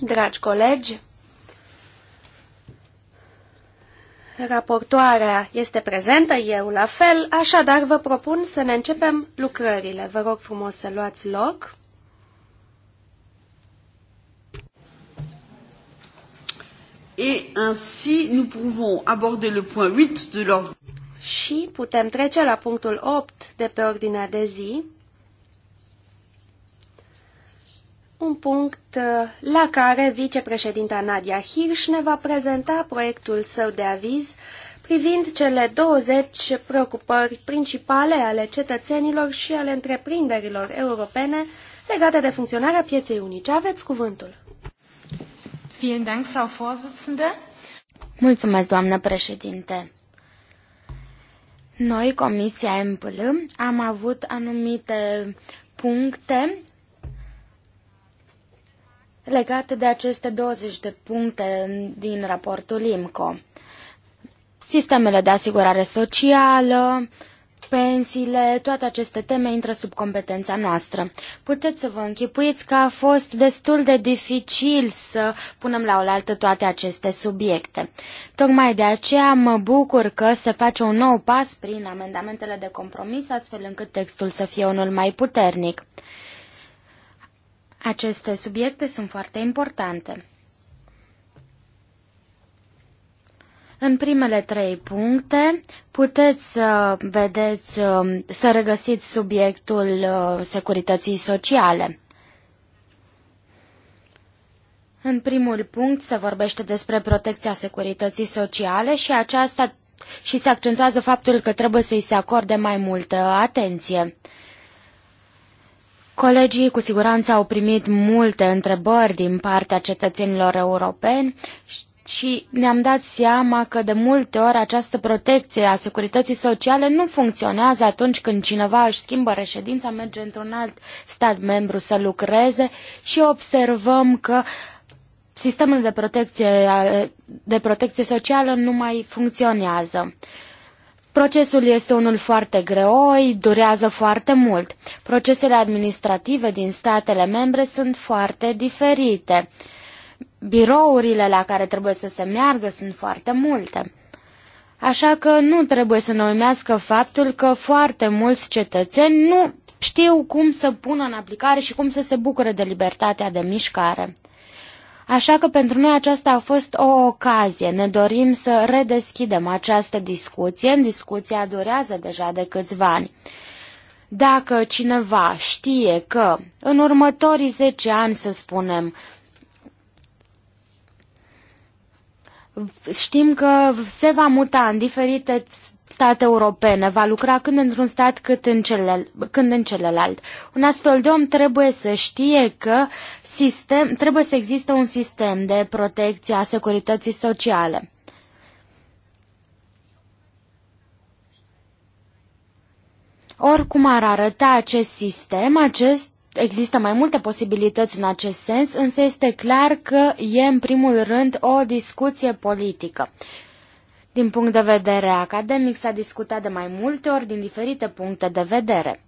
Dragi colegi, raportoarea este prezentă, eu la fel, așadar vă propun să ne începem lucrările. Vă rog frumos să luați loc. Et ainsi, nous pouvons aborder le point 8 de l'ordre. Și putem trece la punctul 8 de pe ordinea de zi, un punct uh, la care vicepreședinta Nadia Hirsch ne va prezenta proiectul său de aviz privind cele 20 preocupări principale ale cetățenilor și ale întreprinderilor europene legate de funcționarea pieței unice. Aveți cuvântul. Mulțumesc, doamnă președinte. Noi, Comisia MPL, am avut anumite puncte Legat de aceste 20 de puncte din raportul IMCO, sistemele de asigurare socială, pensiile, toate aceste teme intră sub competența noastră. Puteți să vă închipuiți că a fost destul de dificil să punem la oaltă toate aceste subiecte. Tocmai de aceea mă bucur că se face un nou pas prin amendamentele de compromis, astfel încât textul să fie unul mai puternic. Aceste subiecte sunt foarte importante. În primele trei puncte puteți să vedeți, um, să regăsiți subiectul uh, securității sociale. În primul punct se vorbește despre protecția securității sociale și aceasta și se accentuează faptul că trebuie să-i se acorde mai multă atenție. Colegii cu siguranță au primit multe întrebări din partea cetățenilor europeni și ne-am dat seama că de multe ori această protecție a securității sociale nu funcționează atunci când cineva își schimbă reședința, merge într-un alt stat membru să lucreze și observăm că sistemul de protecție, de protecție socială nu mai funcționează. Procesul este unul foarte greoi, durează foarte mult. Procesele administrative din statele membre sunt foarte diferite. Birourile la care trebuie să se meargă sunt foarte multe. Așa că nu trebuie să ne uimească faptul că foarte mulți cetățeni nu știu cum să pună în aplicare și cum să se bucure de libertatea de mișcare. Așa că pentru noi aceasta a fost o ocazie. Ne dorim să redeschidem această discuție. Discuția durează deja de câțiva ani. Dacă cineva știe că în următorii 10 ani, să spunem, știm că se va muta în diferite state europene, va lucra când într-un stat cât în celel, când în celălalt. Un astfel de om trebuie să știe că sistem, trebuie să existe un sistem de protecție a securității sociale. Oricum ar arăta acest sistem, acest Există mai multe posibilități în acest sens, însă este clar că e în primul rând o discuție politică. Din punct de vedere academic s-a discutat de mai multe ori din diferite puncte de vedere.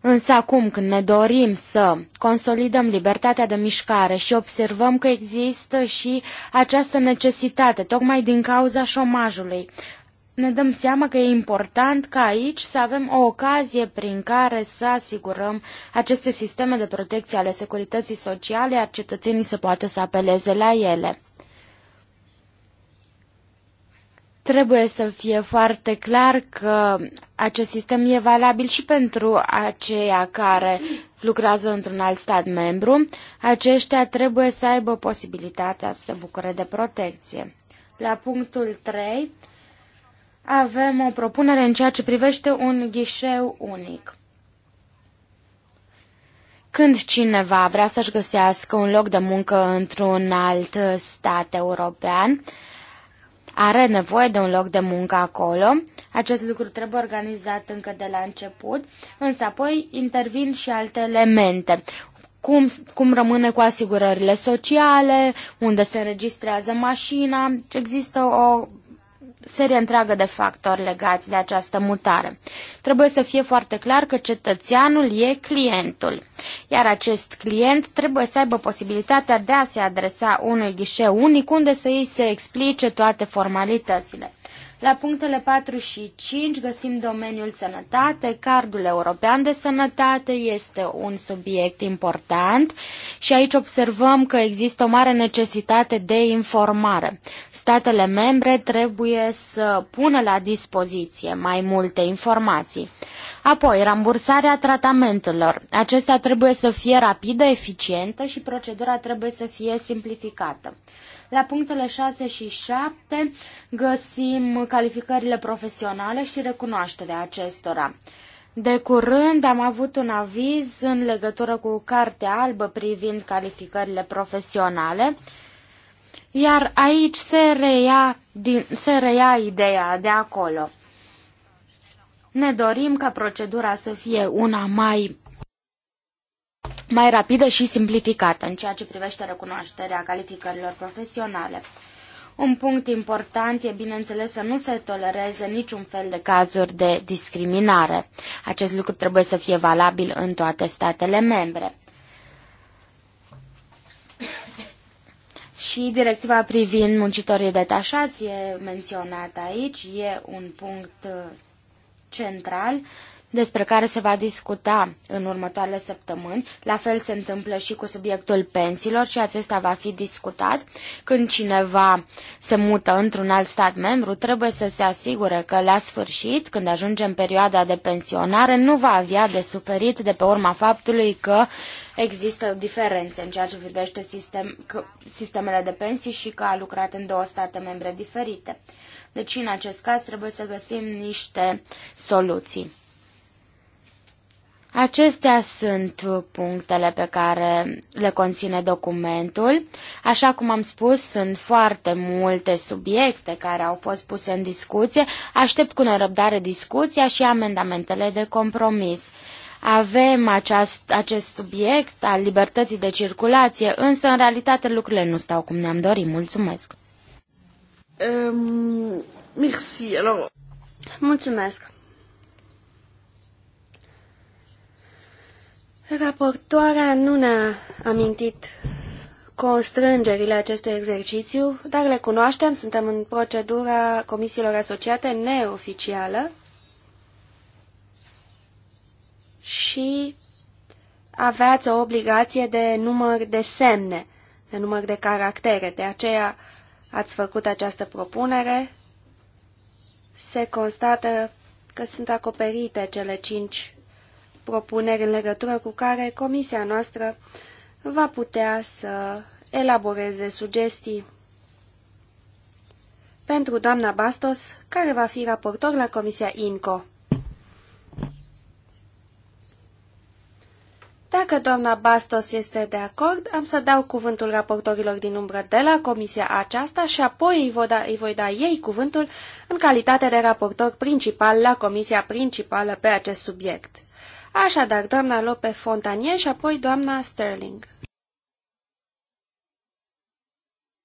Însă acum când ne dorim să consolidăm libertatea de mișcare și observăm că există și această necesitate, tocmai din cauza șomajului, ne dăm seama că e important ca aici să avem o ocazie prin care să asigurăm aceste sisteme de protecție ale securității sociale, iar cetățenii să poată să apeleze la ele. Trebuie să fie foarte clar că acest sistem e valabil și pentru aceia care lucrează într-un alt stat membru. Aceștia trebuie să aibă posibilitatea să se bucure de protecție. La punctul 3 avem o propunere în ceea ce privește un ghișeu unic. Când cineva vrea să-și găsească un loc de muncă într-un alt stat european, are nevoie de un loc de muncă acolo. Acest lucru trebuie organizat încă de la început, însă apoi intervin și alte elemente. Cum, cum rămâne cu asigurările sociale, unde se înregistrează mașina, există o serie întreagă de factori legați de această mutare. Trebuie să fie foarte clar că cetățeanul e clientul, iar acest client trebuie să aibă posibilitatea de a se adresa unui ghișeu unic unde să îi se explice toate formalitățile. La punctele 4 și 5 găsim domeniul sănătate. Cardul european de sănătate este un subiect important și aici observăm că există o mare necesitate de informare. Statele membre trebuie să pună la dispoziție mai multe informații. Apoi, rambursarea tratamentelor. Acestea trebuie să fie rapidă, eficientă și procedura trebuie să fie simplificată. La punctele 6 și 7 găsim calificările profesionale și recunoașterea acestora. De curând am avut un aviz în legătură cu Cartea Albă privind calificările profesionale, iar aici se reia, din, se reia ideea de acolo. Ne dorim ca procedura să fie una mai mai rapidă și simplificată în ceea ce privește recunoașterea calificărilor profesionale. Un punct important e, bineînțeles, să nu se tolereze niciun fel de cazuri de discriminare. Acest lucru trebuie să fie valabil în toate statele membre. Și directiva privind muncitorii detașați e menționată aici, e un punct uh, central despre care se va discuta în următoarele săptămâni. La fel se întâmplă și cu subiectul pensiilor și acesta va fi discutat. Când cineva se mută într-un alt stat membru, trebuie să se asigure că la sfârșit, când ajunge în perioada de pensionare, nu va avea de suferit de pe urma faptului că există diferențe în ceea ce privește sistem, că, sistemele de pensii și că a lucrat în două state membre diferite. Deci, în acest caz, trebuie să găsim niște soluții. Acestea sunt punctele pe care le conține documentul. Așa cum am spus, sunt foarte multe subiecte care au fost puse în discuție. Aștept cu nerăbdare discuția și amendamentele de compromis. Avem aceast, acest subiect al libertății de circulație, însă în realitate lucrurile nu stau cum ne-am dorit. Mulțumesc! Um, merci. Alors... Mulțumesc! Raportoarea nu ne-a amintit constrângerile acestui exercițiu, dar le cunoaștem, suntem în procedura comisiilor asociate neoficială și aveați o obligație de număr de semne, de număr de caractere. De aceea ați făcut această propunere. Se constată că sunt acoperite cele cinci propuneri în legătură cu care comisia noastră va putea să elaboreze sugestii. Pentru doamna Bastos, care va fi raportor la Comisia INCO. Dacă doamna Bastos este de acord, am să dau cuvântul raportorilor din umbră de la comisia aceasta și apoi îi voi da, îi voi da ei cuvântul în calitate de raportor principal la comisia principală pe acest subiect. Așadar, doamna Lope Fontanier și apoi doamna Sterling.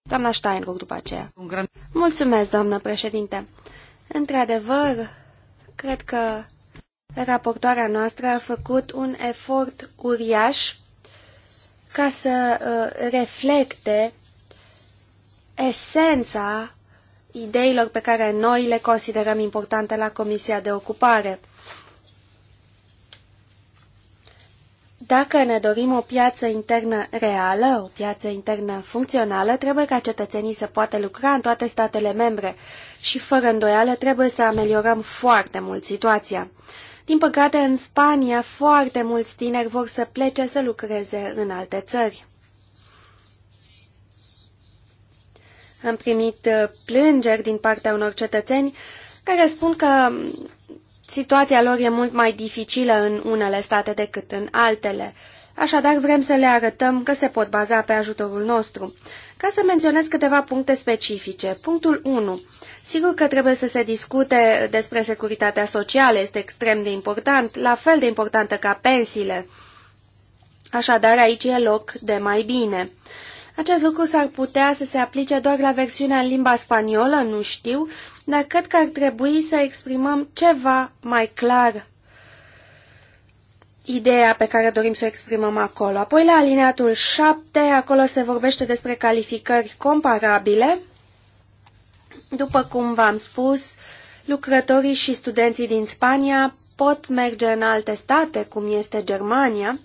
Doamna Steinruck după aceea. Mulțumesc, doamnă președinte. Într-adevăr, cred că raportoarea noastră a făcut un efort uriaș ca să uh, reflecte esența ideilor pe care noi le considerăm importante la Comisia de Ocupare. Dacă ne dorim o piață internă reală, o piață internă funcțională, trebuie ca cetățenii să poată lucra în toate statele membre și, fără îndoială, trebuie să ameliorăm foarte mult situația. Din păcate, în Spania, foarte mulți tineri vor să plece să lucreze în alte țări. Am primit uh, plângeri din partea unor cetățeni care spun că situația lor e mult mai dificilă în unele state decât în altele. Așadar, vrem să le arătăm că se pot baza pe ajutorul nostru. Ca să menționez câteva puncte specifice. Punctul 1. Sigur că trebuie să se discute despre securitatea socială, este extrem de important, la fel de importantă ca pensiile. Așadar, aici e loc de mai bine. Acest lucru s-ar putea să se aplice doar la versiunea în limba spaniolă, nu știu, dar cred că ar trebui să exprimăm ceva mai clar ideea pe care dorim să o exprimăm acolo. Apoi la alineatul 7, acolo se vorbește despre calificări comparabile. După cum v-am spus, lucrătorii și studenții din Spania pot merge în alte state, cum este Germania.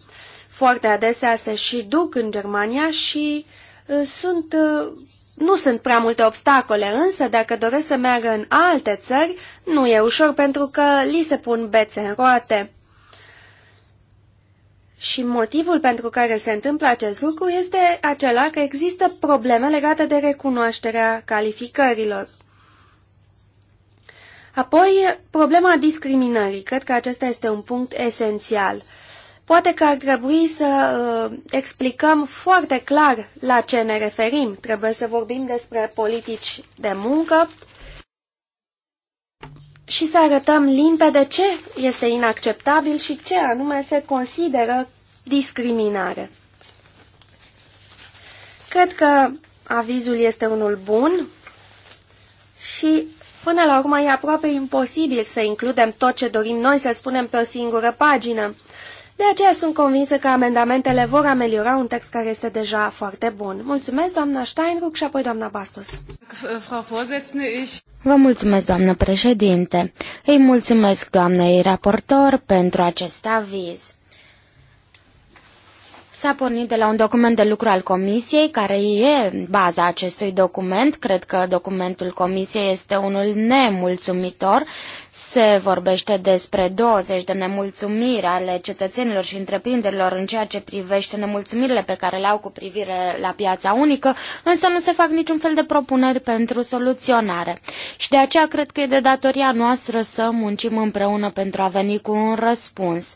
Foarte adesea se și duc în Germania și uh, Uh, sunt, uh, nu sunt prea multe obstacole, însă dacă doresc să meargă în alte țări, nu e ușor pentru că li se pun bețe în roate. Și motivul pentru care se întâmplă acest lucru este acela că există probleme legate de recunoașterea calificărilor. Apoi, problema discriminării. Cred că acesta este un punct esențial. Poate că ar trebui să uh, explicăm foarte clar la ce ne referim. Trebuie să vorbim despre politici de muncă și să arătăm limpede ce este inacceptabil și ce anume se consideră discriminare. Cred că avizul este unul bun și până la urmă e aproape imposibil să includem tot ce dorim noi să spunem pe o singură pagină. De aceea sunt convinsă că amendamentele vor ameliora un text care este deja foarte bun. Mulțumesc, doamna Steinruck și apoi doamna Bastos. Vă mulțumesc, doamnă președinte. Îi mulțumesc doamnei raportor pentru acest aviz. S-a pornit de la un document de lucru al Comisiei, care e baza acestui document. Cred că documentul Comisiei este unul nemulțumitor. Se vorbește despre 20 de nemulțumiri ale cetățenilor și întreprinderilor în ceea ce privește nemulțumirile pe care le au cu privire la piața unică, însă nu se fac niciun fel de propuneri pentru soluționare. Și de aceea cred că e de datoria noastră să muncim împreună pentru a veni cu un răspuns.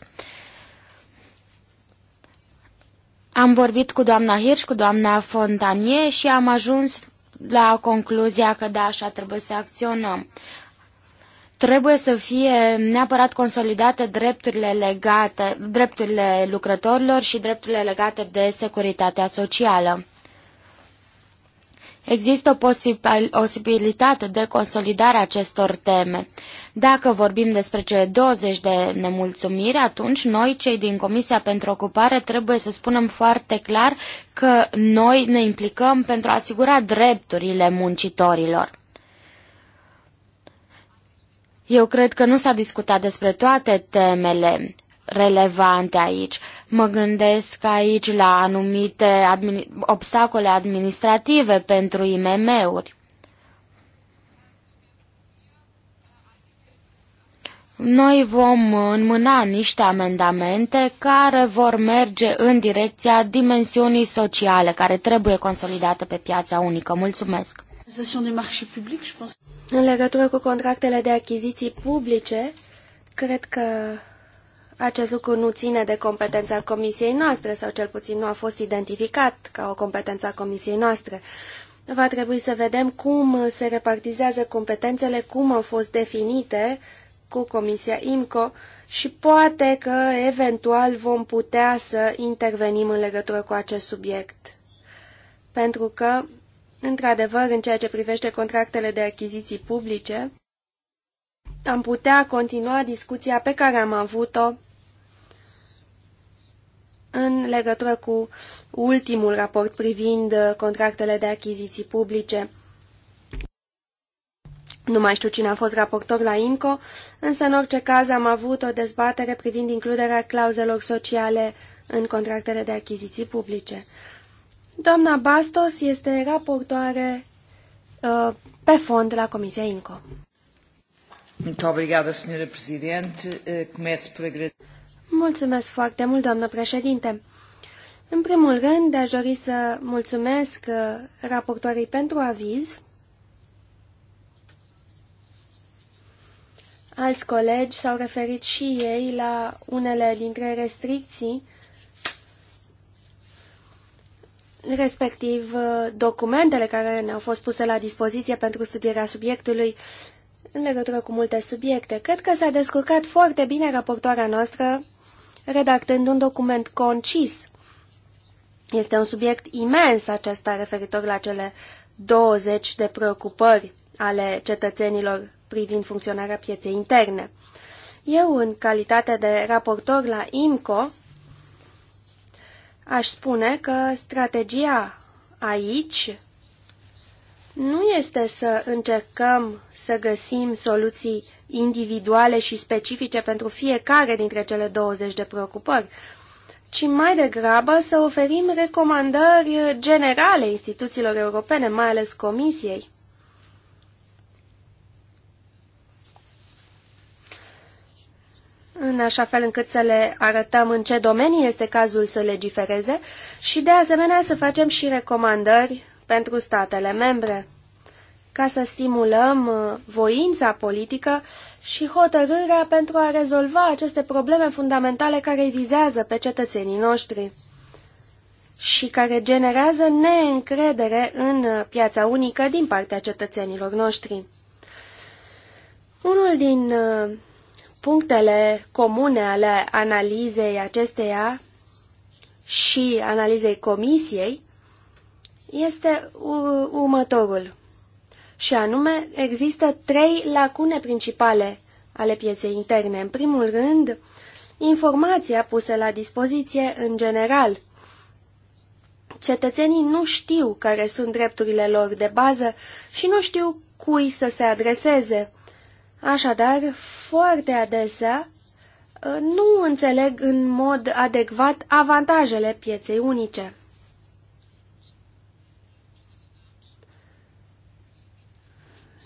Am vorbit cu doamna Hirsch, cu doamna Fontanie și am ajuns la concluzia că da, așa trebuie să acționăm. Trebuie să fie neapărat consolidate drepturile legate, drepturile lucrătorilor și drepturile legate de securitatea socială. Există o posibilitate de consolidare a acestor teme. Dacă vorbim despre cele 20 de nemulțumiri, atunci noi, cei din Comisia pentru Ocupare, trebuie să spunem foarte clar că noi ne implicăm pentru a asigura drepturile muncitorilor. Eu cred că nu s-a discutat despre toate temele relevante aici. Mă gândesc aici la anumite obstacole administrative pentru IMM-uri. Noi vom înmâna niște amendamente care vor merge în direcția dimensiunii sociale care trebuie consolidată pe piața unică. Mulțumesc! În legătură cu contractele de achiziții publice, cred că acest lucru nu ține de competența comisiei noastre, sau cel puțin nu a fost identificat ca o competență a comisiei noastre. Va trebui să vedem cum se repartizează competențele, cum au fost definite cu Comisia IMCO și poate că eventual vom putea să intervenim în legătură cu acest subiect. Pentru că, într-adevăr, în ceea ce privește contractele de achiziții publice, am putea continua discuția pe care am avut-o în legătură cu ultimul raport privind contractele de achiziții publice nu mai știu cine a fost raportor la inco, însă în orice caz am avut o dezbatere privind includerea clauzelor sociale în contractele de achiziții publice. Doamna Bastos este raportoare uh, pe fond la Comisia IMCO. Eh, mulțumesc foarte mult, doamnă președinte. În primul rând, aș dori să mulțumesc uh, raportoarei pentru aviz Alți colegi s-au referit și ei la unele dintre restricții, respectiv uh, documentele care ne-au fost puse la dispoziție pentru studierea subiectului în legătură cu multe subiecte. Cred că s-a descurcat foarte bine raportoarea noastră redactând un document concis. Este un subiect imens acesta referitor la cele 20 de preocupări ale cetățenilor privind funcționarea pieței interne. Eu, în calitate de raportor la IMCO, aș spune că strategia aici nu este să încercăm să găsim soluții individuale și specifice pentru fiecare dintre cele 20 de preocupări, ci mai degrabă să oferim recomandări generale instituțiilor europene, mai ales Comisiei. în așa fel încât să le arătăm în ce domenii este cazul să legifereze și de asemenea să facem și recomandări pentru statele membre, ca să stimulăm uh, voința politică și hotărârea pentru a rezolva aceste probleme fundamentale care îi vizează pe cetățenii noștri și care generează neîncredere în uh, piața unică din partea cetățenilor noștri. Unul din uh, Punctele comune ale analizei acesteia și analizei comisiei este următorul. Și anume, există trei lacune principale ale pieței interne. În primul rând, informația pusă la dispoziție în general. Cetățenii nu știu care sunt drepturile lor de bază și nu știu cui să se adreseze. Așadar, foarte adesea, ă, nu înțeleg în mod adecvat avantajele pieței unice.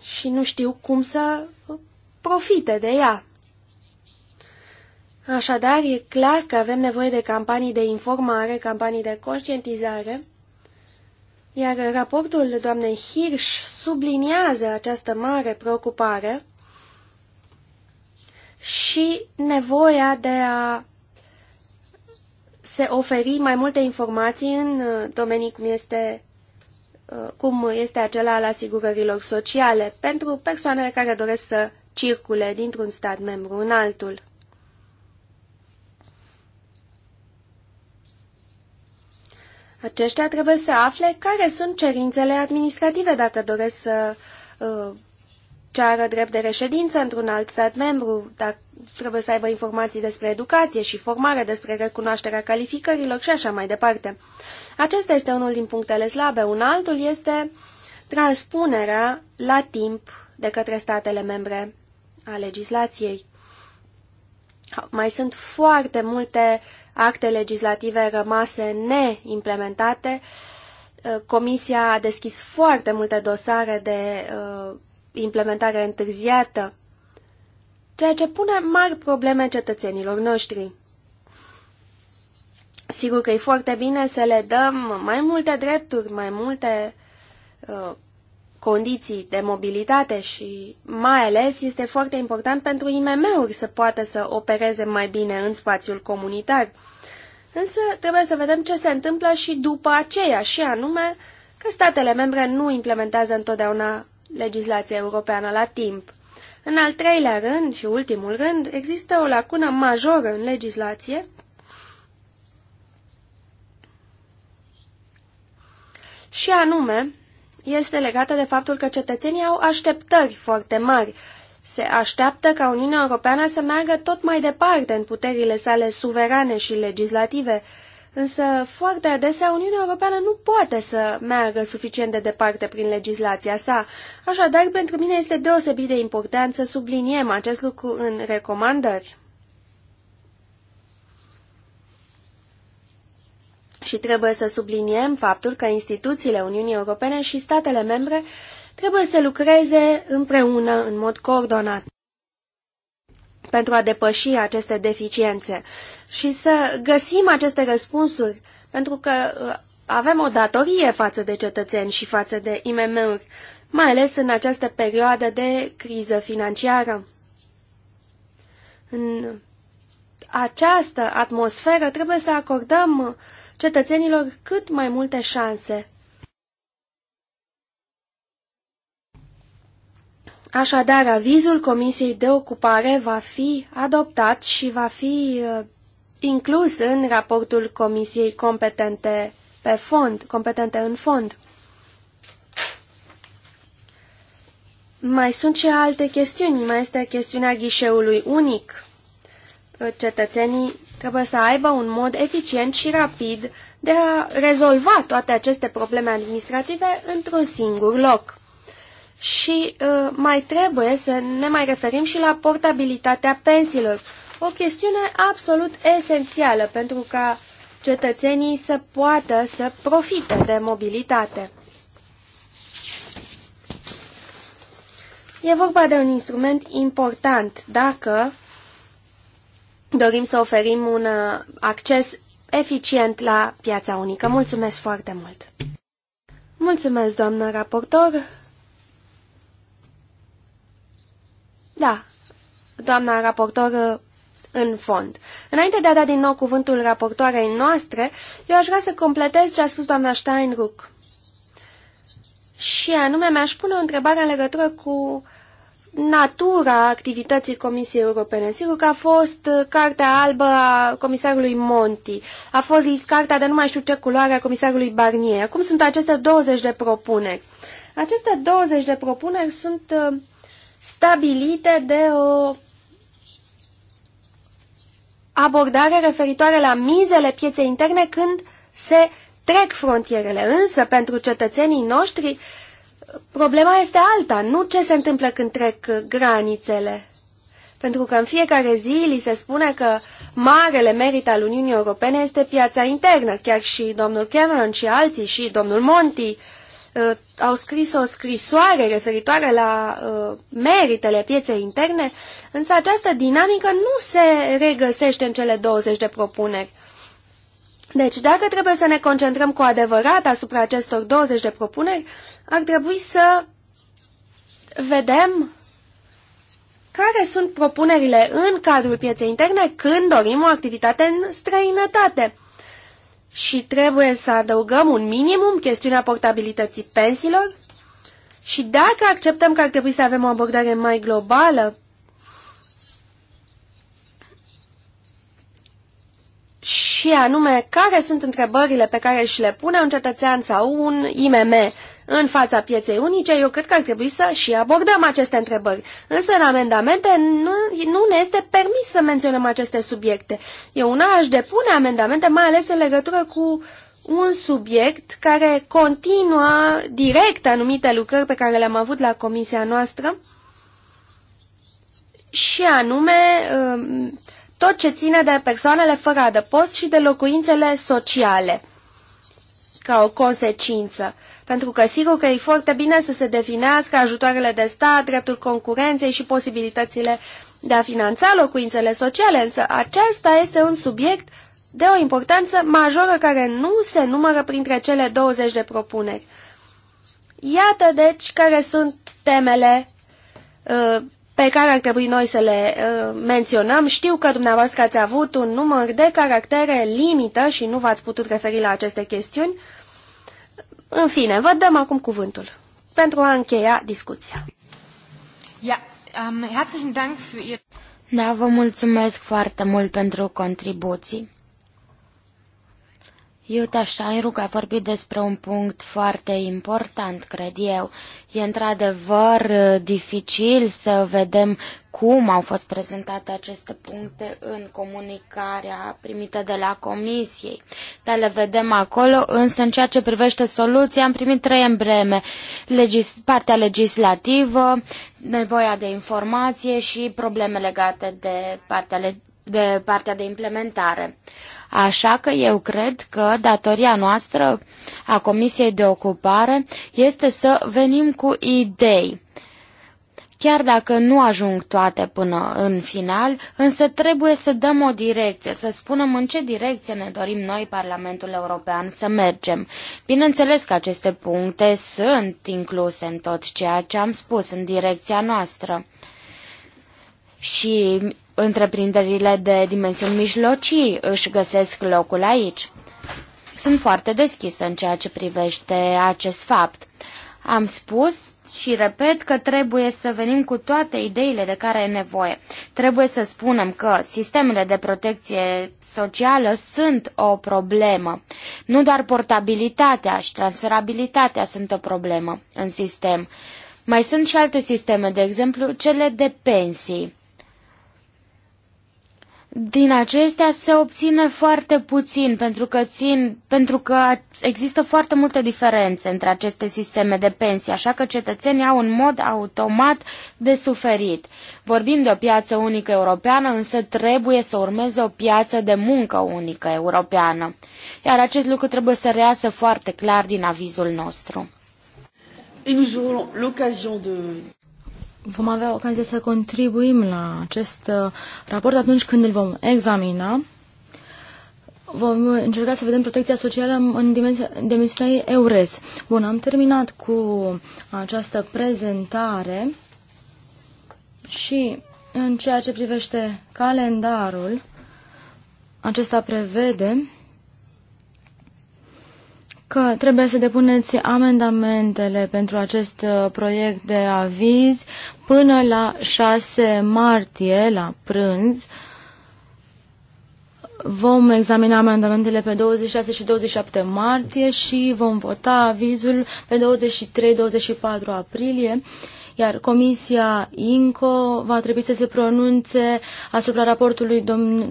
Și nu știu cum să profite de ea. Așadar, e clar că avem nevoie de campanii de informare, campanii de conștientizare, iar raportul doamnei Hirsch subliniază această mare preocupare și nevoia de a se oferi mai multe informații în uh, domenii cum este, uh, cum este acela al asigurărilor sociale pentru persoanele care doresc să circule dintr-un stat membru în altul. Aceștia trebuie să afle care sunt cerințele administrative dacă doresc să uh, are drept de reședință într-un alt stat membru, dar trebuie să aibă informații despre educație și formare, despre recunoașterea calificărilor și așa mai departe. Acesta este unul din punctele slabe. Un altul este transpunerea la timp de către statele membre a legislației. Mai sunt foarte multe acte legislative rămase neimplementate. Comisia a deschis foarte multe dosare de uh, implementare întârziată, ceea ce pune mari probleme cetățenilor noștri. Sigur că e foarte bine să le dăm mai multe drepturi, mai multe uh, condiții de mobilitate și mai ales este foarte important pentru IMM-uri să poată să opereze mai bine în spațiul comunitar. Însă trebuie să vedem ce se întâmplă și după aceea, și anume că statele membre nu implementează întotdeauna legislația europeană la timp. În al treilea rând și ultimul rând, există o lacună majoră în legislație și anume este legată de faptul că cetățenii au așteptări foarte mari. Se așteaptă ca Uniunea Europeană să meargă tot mai departe în puterile sale suverane și legislative, Însă, foarte adesea, Uniunea Europeană nu poate să meargă suficient de departe prin legislația sa. Așadar, pentru mine este deosebit de important să subliniem acest lucru în recomandări. Și trebuie să subliniem faptul că instituțiile Uniunii Europene și statele membre trebuie să lucreze împreună în mod coordonat pentru a depăși aceste deficiențe și să găsim aceste răspunsuri, pentru că uh, avem o datorie față de cetățeni și față de IMM-uri, mai ales în această perioadă de criză financiară. În această atmosferă trebuie să acordăm cetățenilor cât mai multe șanse Așadar, avizul Comisiei de Ocupare va fi adoptat și va fi uh, inclus în raportul Comisiei competente pe fond, competente în fond. Mai sunt și alte chestiuni. Mai este chestiunea ghișeului unic. Uh, cetățenii trebuie să aibă un mod eficient și rapid de a rezolva toate aceste probleme administrative într-un singur loc. Și uh, mai trebuie să ne mai referim și la portabilitatea pensiilor, o chestiune absolut esențială pentru ca cetățenii să poată să profite de mobilitate. E vorba de un instrument important dacă dorim să oferim un uh, acces eficient la piața unică. Mulțumesc foarte mult! Mulțumesc, doamnă raportor! Da, doamna raportor uh, în fond. Înainte de a da din nou cuvântul raportoarei noastre, eu aș vrea să completez ce a spus doamna Steinruck. Și anume, mi-aș pune o întrebare în legătură cu natura activității Comisiei Europene. Sigur că a fost uh, cartea albă a comisarului Monti, a fost cartea de nu mai știu ce culoare a comisarului Barnier. Acum sunt aceste 20 de propuneri. Aceste 20 de propuneri sunt uh, stabilite de o abordare referitoare la mizele pieței interne când se trec frontierele. Însă, pentru cetățenii noștri, problema este alta, nu ce se întâmplă când trec granițele. Pentru că în fiecare zi li se spune că marele merit al Uniunii Europene este piața internă. Chiar și domnul Cameron și alții și domnul Monti uh, au scris o scrisoare referitoare la uh, meritele pieței interne, însă această dinamică nu se regăsește în cele 20 de propuneri. Deci, dacă trebuie să ne concentrăm cu adevărat asupra acestor 20 de propuneri, ar trebui să vedem care sunt propunerile în cadrul pieței interne când dorim o activitate în străinătate și trebuie să adăugăm un minimum chestiunea portabilității pensiilor și dacă acceptăm că ar trebui să avem o abordare mai globală și anume care sunt întrebările pe care și le pune un cetățean sau un IMM în fața pieței unice, eu cred că ar trebui să și abordăm aceste întrebări. Însă în amendamente nu, nu ne este permis să menționăm aceste subiecte. Eu una aș depune amendamente, mai ales în legătură cu un subiect care continuă direct anumite lucrări pe care le-am avut la comisia noastră și anume um, tot ce ține de persoanele fără adăpost și de locuințele sociale ca o consecință. Pentru că sigur că e foarte bine să se definească ajutoarele de stat, dreptul concurenței și posibilitățile de a finanța locuințele sociale, însă acesta este un subiect de o importanță majoră care nu se numără printre cele 20 de propuneri. Iată deci care sunt temele uh, pe care ar trebui noi să le uh, menționăm. Știu că dumneavoastră ați avut un număr de caractere limită și nu v-ați putut referi la aceste chestiuni, în fine, vă dăm acum cuvântul pentru a încheia discuția. Ja, um, herzlichen Dank für Ihr... Da, vă mulțumesc foarte mult pentru contribuții. Iuta Steinruck a vorbit despre un punct foarte important, cred eu. E într-adevăr eh, dificil să vedem cum au fost prezentate aceste puncte în comunicarea primită de la Comisiei. Dar le vedem acolo, însă în ceea ce privește soluția am primit trei embleme. Legis partea legislativă, nevoia de informație și probleme legate de partea le de partea de implementare. Așa că eu cred că datoria noastră a Comisiei de Ocupare este să venim cu idei Chiar dacă nu ajung toate până în final, însă trebuie să dăm o direcție, să spunem în ce direcție ne dorim noi, Parlamentul European, să mergem. Bineînțeles că aceste puncte sunt incluse în tot ceea ce am spus, în direcția noastră. Și întreprinderile de dimensiuni mijlocii își găsesc locul aici. Sunt foarte deschisă în ceea ce privește acest fapt. Am spus și repet că trebuie să venim cu toate ideile de care e nevoie. Trebuie să spunem că sistemele de protecție socială sunt o problemă. Nu doar portabilitatea și transferabilitatea sunt o problemă în sistem. Mai sunt și alte sisteme, de exemplu cele de pensii. Din acestea se obține foarte puțin pentru că, țin, pentru că există foarte multe diferențe între aceste sisteme de pensii, așa că cetățenii au un mod automat de suferit. Vorbim de o piață unică europeană, însă trebuie să urmeze o piață de muncă unică europeană. Iar acest lucru trebuie să reasă foarte clar din avizul nostru. Et nous aurons l'occasion de vom avea ocazia să contribuim la acest uh, raport atunci când îl vom examina. Vom încerca să vedem protecția socială în dimensiunea EURES. Bun, am terminat cu această prezentare și în ceea ce privește calendarul, acesta prevede că trebuie să depuneți amendamentele pentru acest uh, proiect de aviz până la 6 martie, la prânz. Vom examina amendamentele pe 26 și 27 martie și vom vota avizul pe 23-24 aprilie iar Comisia INCO va trebui să se pronunțe asupra raportului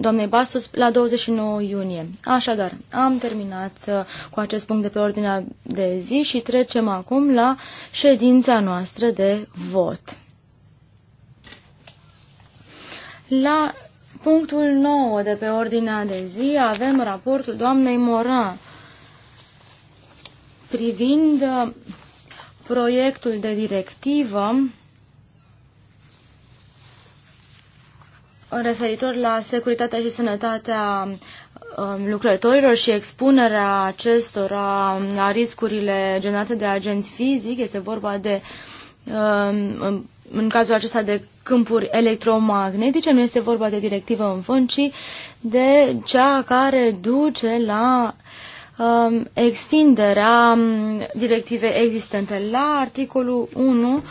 doamnei Bastos la 29 iunie. Așadar, am terminat uh, cu acest punct de pe ordinea de zi și trecem acum la ședința noastră de vot. La punctul 9 de pe ordinea de zi avem raportul doamnei Moran privind uh, proiectul de directivă referitor la securitatea și sănătatea um, lucrătorilor și expunerea acestora la riscurile generate de agenți fizic. Este vorba de, um, în cazul acesta, de câmpuri electromagnetice. Nu este vorba de directivă în fond, ci de cea care duce la Um, extinderea um, directivei existente. La articolul 1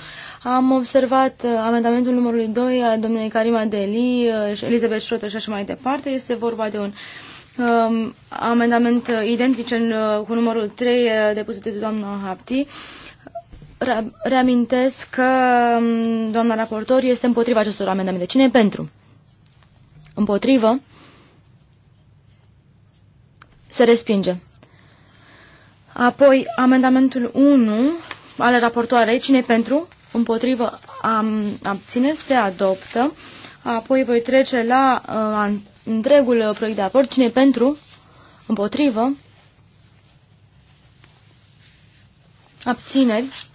am observat uh, amendamentul numărului 2 a domnului Karima Deli, uh, Elizabeth Schroeter și așa mai departe. Este vorba de un um, amendament uh, identic în, cu numărul 3 depus de doamna Hapti. Reamintesc că um, doamna raportor este împotriva acestor amendamente. Cine e pentru? Împotrivă? Se respinge. Apoi, amendamentul 1 ale raportoarei, cine pentru, împotrivă, am, abține, se adoptă. Apoi voi trece la uh, întregul uh, proiect de raport, cine pentru, împotrivă, abțineri.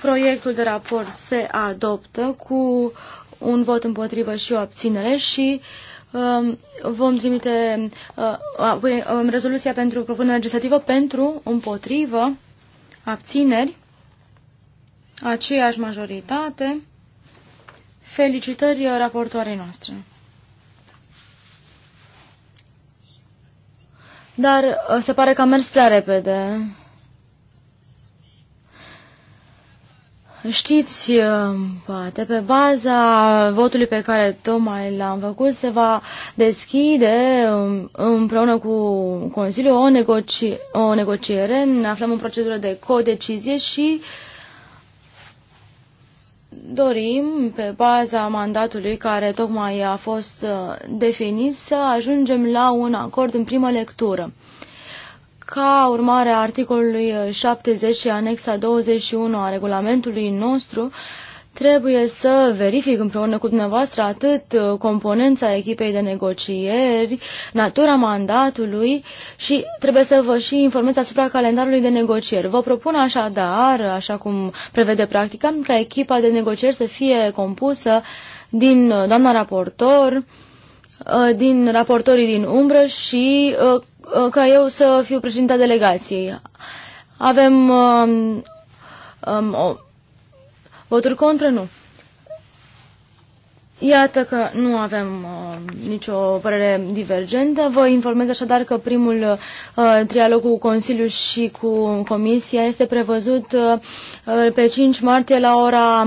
Proiectul de raport se adoptă cu un vot împotrivă și o abținere și uh, Um, vom trimite uh, păi, um, rezoluția pentru propunerea legislativă pentru, împotrivă, abțineri, aceeași majoritate. Felicitări uh, raportoarei noastre. Dar uh, se pare că a mers prea repede. Știți, uh, poate pe baza votului pe care tocmai l-am făcut se va deschide um, împreună cu Consiliul o, negoci o negociere. Ne aflăm în procedură de codecizie și dorim, pe baza mandatului care tocmai a fost uh, definit, să ajungem la un acord în primă lectură. Ca urmare a articolului 70 uh, și anexa 21 a regulamentului nostru, trebuie să verific împreună cu dumneavoastră atât uh, componența echipei de negocieri, natura mandatului și trebuie să vă și informez asupra calendarului de negocieri. Vă propun așadar, așa cum prevede practica, ca echipa de negocieri să fie compusă din uh, doamna raportor, din raportorii din umbră și Uh, ca eu să fiu președinta delegației. Avem um, um, o, voturi contra? Nu. Iată că nu avem uh, nicio părere divergentă. Vă informez așadar că primul uh, trialog cu Consiliul și cu Comisia este prevăzut uh, pe 5 martie la ora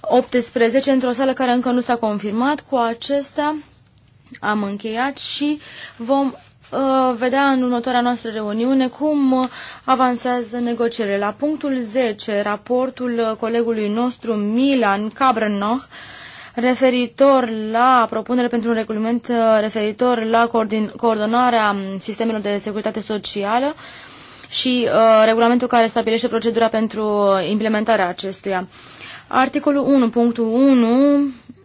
18 um, într-o sală care încă nu s-a confirmat. Cu acesta am încheiat și vom Uh, vedea în următoarea noastră reuniune cum avansează negocierile. La punctul 10, raportul colegului nostru Milan Cabrenoch, referitor la propunere pentru un regulament uh, referitor la coordonarea sistemelor de securitate socială și uh, regulamentul care stabilește procedura pentru implementarea acestuia. Articolul 1.1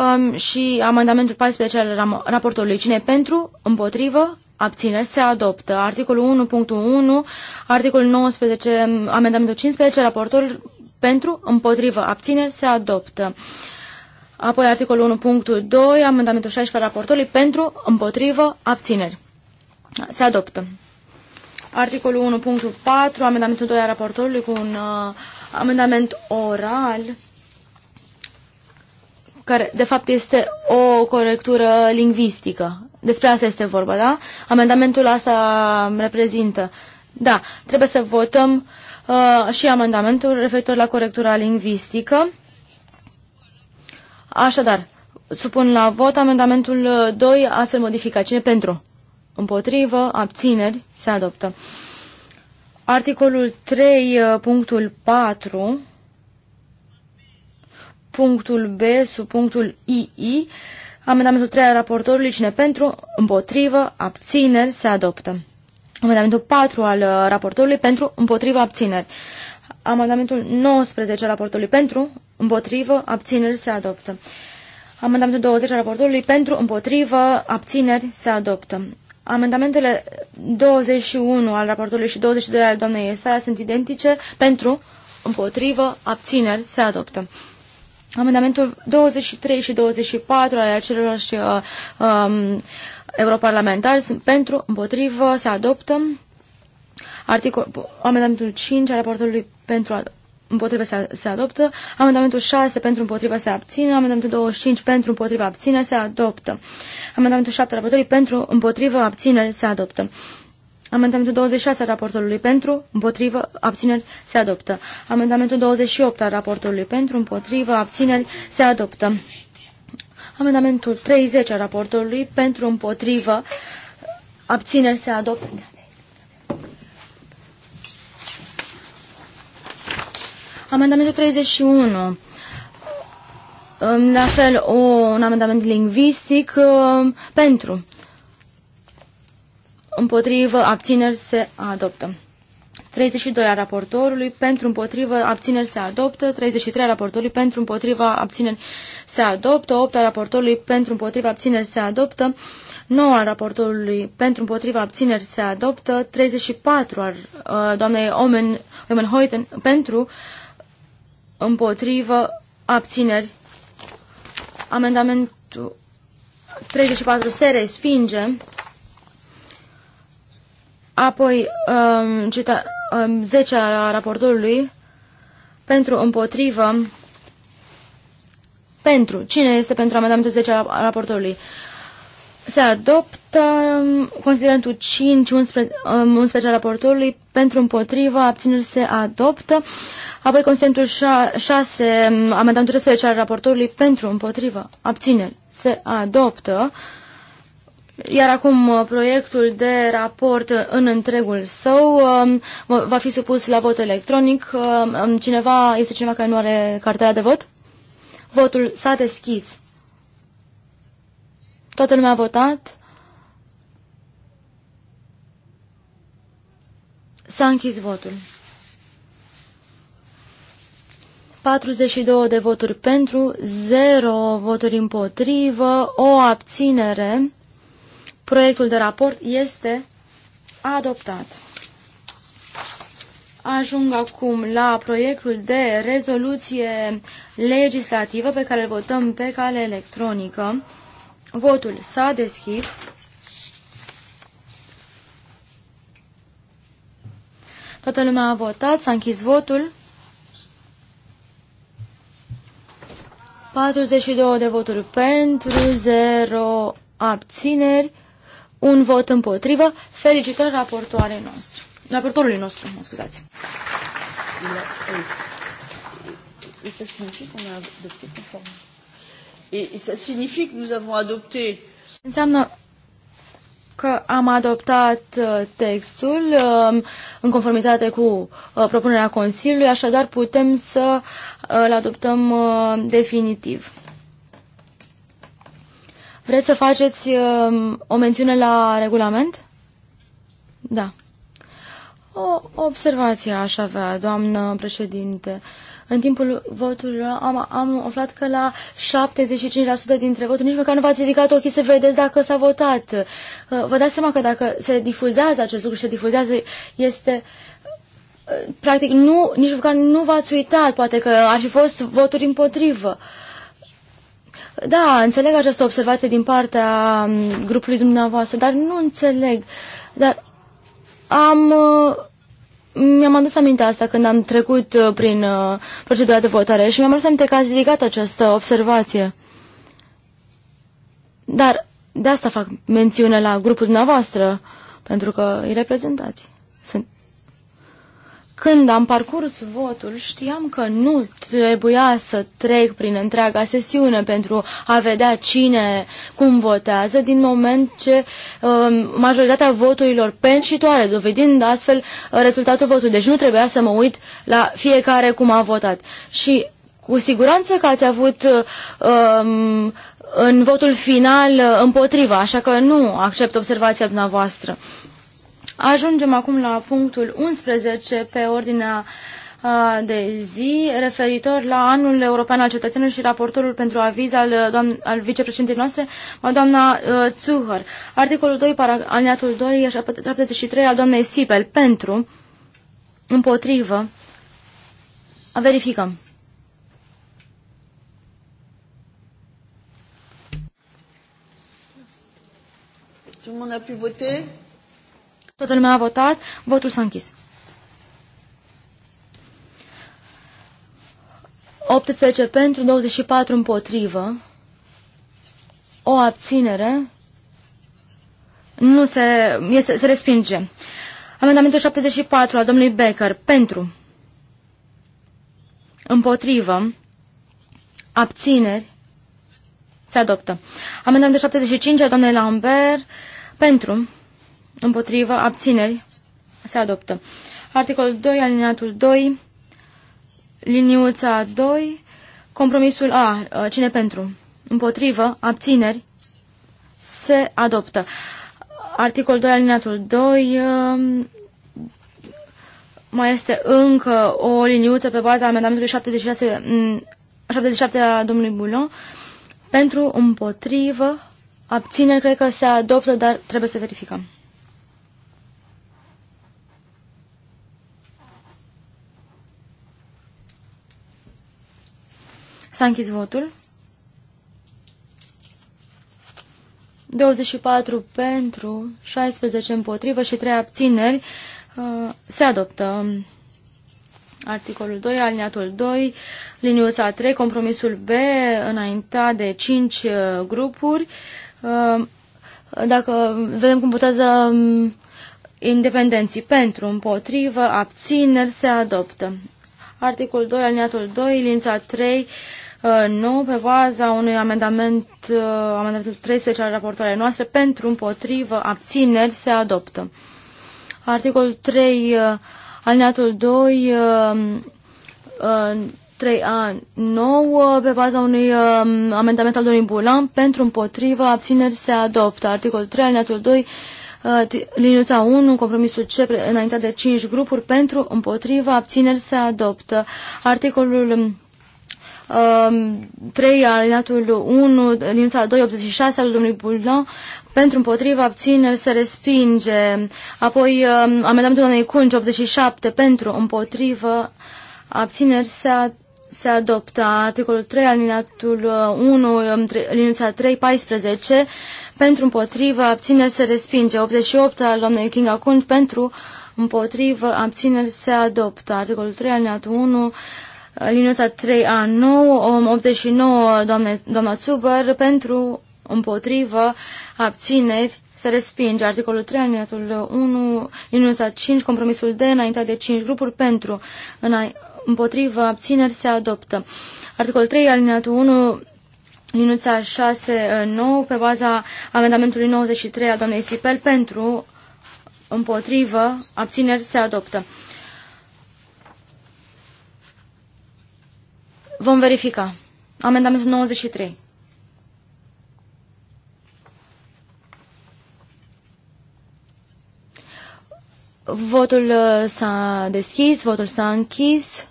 um, și amendamentul 14 al raportului. Cine pentru, împotrivă, abțineri, se adoptă. Articolul 1.1, articolul 19, amendamentul 15, raportul pentru, împotrivă, abțineri, se adoptă. Apoi articolul 1.2, amendamentul 16 al raportului, pentru, împotrivă, abțineri. Se adoptă. Articolul 1.4, amendamentul 2 al raportorului cu un uh, amendament oral care de fapt este o corectură lingvistică. Despre asta este vorba, da? Amendamentul asta reprezintă. Da, trebuie să votăm uh, și amendamentul referitor la corectura lingvistică. Așadar, supun la vot amendamentul 2 uh, astfel modificat. Cine pentru? Împotrivă, abțineri, se adoptă. Articolul 3, uh, punctul 4, punctul B sub punctul II. Amendamentul 3 al raportorului, cine pentru, împotrivă, abțineri, se adoptă. Amendamentul 4 al uh, raportorului, pentru, împotrivă, abțineri. Amendamentul 19 al raportorului, pentru, împotrivă, abțineri, se adoptă. Amendamentul 20 al raportorului, pentru, împotrivă, abțineri, se adoptă. Amendamentele 21 al raportorului și 22 al doamnei Esaia sunt identice pentru, împotrivă, abțineri, se adoptă. Amendamentul 23 și 24 ale acelorași uh, um, europarlamentari sunt pentru, împotrivă, se adoptă. Articol, amendamentul 5 al raportului pentru împotrivă se, se adoptă, amendamentul 6 pentru împotrivă se abține, amendamentul 25 pentru împotrivă abține se adoptă, amendamentul 7 raportului pentru împotrivă abține se adoptă. Amendamentul 26 al raportorului pentru, împotrivă, abțineri, se adoptă. Amendamentul 28 al raportorului pentru, împotrivă, abțineri, se adoptă. Amendamentul 30 al raportorului pentru, împotrivă, abțineri, se adoptă. Amendamentul 31. La fel, o, un amendament lingvistic uh, pentru, împotrivă, abțineri se adoptă. 32 a raportorului, pentru împotrivă, abțineri se adoptă, 33 a raportorului, pentru împotrivă, abțineri se adoptă, 8 a raportorului, pentru împotrivă, abțineri se adoptă, 9 a raportorului, pentru împotrivă, abțineri se adoptă, 34 al uh, doamnei Omen, Omen Hoyten, pentru împotrivă, abțineri. Amendamentul 34 se respinge. Apoi, um, cita, um, 10 a raportorului, pentru, împotrivă, pentru. Cine este pentru amendamentul 10 al raportorului? Se adoptă um, considerentul 5, 11, 11 al raportorului, pentru împotrivă, abțineri se adoptă. Apoi considerentul 6, um, amendamentul 13 al raportorului, pentru împotrivă, abțineri se adoptă. Iar acum uh, proiectul de raport în întregul său um, va fi supus la vot electronic. Um, um, cineva, este cineva care nu are cartela de vot? Votul s-a deschis. Toată lumea a votat. S-a închis votul. 42 de voturi pentru, 0 voturi împotrivă, o abținere. Proiectul de raport este adoptat. Ajung acum la proiectul de rezoluție legislativă pe care îl votăm pe cale electronică. Votul s-a deschis. Toată lumea a votat, s-a închis votul. 42 de voturi pentru, 0 abțineri un vot împotrivă. Felicitări raportoarei noastre. Raportorului nostru, mă scuzați. Înseamnă că am adoptat uh, textul um, în conformitate cu uh, propunerea Consiliului, așadar putem să uh, l adoptăm definitiv. Vreți să faceți um, o mențiune la regulament? Da. O observație aș avea, doamnă președinte. În timpul votului am, am aflat că la 75% dintre voturi nici măcar nu v-ați ridicat ochii să vedeți dacă s-a votat. Uh, vă dați seama că dacă se difuzează acest lucru și se difuzează, este uh, practic nu, nici măcar nu v-ați uitat, poate că ar fi fost voturi împotrivă. Uh, da, înțeleg această observație din partea mm, grupului dumneavoastră, dar nu înțeleg. Dar am... Uh, mi-am adus aminte asta când am trecut uh, prin uh, procedura de votare și mi-am adus aminte că ați ridicat această observație. Dar de asta fac mențiune la grupul dumneavoastră, pentru că îi reprezentați. Sunt, când am parcurs votul, știam că nu trebuia să trec prin întreaga sesiune pentru a vedea cine cum votează, din moment ce uh, majoritatea voturilor pencitoare, dovedind astfel uh, rezultatul votului. Deci nu trebuia să mă uit la fiecare cum a votat. Și cu siguranță că ați avut Uh, în votul final uh, împotriva, așa că nu accept observația dumneavoastră. Ajungem acum la punctul 11 pe ordinea de zi referitor la anul european al cetățenilor și raportorul pentru aviz al, al vicepreședintei noastre, doamna uh, Zuhăr. Articolul 2, aliniatul 2 și 73 al doamnei Sipel pentru, împotrivă, verificăm. Tout le a pu Toată lumea a votat, votul s-a închis. 18 pentru, 24 împotrivă, o abținere, nu se, este, se respinge. Amendamentul 74 al domnului Becker, pentru, împotrivă, abțineri, se adoptă. Amendamentul 75 al domnului Lambert, pentru, împotrivă, abțineri, se adoptă. Articolul 2, alineatul 2, liniuța 2, compromisul A, uh, cine pentru? Împotrivă, abțineri, se adoptă. Articolul 2, alineatul 2, um, mai este încă o liniuță pe baza amendamentului 76, 77 mm, a domnului Bulon. Pentru, împotrivă, abțineri, cred că se adoptă, dar trebuie să verificăm. S-a închis votul. 24 pentru, 16 împotrivă și 3 abțineri. Uh, se adoptă articolul 2, aliniatul 2, liniuța 3, compromisul B, înaintea de 5 uh, grupuri. Uh, dacă vedem cum votează um, independenții pentru, împotrivă, abțineri, se adoptă. Articolul 2, aliniatul 2, liniuța 3, Uh, nu pe baza unui amendament, uh, amendamentul 13 al raportoarei noastre, pentru împotrivă abțineri se adoptă. Articolul 3, uh, alineatul 2, uh, uh, 3A9, pe baza unui uh, amendament al domnului Bulan, pentru împotrivă abțineri se adoptă. Articolul 3, alineatul 2, uh, liniuța 1, compromisul C, înaintea de 5 grupuri, pentru împotrivă abțineri se adoptă. Articolul 3, um, alineatul 1, linița 2, 86 al domnului Buldan, pentru împotriva abțineri se respinge. Apoi um, amendamentul doamnei Cunci, 87, pentru împotrivă abțineri se se adoptă articolul 3, alineatul 1, liniuța 3, 14, pentru împotrivă, abțineri se respinge, 88 al doamnei King acum, pentru împotrivă, abțineri se adoptă, articolul 3, alineatul 1, Liniuța 3A9, 89, doamne, doamna Zuber, pentru, împotrivă, abțineri, se respinge. Articolul 3, aliniatul 1, liniuța 5, compromisul D, înaintea de 5 grupuri, pentru, împotrivă, abțineri, se adoptă. Articolul 3, aliniatul 1, liniuța 6, 9, pe baza amendamentului 93 al doamnei Sipel, pentru, împotrivă, abțineri, se adoptă. Vom verifica. Amendamentul 93. Votul uh, s-a deschis, votul s-a închis.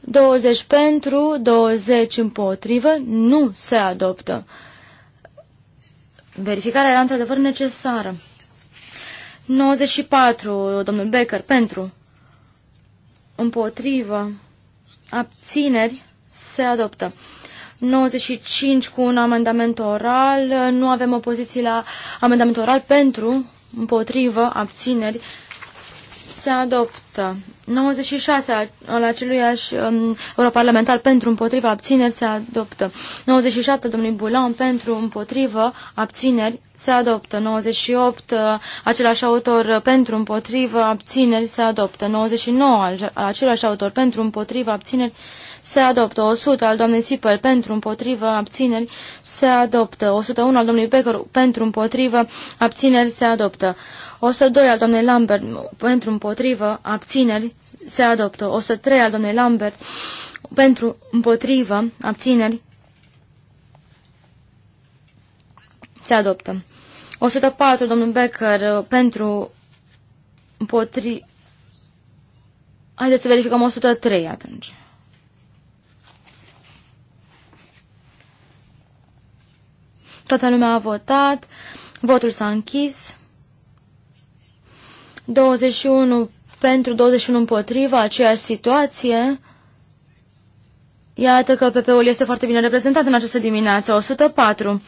20 pentru, 20 împotrivă, nu se adoptă. Verificarea era într-adevăr necesară. 94, domnul Becker, pentru, împotrivă abțineri, se adoptă. 95 cu un amendament oral, nu avem opoziții la amendament oral pentru, împotrivă, abțineri, se adoptă. 96 al aceluiași um, europarlamentar pentru împotriva abțineri se adoptă. 97 domnului Bulan pentru împotrivă abțineri se adoptă. 98 uh, uh același autor pentru împotrivă abțineri se adoptă. 99 al același autor pentru împotriva abțineri se se adoptă. 100 al doamnei Sipel pentru împotrivă abțineri se adoptă. 101 al domnului Becker pentru împotrivă abțineri se adoptă. 102 al doamnei Lambert pentru împotrivă abțineri se adoptă. 103 al doamnei Lambert pentru împotrivă abțineri se adoptă. 104 domnul Becker pentru împotrivă Haideți să verificăm 103 atunci. Toată lumea a votat, votul s-a închis. 21 pentru, 21 împotriva, aceeași situație. Iată că PP-ul este foarte bine reprezentat în această dimineață, 104.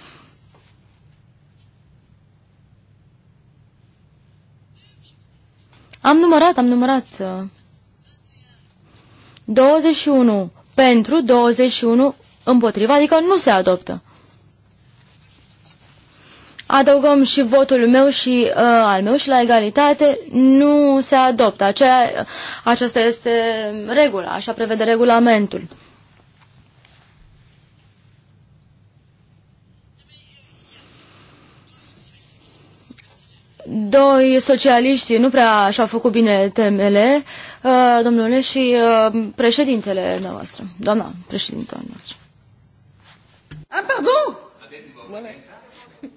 Am numărat, am numărat. 21 uh, pentru, 21 împotriva, adică nu se adoptă adăugăm și votul meu și uh, al meu și la egalitate, nu se adoptă. Aceea, aceasta este regula, așa prevede regulamentul. Doi socialiști nu prea și-au făcut bine temele, uh, domnule, și uh, președintele noastră, doamna președintele noastră. Ah, pardon! Voilà.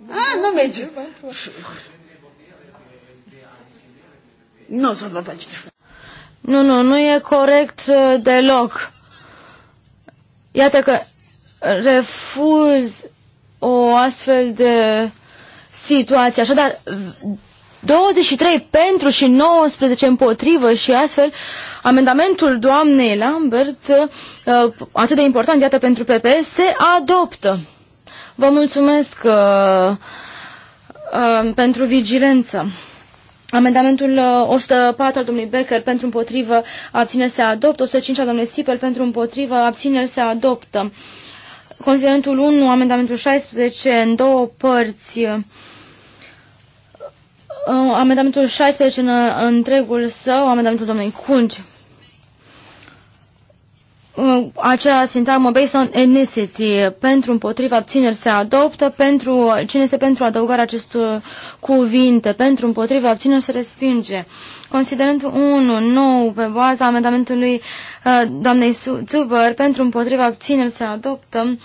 Ah no me je... No ça va pas du Nu, nu, nu e corect uh, deloc. Iată că refuz o astfel de situație. Așadar, 23 pentru și 19 împotrivă și astfel amendamentul doamnei Lambert, uh, atât de important, iată, pentru PP, se adoptă. Vă mulțumesc uh, uh, pentru vigilență. Amendamentul 104 uh, al domnului Becker pentru împotrivă abțineri se adoptă, 105 al domnului Sipel pentru împotrivă abțineri se adoptă. Considerentul 1, amendamentul 16 în două părți. Uh, amendamentul 16 în uh, întregul său, amendamentul domnului Cunci Mm, acea sintagmă based on ethnicity, pentru împotriva abțineri se adoptă, pentru cine este pentru adăugarea acestor cuvinte, pentru împotriva abțineri se respinge. Considerând 1, nou, pe baza amendamentului uh, doamnei Zubăr, pentru împotriva abțineri se adoptă,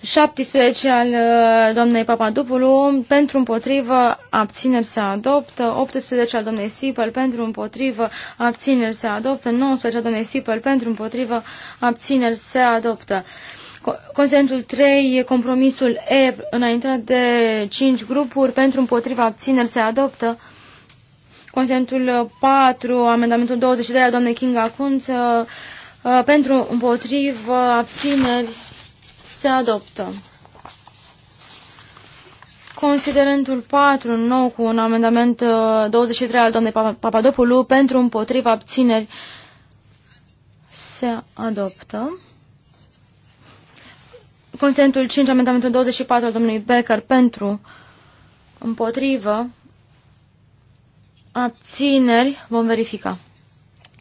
17 al uh, doamnei Papadopoulou pentru împotrivă abțineri se adoptă, 18 al doamnei Sipel pentru împotrivă abțineri se adoptă, 19 al doamnei Sipel pentru împotrivă abțineri se adoptă. Consentul 3, compromisul E, înaintea de 5 grupuri, pentru împotriva abțineri se adoptă. Consentul 4, amendamentul 23 al doamnei Kinga Kunț, uh, uh, pentru împotrivă abțineri se adoptă. Considerentul 4, nou cu un amendament 23 uh, al doamnei Papadopoulou, pentru împotriva abțineri, se adoptă. Consentul 5, amendamentul 24 al domnului Becker pentru împotrivă abțineri vom verifica.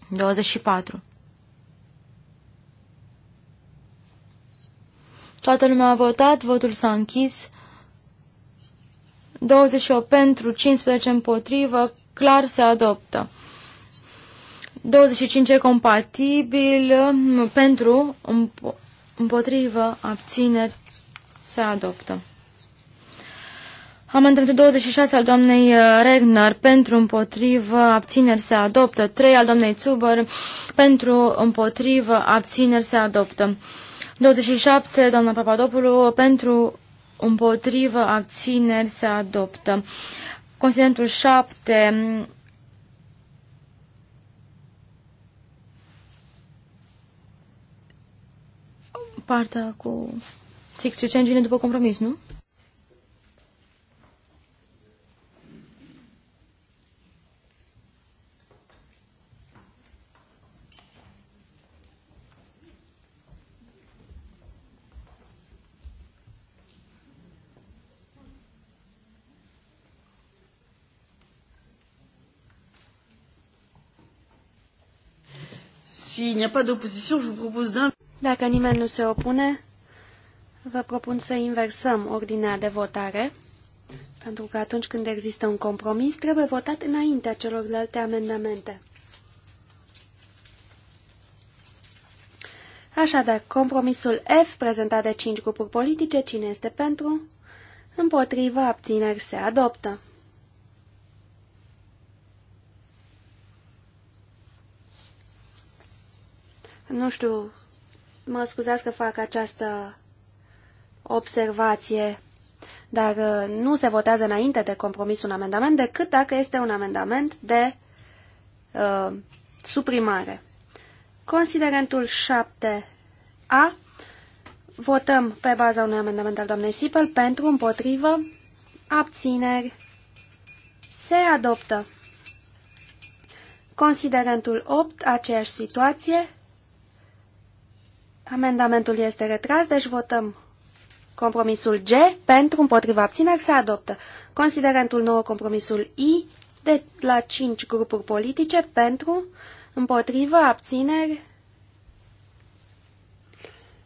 24. Toată lumea a votat, votul s-a închis. 28 pentru, 15 împotrivă, clar se adoptă. 25 e compatibil, pentru, împotrivă, abțineri, se adoptă. Amendamentul 26 al doamnei uh, Regnar pentru împotrivă abțineri se adoptă. 3 al doamnei Zuber pentru împotrivă abțineri se adoptă. 27, doamna Papadopoulou, pentru împotrivă abțineri se adoptă. Considentul 7, partea cu six change după compromis, nu? S'il n'y a pas d'opposition, je vous propose d'un... Dacă nimeni nu se opune, vă propun să inversăm ordinea de votare, pentru că atunci când există un compromis, trebuie votat înaintea celorlalte amendamente. Așadar, compromisul F, prezentat de 5 grupuri politice, cine este pentru? Împotrivă, abțineri, se adoptă. Nu știu, mă scuzați că fac această observație, dar uh, nu se votează înainte de compromis un amendament decât dacă este un amendament de uh, suprimare. Considerentul 7a Votăm pe baza unui amendament al doamnei Sipel pentru, împotrivă, abțineri. Se adoptă. Considerentul 8, aceeași situație. Amendamentul este retras, deci votăm compromisul G pentru împotriva abțineri se adoptă. Considerentul nou compromisul I de la 5 grupuri politice pentru împotriva abțineri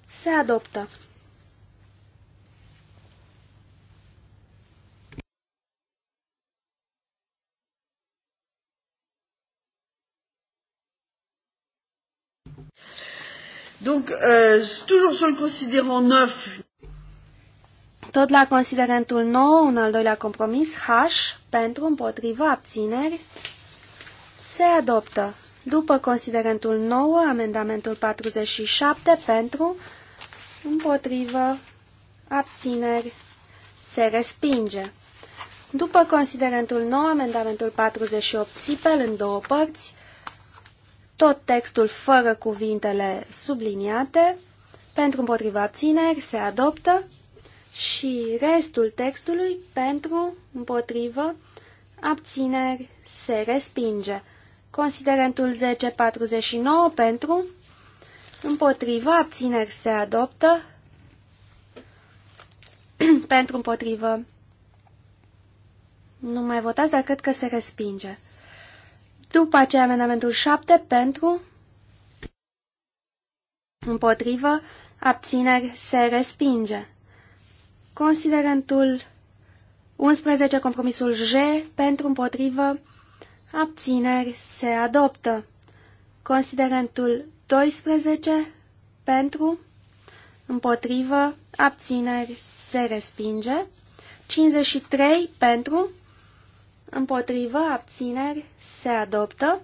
se adoptă. Donc, euh, toujours sur le considérant 9. Tot la considerentul 9, un al doilea compromis, H, pentru, împotriva abțineri, se adoptă. După considerentul 9, amendamentul 47, pentru, împotriva abțineri, se respinge. După considerentul 9, amendamentul 48, Sipel, în două părți, tot textul fără cuvintele subliniate, pentru împotriva abțineri se adoptă și restul textului pentru împotrivă abțineri se respinge. Considerentul 1049 pentru împotriva abțineri se adoptă pentru împotrivă. Nu mai votați, dar cred că se respinge. După aceea, amendamentul 7 pentru, împotrivă, abțineri, se respinge. Considerentul 11, compromisul J, pentru, împotrivă, abțineri, se adoptă. Considerentul 12, pentru, împotrivă, abțineri, se respinge. 53 pentru, Împotrivă, abțineri, se adoptă.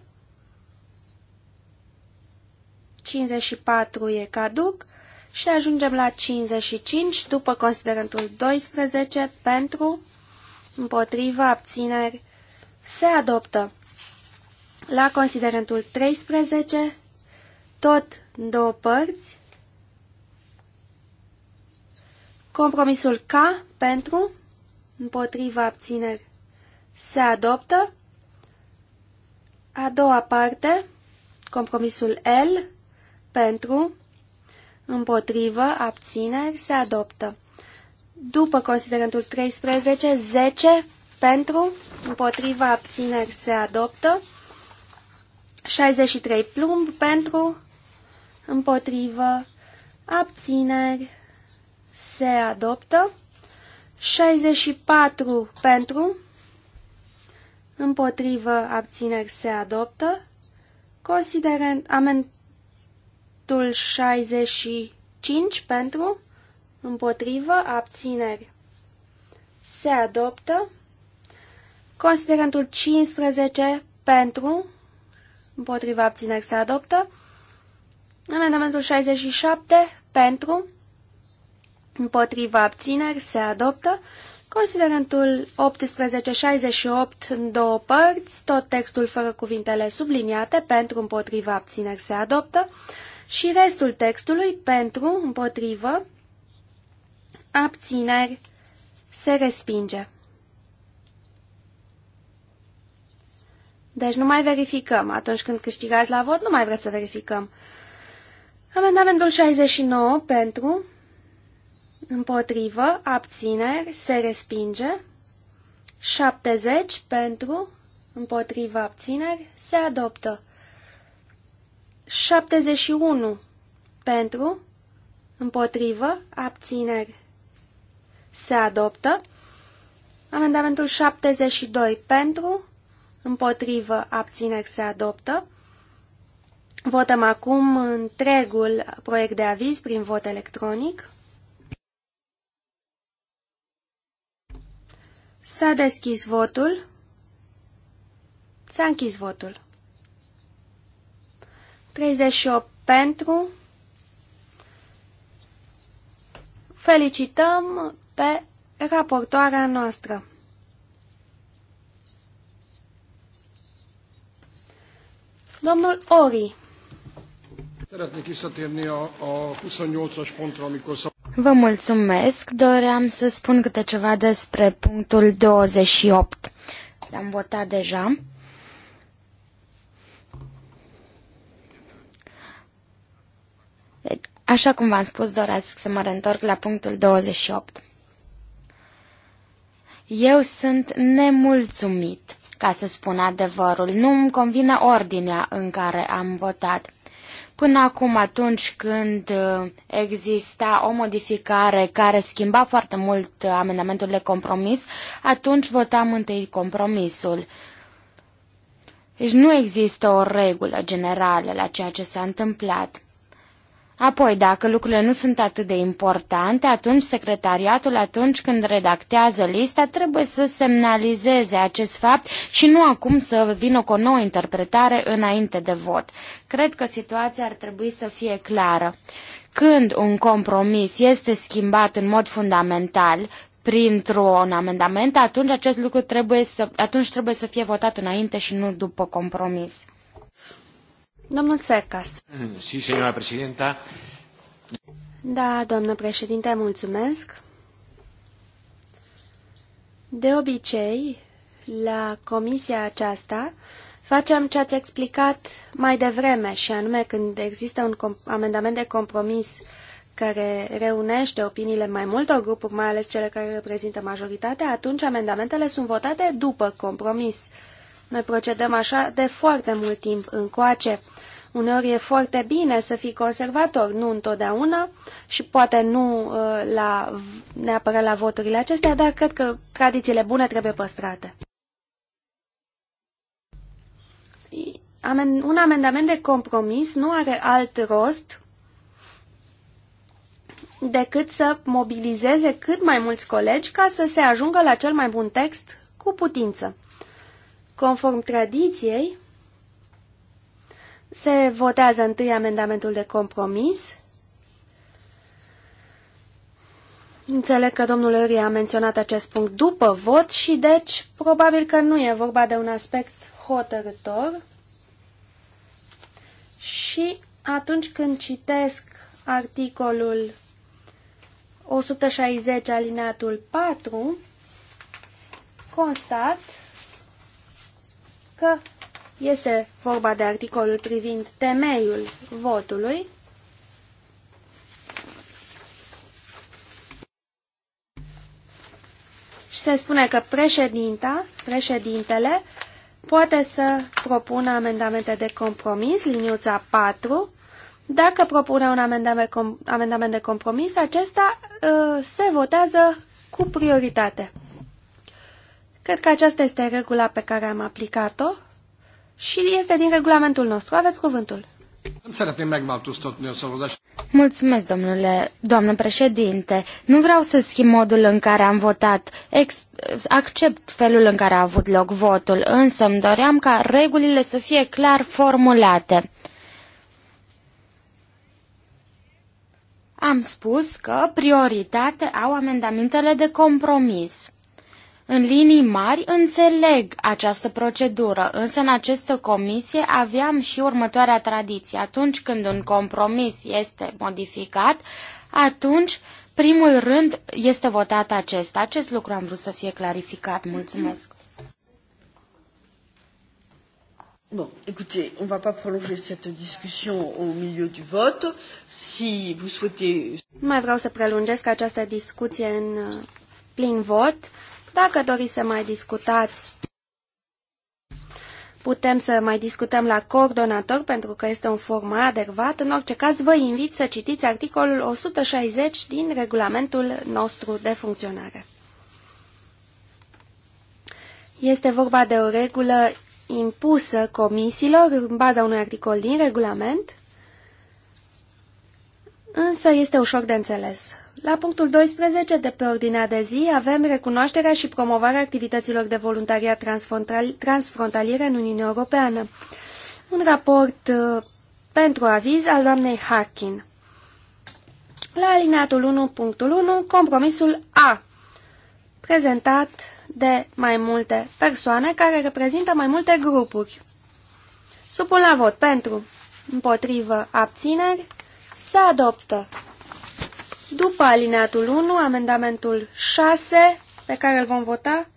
54 e caduc și ajungem la 55 după considerentul 12 pentru, împotrivă, abțineri, se adoptă. La considerentul 13, tot două părți, compromisul K pentru, împotriva abțineri se adoptă. A doua parte, compromisul L, pentru, împotrivă, abțineri, se adoptă. După considerentul 13, 10, pentru, împotrivă, abțineri, se adoptă. 63 plumb, pentru, împotrivă, abțineri, se adoptă. 64 pentru, împotrivă, abțineri se adoptă. Considerent amendul 65 pentru, împotrivă, abțineri se adoptă. Considerentul 15 pentru, împotriva abțineri se adoptă. Amendamentul 67 pentru, împotriva abțineri se adoptă. Considerentul 1868 în două părți, tot textul fără cuvintele subliniate pentru împotriva abțineri se adoptă și restul textului pentru împotrivă abțineri se respinge. Deci nu mai verificăm. Atunci când câștigați la vot, nu mai vreți să verificăm. Amendamentul 69 pentru împotrivă, abțineri, se respinge. 70 pentru, împotrivă, abțineri, se adoptă. 71 pentru, împotrivă, abțineri, se adoptă. Amendamentul 72 pentru, împotrivă, abțineri, se adoptă. Votăm acum întregul proiect de aviz prin vot electronic. S-a deschis votul. S-a închis votul. 38 pentru. Felicităm pe raportoarea noastră. Domnul Ori. Szeretnék visszatérni a, a 28-as pontra, amikor Vă mulțumesc. Doream să spun câte ceva despre punctul 28. L-am votat deja. Așa cum v-am spus, doresc să mă reîntorc la punctul 28. Eu sunt nemulțumit, ca să spun adevărul. Nu-mi convine ordinea în care am votat. Până acum, atunci când uh, exista o modificare care schimba foarte mult uh, amendamentul de compromis, atunci votam întâi compromisul. Deci nu există o regulă generală la ceea ce s-a întâmplat. Apoi, dacă lucrurile nu sunt atât de importante, atunci secretariatul, atunci când redactează lista, trebuie să semnalizeze acest fapt și nu acum să vină cu o nouă interpretare înainte de vot. Cred că situația ar trebui să fie clară. Când un compromis este schimbat în mod fundamental printr-un amendament, atunci acest lucru trebuie să, atunci trebuie să fie votat înainte și nu după compromis. Domnul Sercas. Sí, señora presidenta. Da, doamnă președinte, mulțumesc. De obicei, la comisia aceasta, facem ce ați explicat mai devreme, și anume când există un amendament de compromis care reunește opiniile mai multor grupuri, mai ales cele care reprezintă majoritatea, atunci amendamentele sunt votate după compromis. Noi procedăm așa de foarte mult timp încoace. Uneori e foarte bine să fii conservator, nu întotdeauna și poate nu uh, la, neapărat la voturile acestea, dar cred că tradițiile bune trebuie păstrate. Un amendament de compromis nu are alt rost decât să mobilizeze cât mai mulți colegi ca să se ajungă la cel mai bun text cu putință. Conform tradiției, se votează întâi amendamentul de compromis. Înțeleg că domnul Uri a menționat acest punct după vot și deci probabil că nu e vorba de un aspect hotărător. Și atunci când citesc articolul 160 alineatul 4, constat că este vorba de articolul privind temeiul votului. Și se spune că președinta, președintele, poate să propună amendamente de compromis, liniuța 4. Dacă propune un amendament, de compromis, acesta ă, se votează cu prioritate. Cred că aceasta este regula pe care am aplicat-o și este din regulamentul nostru. Aveți cuvântul. Mulțumesc, domnule, doamnă președinte. Nu vreau să schimb modul în care am votat. Ex accept felul în care a avut loc votul, însă îmi doream ca regulile să fie clar formulate. Am spus că prioritate au amendamentele de compromis. În linii mari înțeleg această procedură, însă în această comisie aveam și următoarea tradiție. Atunci când un compromis este modificat, atunci primul rând este votat acesta. Acest lucru am vrut să fie clarificat. Mulțumesc. Bon, écoutez, on ne va pas prolonger cette discussion au milieu du vote. Si vous souhaitez... Mai vreau să prelungesc această discuție în uh, plin vot. Dacă doriți să mai discutați, putem să mai discutăm la coordonator pentru că este un format mai adecvat. În orice caz, vă invit să citiți articolul 160 din regulamentul nostru de funcționare. Este vorba de o regulă impusă comisiilor în baza unui articol din regulament, însă este ușor de înțeles. La punctul 12 de pe ordinea de zi avem recunoașterea și promovarea activităților de voluntariat transfrontaliere în Uniunea Europeană. Un raport uh, pentru aviz al doamnei Harkin. La alineatul 1.1, compromisul A, prezentat de mai multe persoane care reprezintă mai multe grupuri. Supun la vot pentru, împotrivă, abțineri, se adoptă. După alineatul 1, amendamentul 6, pe care îl vom vota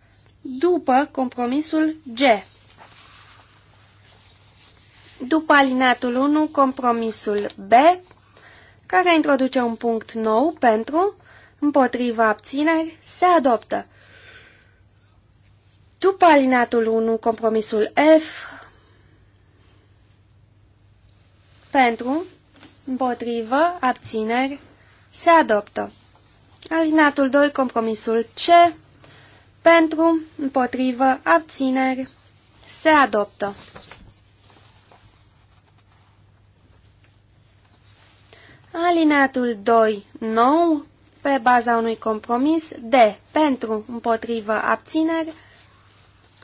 după compromisul G. După alineatul 1, compromisul B, care introduce un punct nou pentru, împotriva abțineri, se adoptă. După alineatul 1, compromisul F, pentru, împotrivă, abțineri, se adoptă. alinatul 2, compromisul C, pentru, împotrivă, abțineri, se adoptă. Alineatul 2, nou, pe baza unui compromis D, pentru, împotrivă, abțineri,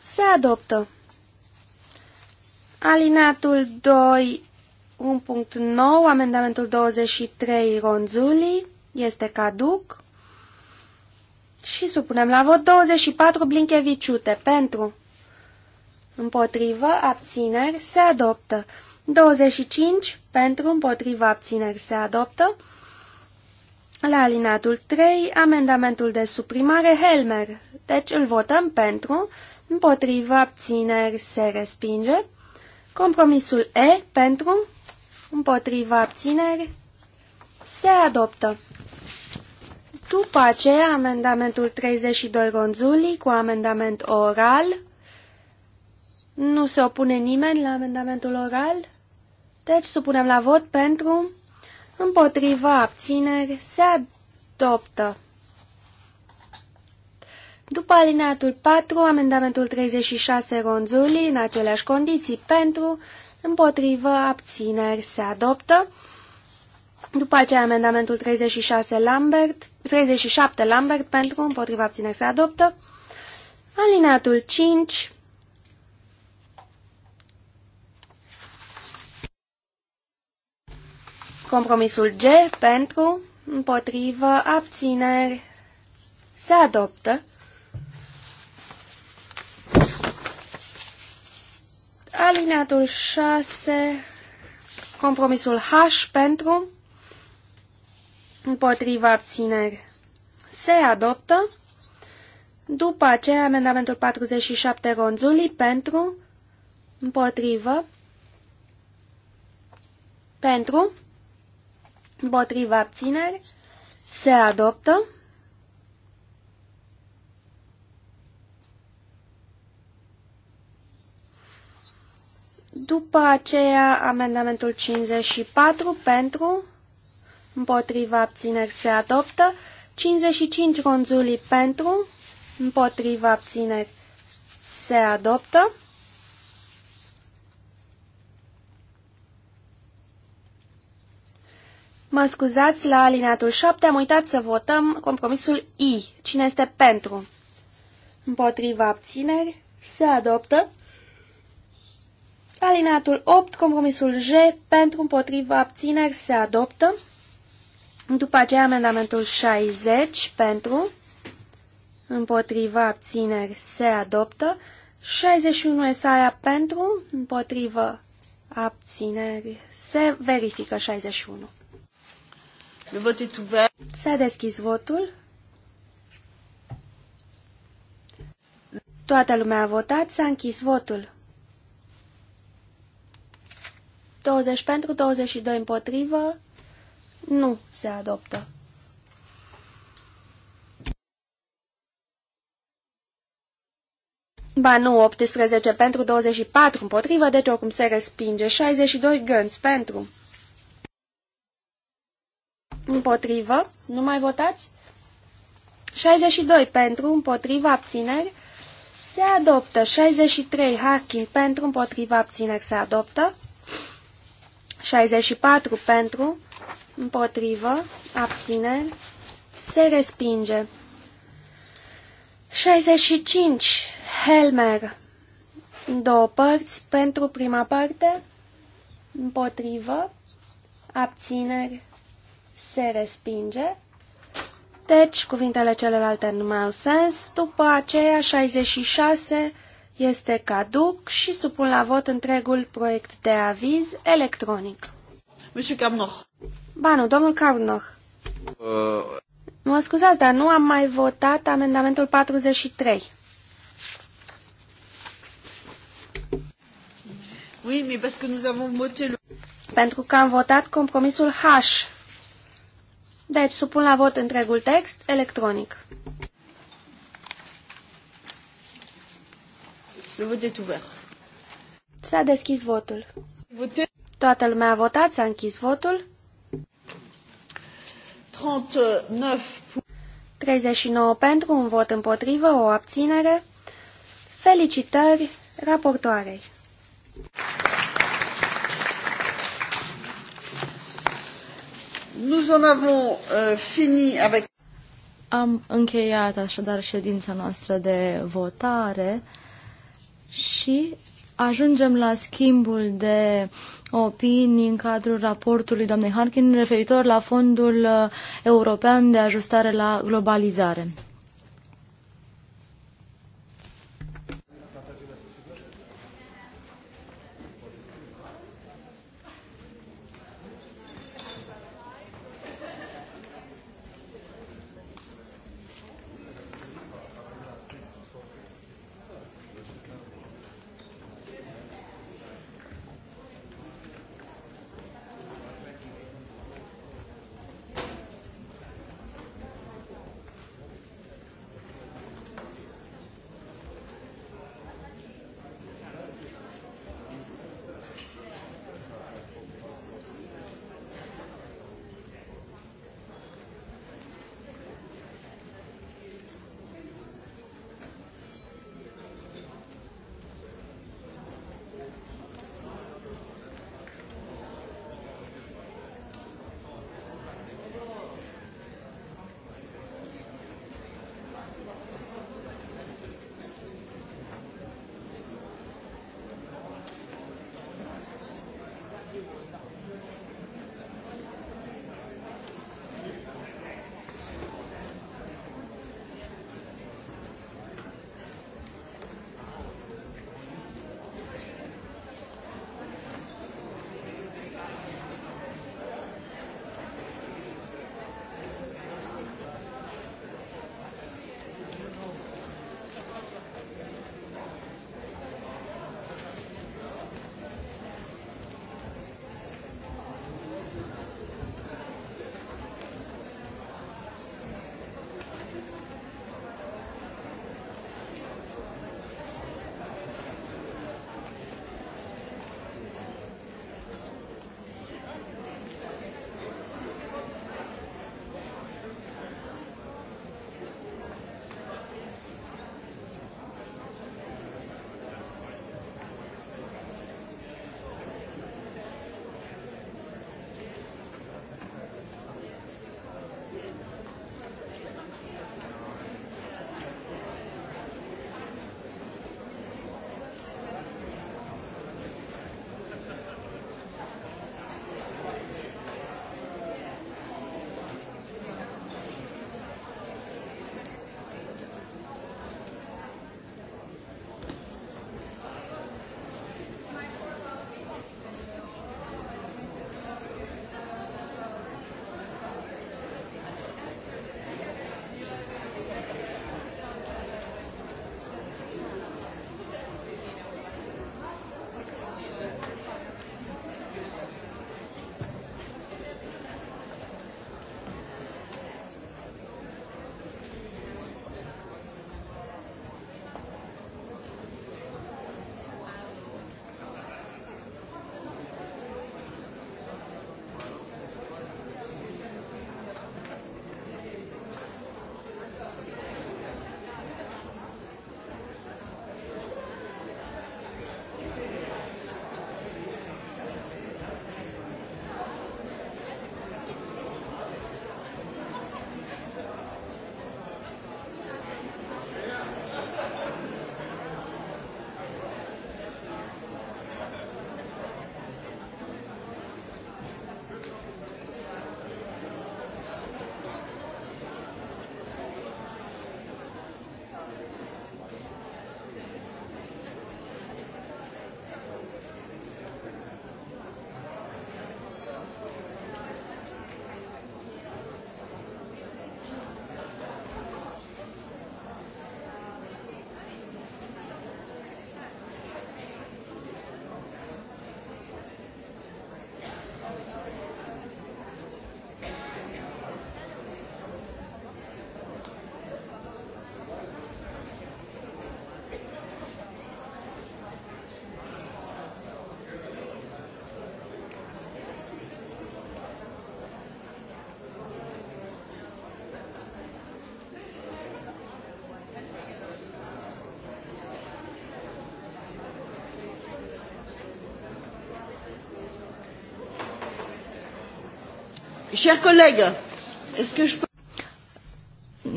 se adoptă. Alineatul 2, 1.9, amendamentul 23, Ronzuli, este caduc. Și supunem la vot 24, Blincheviciute, pentru. Împotrivă, abțineri, se adoptă. 25, pentru, împotrivă, abțineri, se adoptă. La alineatul 3, amendamentul de suprimare Helmer. Deci îl votăm pentru, împotrivă, abțineri, se respinge. Compromisul E pentru, împotriva abțineri, se adoptă. După aceea, amendamentul 32 Ronzuli cu amendament oral. Nu se opune nimeni la amendamentul oral? Deci supunem la vot pentru, împotriva abțineri, se adoptă. După alineatul 4, amendamentul 36 Ronzuli, în aceleași condiții, pentru, împotrivă, abțineri, se adoptă. După aceea amendamentul 36 Lambert, 37 Lambert pentru, împotriva abțineri, se adoptă. Alineatul 5, Compromisul G pentru, împotrivă, abțineri, se adoptă. Alineatul 6, compromisul H pentru, împotriva abțineri se adoptă. După aceea, amendamentul 47 Ronzuli pentru, împotrivă, pentru, împotriva abțineri, se adoptă. După aceea, amendamentul 54 pentru, împotriva abțineri se adoptă, 55 ronzulii pentru, împotriva abțineri se adoptă. Mă scuzați, la alineatul 7 am uitat să votăm compromisul I. Cine este pentru? Împotriva abțineri se adoptă. Alinatul 8, compromisul J, pentru împotriva abțineri se adoptă. După aceea amendamentul 60 pentru împotriva abțineri se adoptă. 61 Esaia pentru împotriva abțineri se verifică 61. Le vot est ouvert. S-a deschis votul. Toată lumea a votat, s-a închis votul. 20 pentru, 22 împotrivă, nu se adoptă. Ba nu, 18 pentru, 24 împotrivă, deci oricum se respinge. 62 gânzi pentru. Împotrivă, nu mai votați? 62 pentru, împotrivă, abțineri, se adoptă. 63 Harkin pentru, împotriva abțineri, se adoptă. 64 pentru, împotrivă, abțineri, se respinge. 65. Helmer. Două părți pentru prima parte, împotrivă, abțineri, se respinge. Deci, cuvintele celelalte nu mai au sens. După aceea, 66 este caduc și supun la vot întregul proiect de aviz electronic. Monsieur Carnoch. Ba nu, domnul Carnoch. Uh... Mă scuzați, dar nu am mai votat amendamentul 43. Oui, mais parce que nous avons voté le... Pentru că am votat compromisul H. Deci, supun la vot întregul text electronic. Le vot est ouvert. S-a deschis votul. Vote. Toată lumea a votat, s-a închis votul. 39 39 pentru, un vot împotrivă, o abținere. Felicitări raportoarei. Nous en avons uh, fini avec... Am încheiat așadar ședința noastră de votare și ajungem la schimbul de opinii în cadrul raportului doamnei Harkin referitor la Fondul European de Ajustare la Globalizare.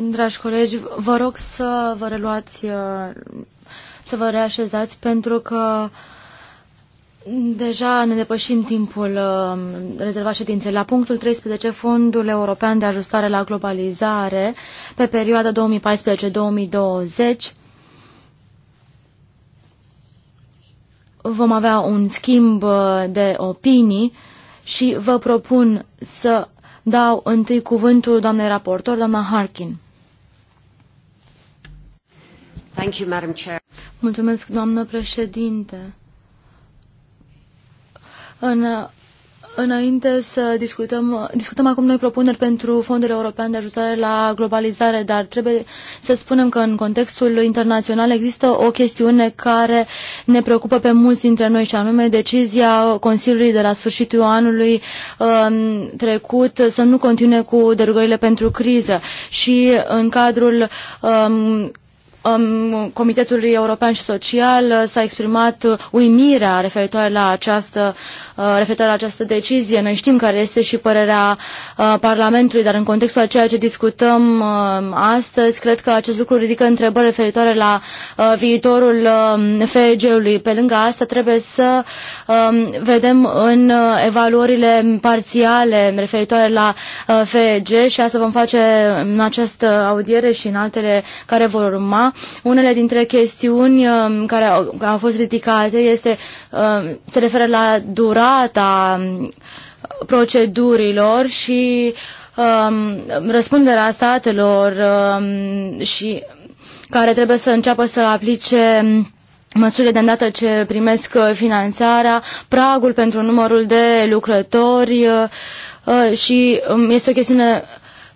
Dragi colegi, vă rog să vă reluați, uh, să vă reașezați, pentru că deja ne depășim timpul uh, rezervat ședinței. La punctul 13, Fondul European de Ajustare la Globalizare, pe perioada 2014-2020, vom avea un schimb uh, de opinii și vă propun să dau întâi cuvântul doamnei raportor, doamna Harkin. Thank you, Madam Chair. Mulțumesc, doamnă președinte. În Înainte să discutăm, discutăm acum noi propuneri pentru fondurile europene de Ajustare la Globalizare, dar trebuie să spunem că în contextul internațional există o chestiune care ne preocupă pe mulți dintre noi și anume decizia Consiliului de la sfârșitul anului um, trecut să nu continue cu derugările pentru criză și în cadrul um, um, Comitetului European și Social uh, s-a exprimat uimirea referitoare la această, uh, referitoare la această decizie. Noi știm care este și părerea uh, Parlamentului, dar în contextul a ceea ce discutăm uh, astăzi, cred că acest lucru ridică întrebări referitoare la uh, viitorul uh, um, FEG-ului. Pe lângă asta trebuie să uh, vedem în uh, evaluările parțiale referitoare la uh, FEG și asta vom face în această audiere și în altele care vor urma. Unele dintre chestiuni um, care au, fost ridicate este, um, se referă la durata um, procedurilor și răspunderea statelor și care trebuie să înceapă să aplice măsurile de îndată ce primesc uh, finanțarea, pragul pentru numărul de lucrători uh, uh, și este o chestiune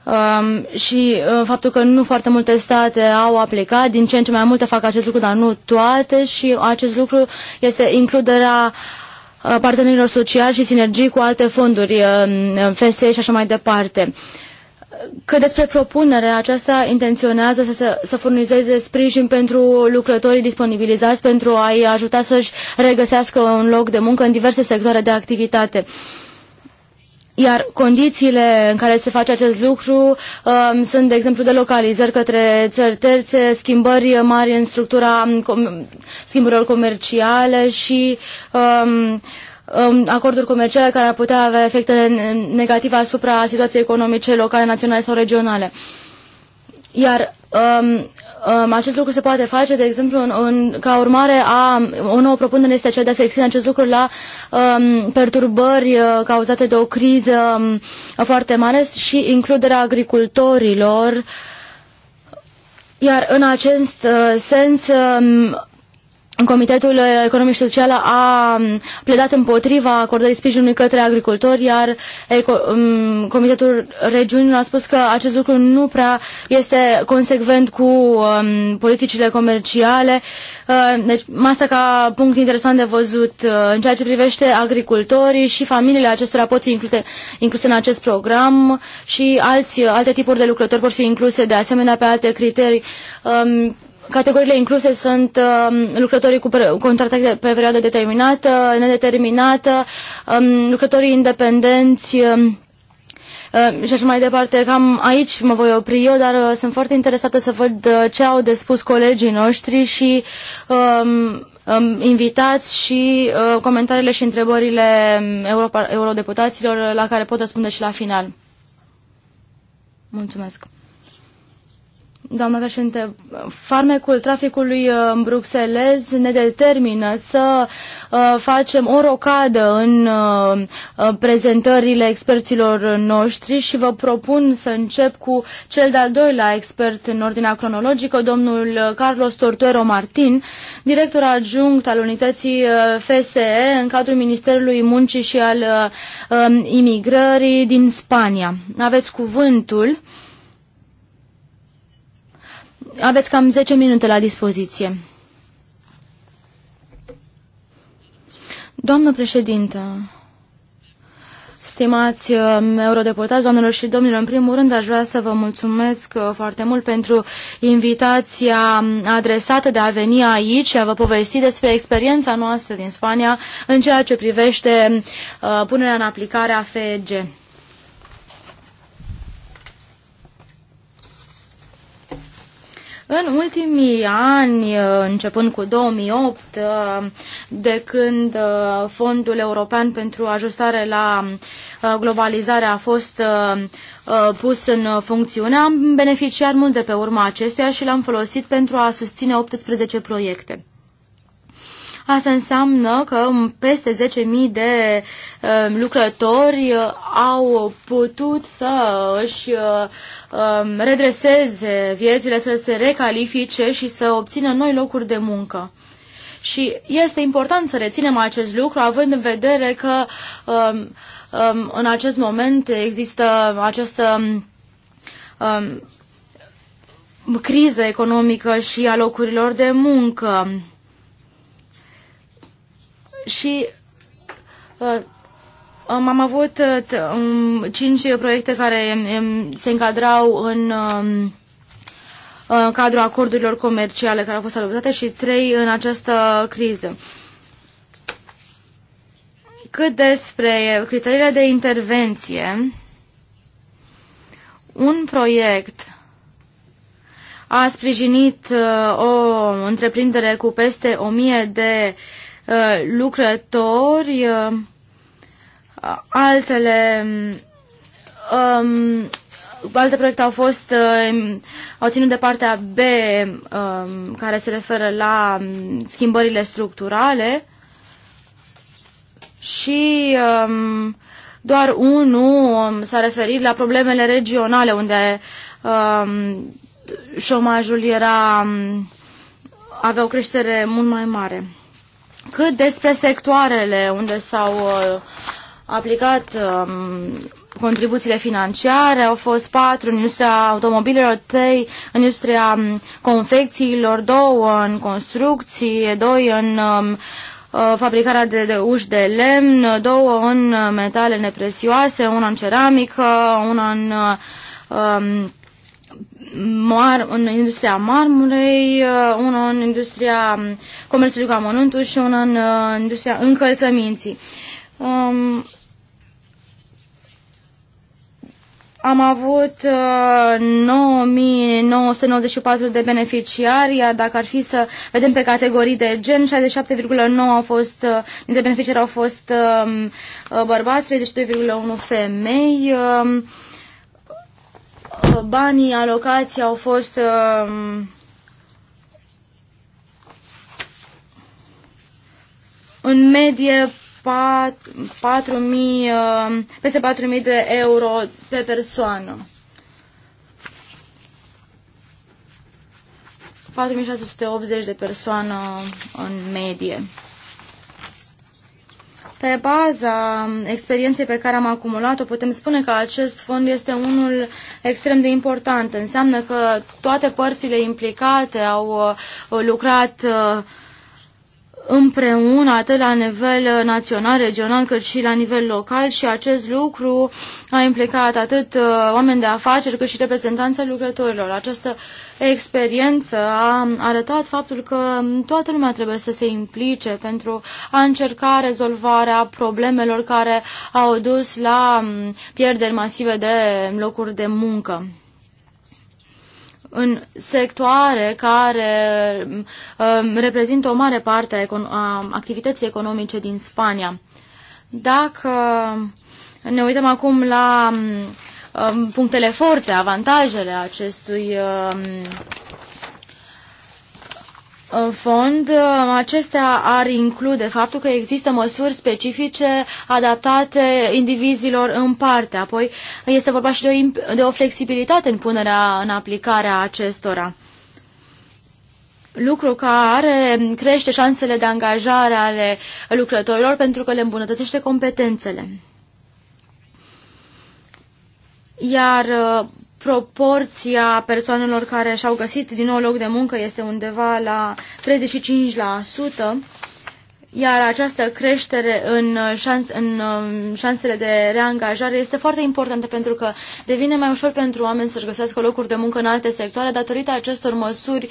Um, și uh, faptul că nu foarte multe state au aplicat, din ce în ce mai multe fac acest lucru, dar nu toate și acest lucru este includerea uh, partenerilor sociali și sinergii cu alte fonduri, uh, um, FSE și așa mai departe. Că despre propunere, aceasta intenționează să, să, să furnizeze sprijin pentru lucrătorii disponibilizați pentru a-i ajuta să-și regăsească un loc de muncă în diverse sectoare de activitate. Uh, iar condițiile în care se face acest lucru um, sunt, de exemplu, de localizări către țări terțe, schimbări mari în structura um, com schimburilor comerciale și um, um, acorduri comerciale care ar putea avea efecte negative asupra situației economice locale, naționale sau regionale. Iar um, Um, acest lucru se poate face, de exemplu, în, în, ca urmare a o nouă propunere este cea de a se extinde acest lucru la um, perturbări uh, cauzate de o criză um, foarte mare și includerea agricultorilor. Iar în acest uh, sens, um, în Comitetul Economic și Social a pledat împotriva acordării sprijinului către agricultori, iar Comitetul Regiunilor a spus că acest lucru nu prea este consecvent cu politicile comerciale. Ă, deci, asta ca punct interesant de văzut ă, în ceea ce privește agricultorii și familiile acestora pot fi incluse, incluse în acest program și alți, alte tipuri de lucrători pot fi incluse de asemenea pe alte criterii. Categoriile incluse sunt uh, lucrătorii cu contracte pe perioadă determinată, nedeterminată, um, lucrătorii independenți um, uh, și așa mai departe. Cam aici mă voi opri eu, dar uh, sunt foarte interesată să văd uh, ce au de spus colegii noștri și um, um, invitați și uh, comentariile și întrebările um, europa, eurodeputaților uh, la care pot răspunde și la final. Mulțumesc. Doamna președinte, farmecul traficului uh, bruxelez ne determină să uh, facem o rocadă în uh, prezentările experților noștri și vă propun să încep cu cel de-al doilea expert în ordinea cronologică, domnul Carlos Tortuero Martin, director adjunct al unității FSE în cadrul Ministerului Muncii și al um, Imigrării din Spania. Aveți cuvântul. Aveți cam 10 minute la dispoziție. Doamnă președintă, stimați uh, eurodeputați, doamnelor și domnilor, în primul rând aș vrea să vă mulțumesc uh, foarte mult pentru invitația um, adresată de a veni aici și a vă povesti despre experiența noastră din Spania în ceea ce privește uh, punerea în aplicare a FEG. În ultimii ani, începând cu 2008, de când Fondul European pentru Ajustare la Globalizare a fost pus în funcțiune, am beneficiat mult de pe urma acestuia și l-am folosit pentru a susține 18 proiecte. Asta înseamnă că peste 10.000 de um, lucrători uh, au putut să își uh, um, redreseze viețile, să se recalifice și să obțină noi locuri de muncă. Și este important să reținem acest lucru, având în vedere că um, um, în acest moment există această um, criză economică și a locurilor de muncă și uh, am avut uh, um, cinci proiecte care um, um, se încadrau în uh, cadrul acordurilor comerciale care au fost adoptate și trei în această criză. Cât despre criteriile de intervenție, un proiect a sprijinit o întreprindere cu peste 1000 de uh, Uh, lucrători, uh, altele um, alte proiecte au fost uh, au ținut de partea B um, care se referă la um, schimbările structurale și um, doar unul um, s-a referit la problemele regionale unde um, șomajul era um, avea o creștere mult mai mare. Cât despre sectoarele unde s-au uh, aplicat um, contribuțiile financiare, au fost patru în industria automobilelor, trei în industria um, confecțiilor, două în construcție, doi în um, uh, fabricarea de, de uși de lemn, două în metale neprețioase, una în ceramică, una în uh, um, mar, în industria marmurei, uh, una în industria um, comerțului cu amănuntul și una în uh, industria încălțăminții. Um, am avut uh, 9994 de beneficiari, iar dacă ar fi să vedem pe categorii de gen, 67,9 au fost, uh, dintre beneficiari au fost um, uh, bărbați, 32,1 femei. Uh, Uh, banii alocați au fost um, în medie 4, 4 uh, peste 4.000 de euro pe persoană. 4.680 de persoană în medie. Pe baza experienței pe care am acumulat-o, putem spune că acest fond este unul extrem de important. Înseamnă că toate părțile implicate au uh, lucrat uh, împreună atât la nivel uh, național, regional, cât și la nivel local și acest lucru a implicat atât uh, oameni de afaceri cât și reprezentanța lucrătorilor. Această experiență a arătat faptul că toată lumea trebuie să se implice pentru a încerca rezolvarea problemelor care au dus la mm, pierderi masive de locuri de muncă în sectoare care um, reprezintă o mare parte a, econ a activității economice din Spania. Dacă ne uităm acum la um, punctele forte, avantajele acestui um, în fond, uh, acestea ar include faptul că există măsuri specifice adaptate indivizilor în parte. Apoi este vorba și de o, de o flexibilitate în punerea în aplicare a acestora. Lucru care crește șansele de angajare ale lucrătorilor pentru că le îmbunătățește competențele. Iar uh, proporția persoanelor care și-au găsit din nou loc de muncă este undeva la 35%, iar această creștere în, șans, în um, șansele de reangajare este foarte importantă pentru că devine mai ușor pentru oameni să-și găsească locuri de muncă în alte sectoare datorită acestor măsuri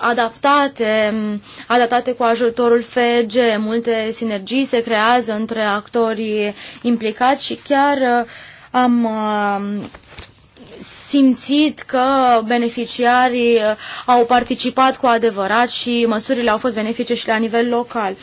adaptate, um, adaptate cu ajutorul FEG. Multe sinergii se creează între actorii implicați și chiar uh, am uh, simțit că beneficiarii uh, au participat cu adevărat și măsurile au fost benefice și la nivel local.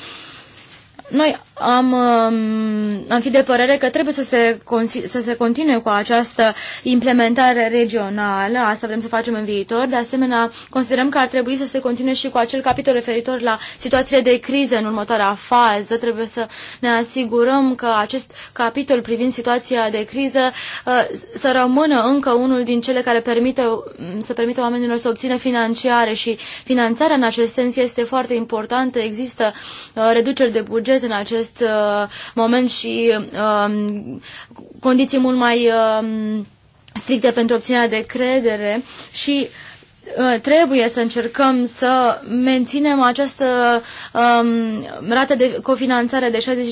Noi am, um, am fi de părere că trebuie să se, să se continue cu această implementare regională, asta vrem să facem în viitor. De asemenea, considerăm că ar trebui să se continue și cu acel capitol referitor la situațiile de criză în următoarea fază. Trebuie să ne asigurăm că acest capitol privind situația de criză uh, să rămână încă unul din cele care permite, um, să permită oamenilor să obțină financiare și finanțarea în acest sens este foarte importantă. Există uh, reduceri de buget în acest acest uh, moment și um, condiții mult mai um, stricte pentru obținerea de credere și Uh, trebuie să încercăm să menținem această um, rată de cofinanțare de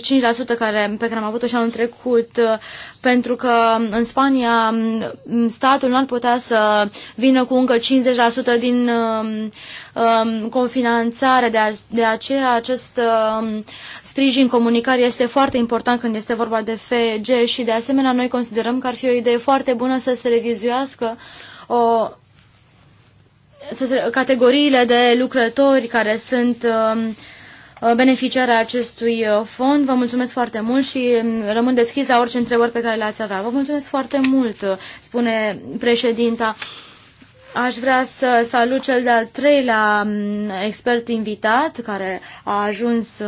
65% care, pe care am avut-o și anul trecut, uh, pentru că um, în Spania um, statul nu ar putea să vină cu încă 50% din um, um, cofinanțare. de, a, de aceea acest um, sprijin comunicare este foarte important când este vorba de FG și de asemenea noi considerăm că ar fi o idee foarte bună să se revizuiască o categoriile de lucrători care sunt um, uh, beneficiarea acestui uh, fond. Vă mulțumesc foarte mult și um, rămân deschis la orice întrebări pe care le-ați avea. Vă mulțumesc foarte mult, uh, spune președinta. Aș vrea să salut cel de-al treilea um, expert invitat care a ajuns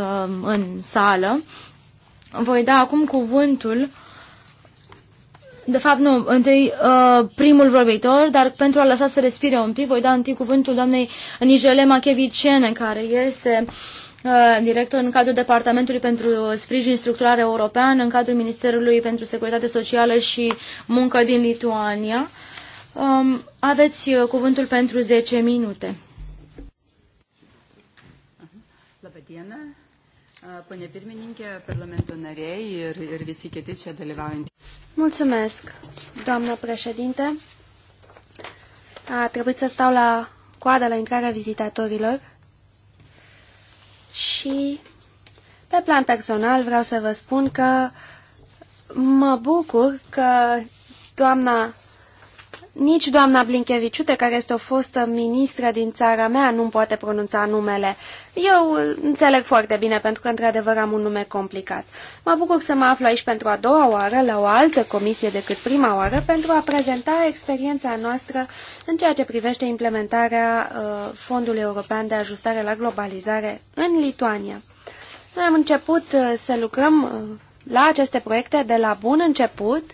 în sală. Voi da acum cuvântul de fapt, nu, întâi uh, primul vorbitor, dar pentru a lăsa să respire un pic, voi da întâi cuvântul doamnei Nijele Machevicene, care este uh, director în cadrul Departamentului pentru Sprijin structurare European, în cadrul Ministerului pentru Securitate Socială și Muncă din Lituania. Um, aveți uh, cuvântul pentru 10 minute. La Pane pirmininkė, parlamento nariai ir, ir visi kiti čia dalyvaujantys. Mulțumesc, doamnă președinte. A trebuit să stau la coadă la intrarea vizitatorilor și pe plan personal vreau să vă spun că mă bucur că doamna nici doamna Blinkeviciute, care este o fostă ministră din țara mea, nu poate pronunța numele. Eu înțeleg foarte bine, pentru că într-adevăr am un nume complicat. Mă bucur să mă aflu aici pentru a doua oară, la o altă comisie decât prima oară, pentru a prezenta experiența noastră în ceea ce privește implementarea uh, Fondului European de Ajustare la Globalizare în Lituania. Noi am început uh, să lucrăm uh, la aceste proiecte de la bun început,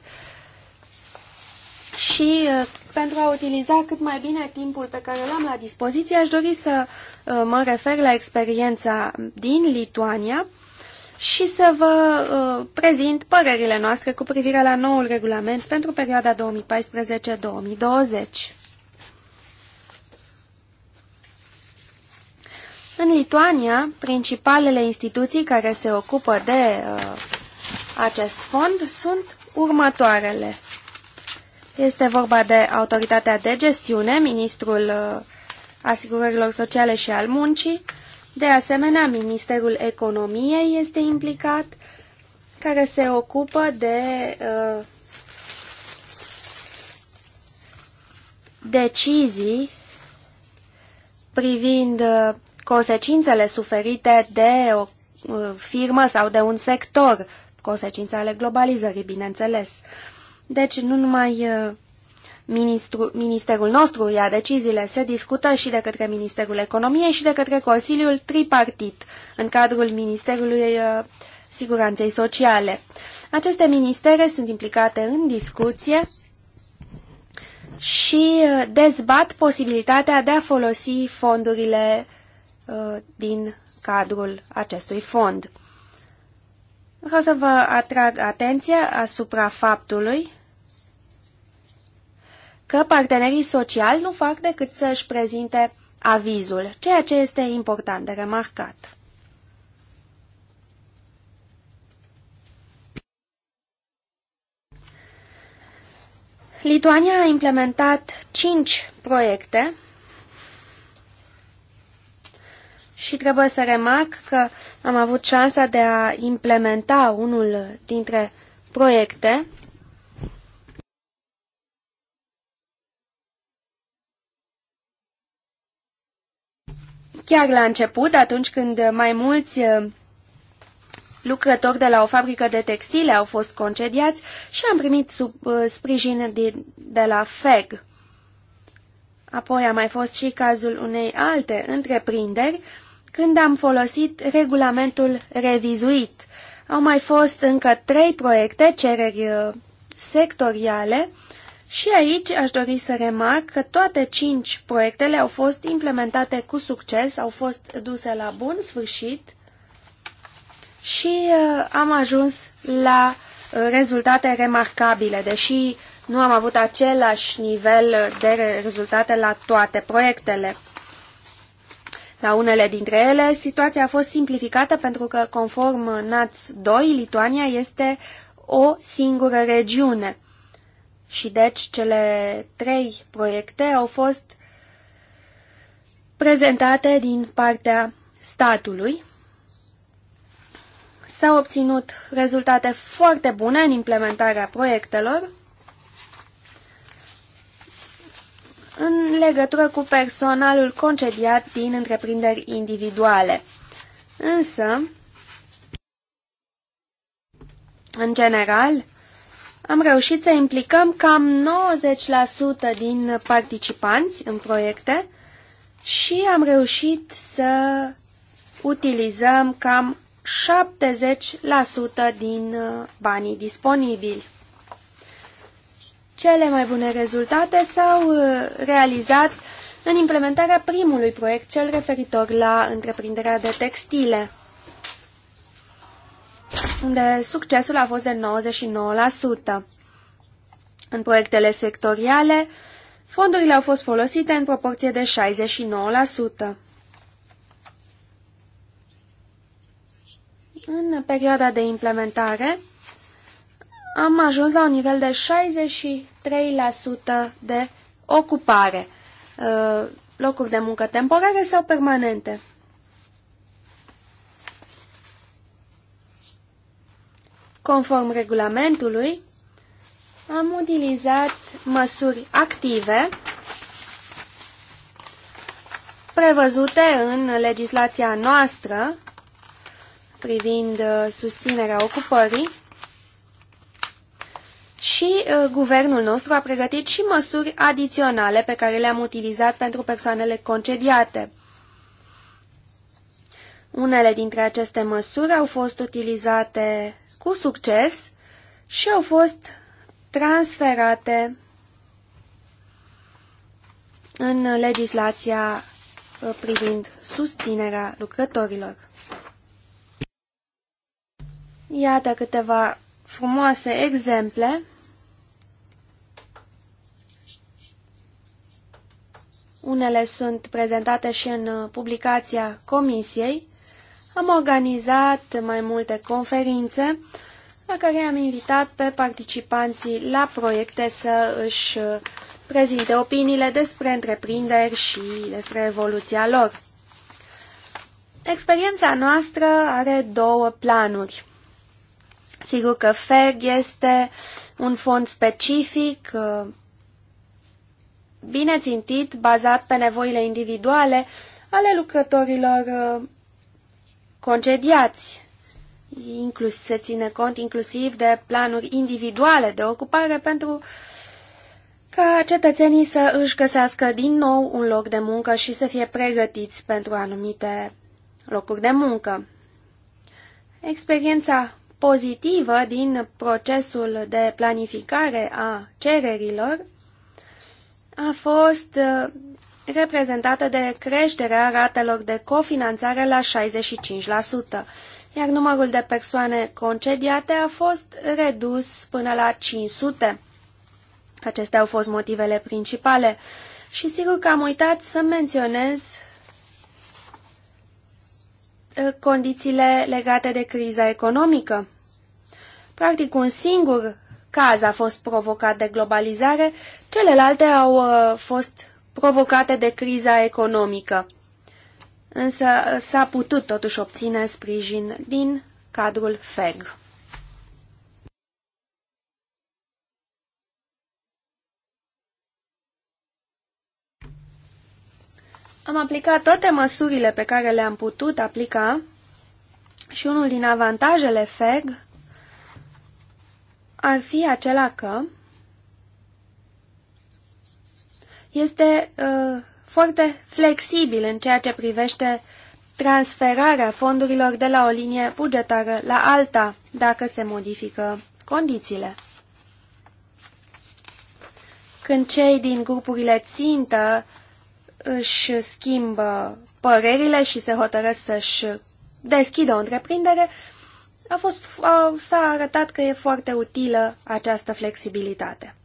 și uh, pentru a utiliza cât mai bine timpul pe care l-am la dispoziție, aș dori să uh, mă refer la experiența din Lituania și să vă uh, prezint părerile noastre cu privire la noul regulament pentru perioada 2014-2020. În Lituania, principalele instituții care se ocupă de uh, acest fond sunt următoarele. Este vorba de autoritatea de gestiune, ministrul uh, asigurărilor sociale și al muncii. De asemenea, Ministerul Economiei este implicat, care se ocupă de uh, decizii privind uh, consecințele suferite de o firmă sau de un sector, consecințe ale globalizării, bineînțeles. Deci nu numai uh, ministru, ministerul nostru ia deciziile, se discută și de către Ministerul Economiei și de către Consiliul Tripartit în cadrul Ministerului uh, Siguranței Sociale. Aceste ministere sunt implicate în discuție și uh, dezbat posibilitatea de a folosi fondurile din cadrul acestui fond. Vreau să vă atrag atenția asupra faptului că partenerii sociali nu fac decât să își prezinte avizul, ceea ce este important de remarcat. Lituania a implementat 5 proiecte și trebuie să remarc că am avut șansa de a implementa unul dintre proiecte Chiar la început, atunci când mai mulți uh, lucrători de la o fabrică de textile au fost concediați și am primit sub, uh, sprijin de, de la FEG. Apoi a mai fost și cazul unei alte întreprinderi, când am folosit regulamentul revizuit. Au mai fost încă trei proiecte, cereri uh, sectoriale, și aici aș dori să remarc că toate cinci proiectele au fost implementate cu succes, au fost duse la bun sfârșit și uh, am ajuns la uh, rezultate remarcabile, deși nu am avut același nivel de rezultate la toate proiectele. La unele dintre ele, situația a fost simplificată pentru că, conform NATS 2, Lituania este o singură regiune – și deci cele trei proiecte au fost prezentate din partea statului. S-au obținut rezultate foarte bune în implementarea proiectelor în legătură cu personalul concediat din întreprinderi individuale. Însă, în general, am reușit să implicăm cam 90% din participanți în proiecte și am reușit să utilizăm cam 70% din uh, banii disponibili. Cele mai bune rezultate s-au uh, realizat în implementarea primului proiect, cel referitor la întreprinderea de textile unde succesul a fost de 99%. În proiectele sectoriale, fondurile au fost folosite în proporție de 69%. În perioada de implementare, am ajuns la un nivel de 63% de ocupare, uh, locuri de muncă temporare sau permanente. Conform regulamentului, am utilizat măsuri active prevăzute în legislația noastră privind uh, susținerea ocupării și uh, guvernul nostru a pregătit și măsuri adiționale pe care le-am utilizat pentru persoanele concediate. Unele dintre aceste măsuri au fost utilizate cu succes și au fost transferate în legislația uh, privind susținerea lucrătorilor. Iată câteva frumoase exemple Unele sunt prezentate și în uh, publicația Comisiei am organizat mai multe conferințe la care am invitat pe participanții la proiecte să își prezinte opiniile despre întreprinderi și despre evoluția lor. Experiența noastră are două planuri. Sigur că FEG este un fond specific, bine țintit, bazat pe nevoile individuale ale lucrătorilor concediați, inclus, se ține cont inclusiv de planuri individuale de ocupare pentru ca cetățenii să își găsească din nou un loc de muncă și să fie pregătiți pentru anumite locuri de muncă. Experiența pozitivă din procesul de planificare a cererilor a fost uh, reprezentată de creșterea ratelor de cofinanțare la 65%, iar numărul de persoane concediate a fost redus până la 500. Acestea au fost motivele principale și sigur că am uitat să menționez uh, condițiile legate de criza economică. Practic, un singur caz a fost provocat de globalizare, celelalte au uh, fost provocate de criza economică. Însă s-a putut totuși obține sprijin din cadrul FEG. Am aplicat toate măsurile pe care le-am putut aplica și unul din avantajele FEG ar fi acela că este uh, foarte flexibil în ceea ce privește transferarea fondurilor de la o linie bugetară la alta, dacă se modifică condițiile. Când cei din grupurile țintă își schimbă părerile și se hotărăsc să-și deschidă o întreprindere, a fost, s-a arătat că e foarte utilă această flexibilitate.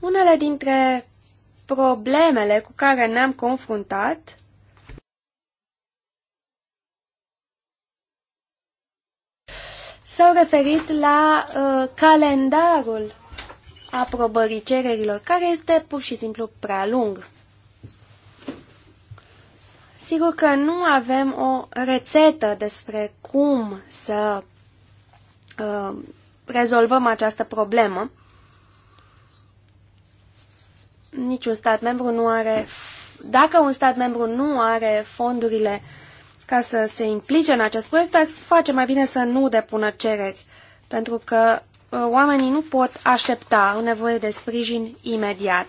Unele dintre problemele cu care ne-am confruntat s-au referit la uh, calendarul aprobării cererilor, care este pur și simplu prea lung. Sigur că nu avem o rețetă despre cum să uh, rezolvăm această problemă, niciun stat membru nu are, dacă un stat membru nu are fondurile ca să se implice în acest proiect, ar face mai bine să nu depună cereri, pentru că uh, oamenii nu pot aștepta, o nevoie de sprijin imediat.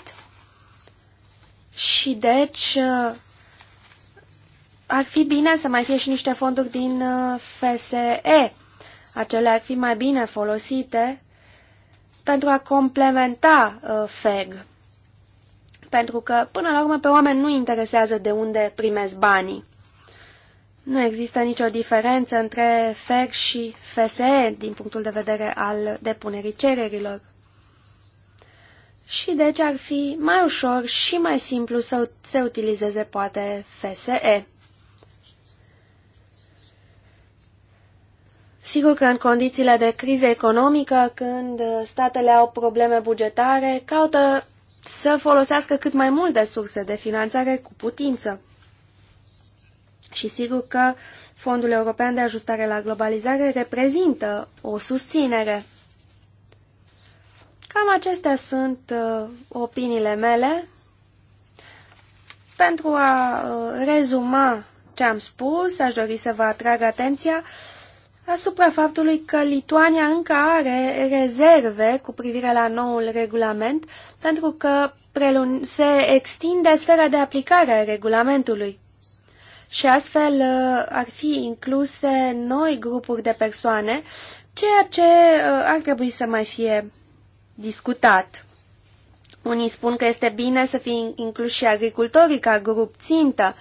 Și deci uh, ar fi bine să mai fie și niște fonduri din uh, FSE. Acele ar fi mai bine folosite pentru a complementa FEG pentru că, până la urmă, pe oameni nu interesează de unde primesc banii. Nu există nicio diferență între FER și FSE din punctul de vedere al depunerii cererilor. Și deci ar fi mai ușor și mai simplu să se utilizeze poate FSE. Sigur că în condițiile de criză economică, când statele au probleme bugetare, caută să folosească cât mai multe surse de finanțare cu putință. Și sigur că Fondul European de Ajustare la Globalizare reprezintă o susținere. Cam acestea sunt uh, opiniile mele. Pentru a uh, rezuma ce am spus, aș dori să vă atrag atenția asupra faptului că Lituania încă are rezerve cu privire la noul regulament, pentru că se extinde sfera de aplicare a regulamentului. Și astfel uh, ar fi incluse noi grupuri de persoane, ceea ce uh, ar trebui să mai fie discutat. Unii spun că este bine să fie inclus și agricultorii ca grup țintă,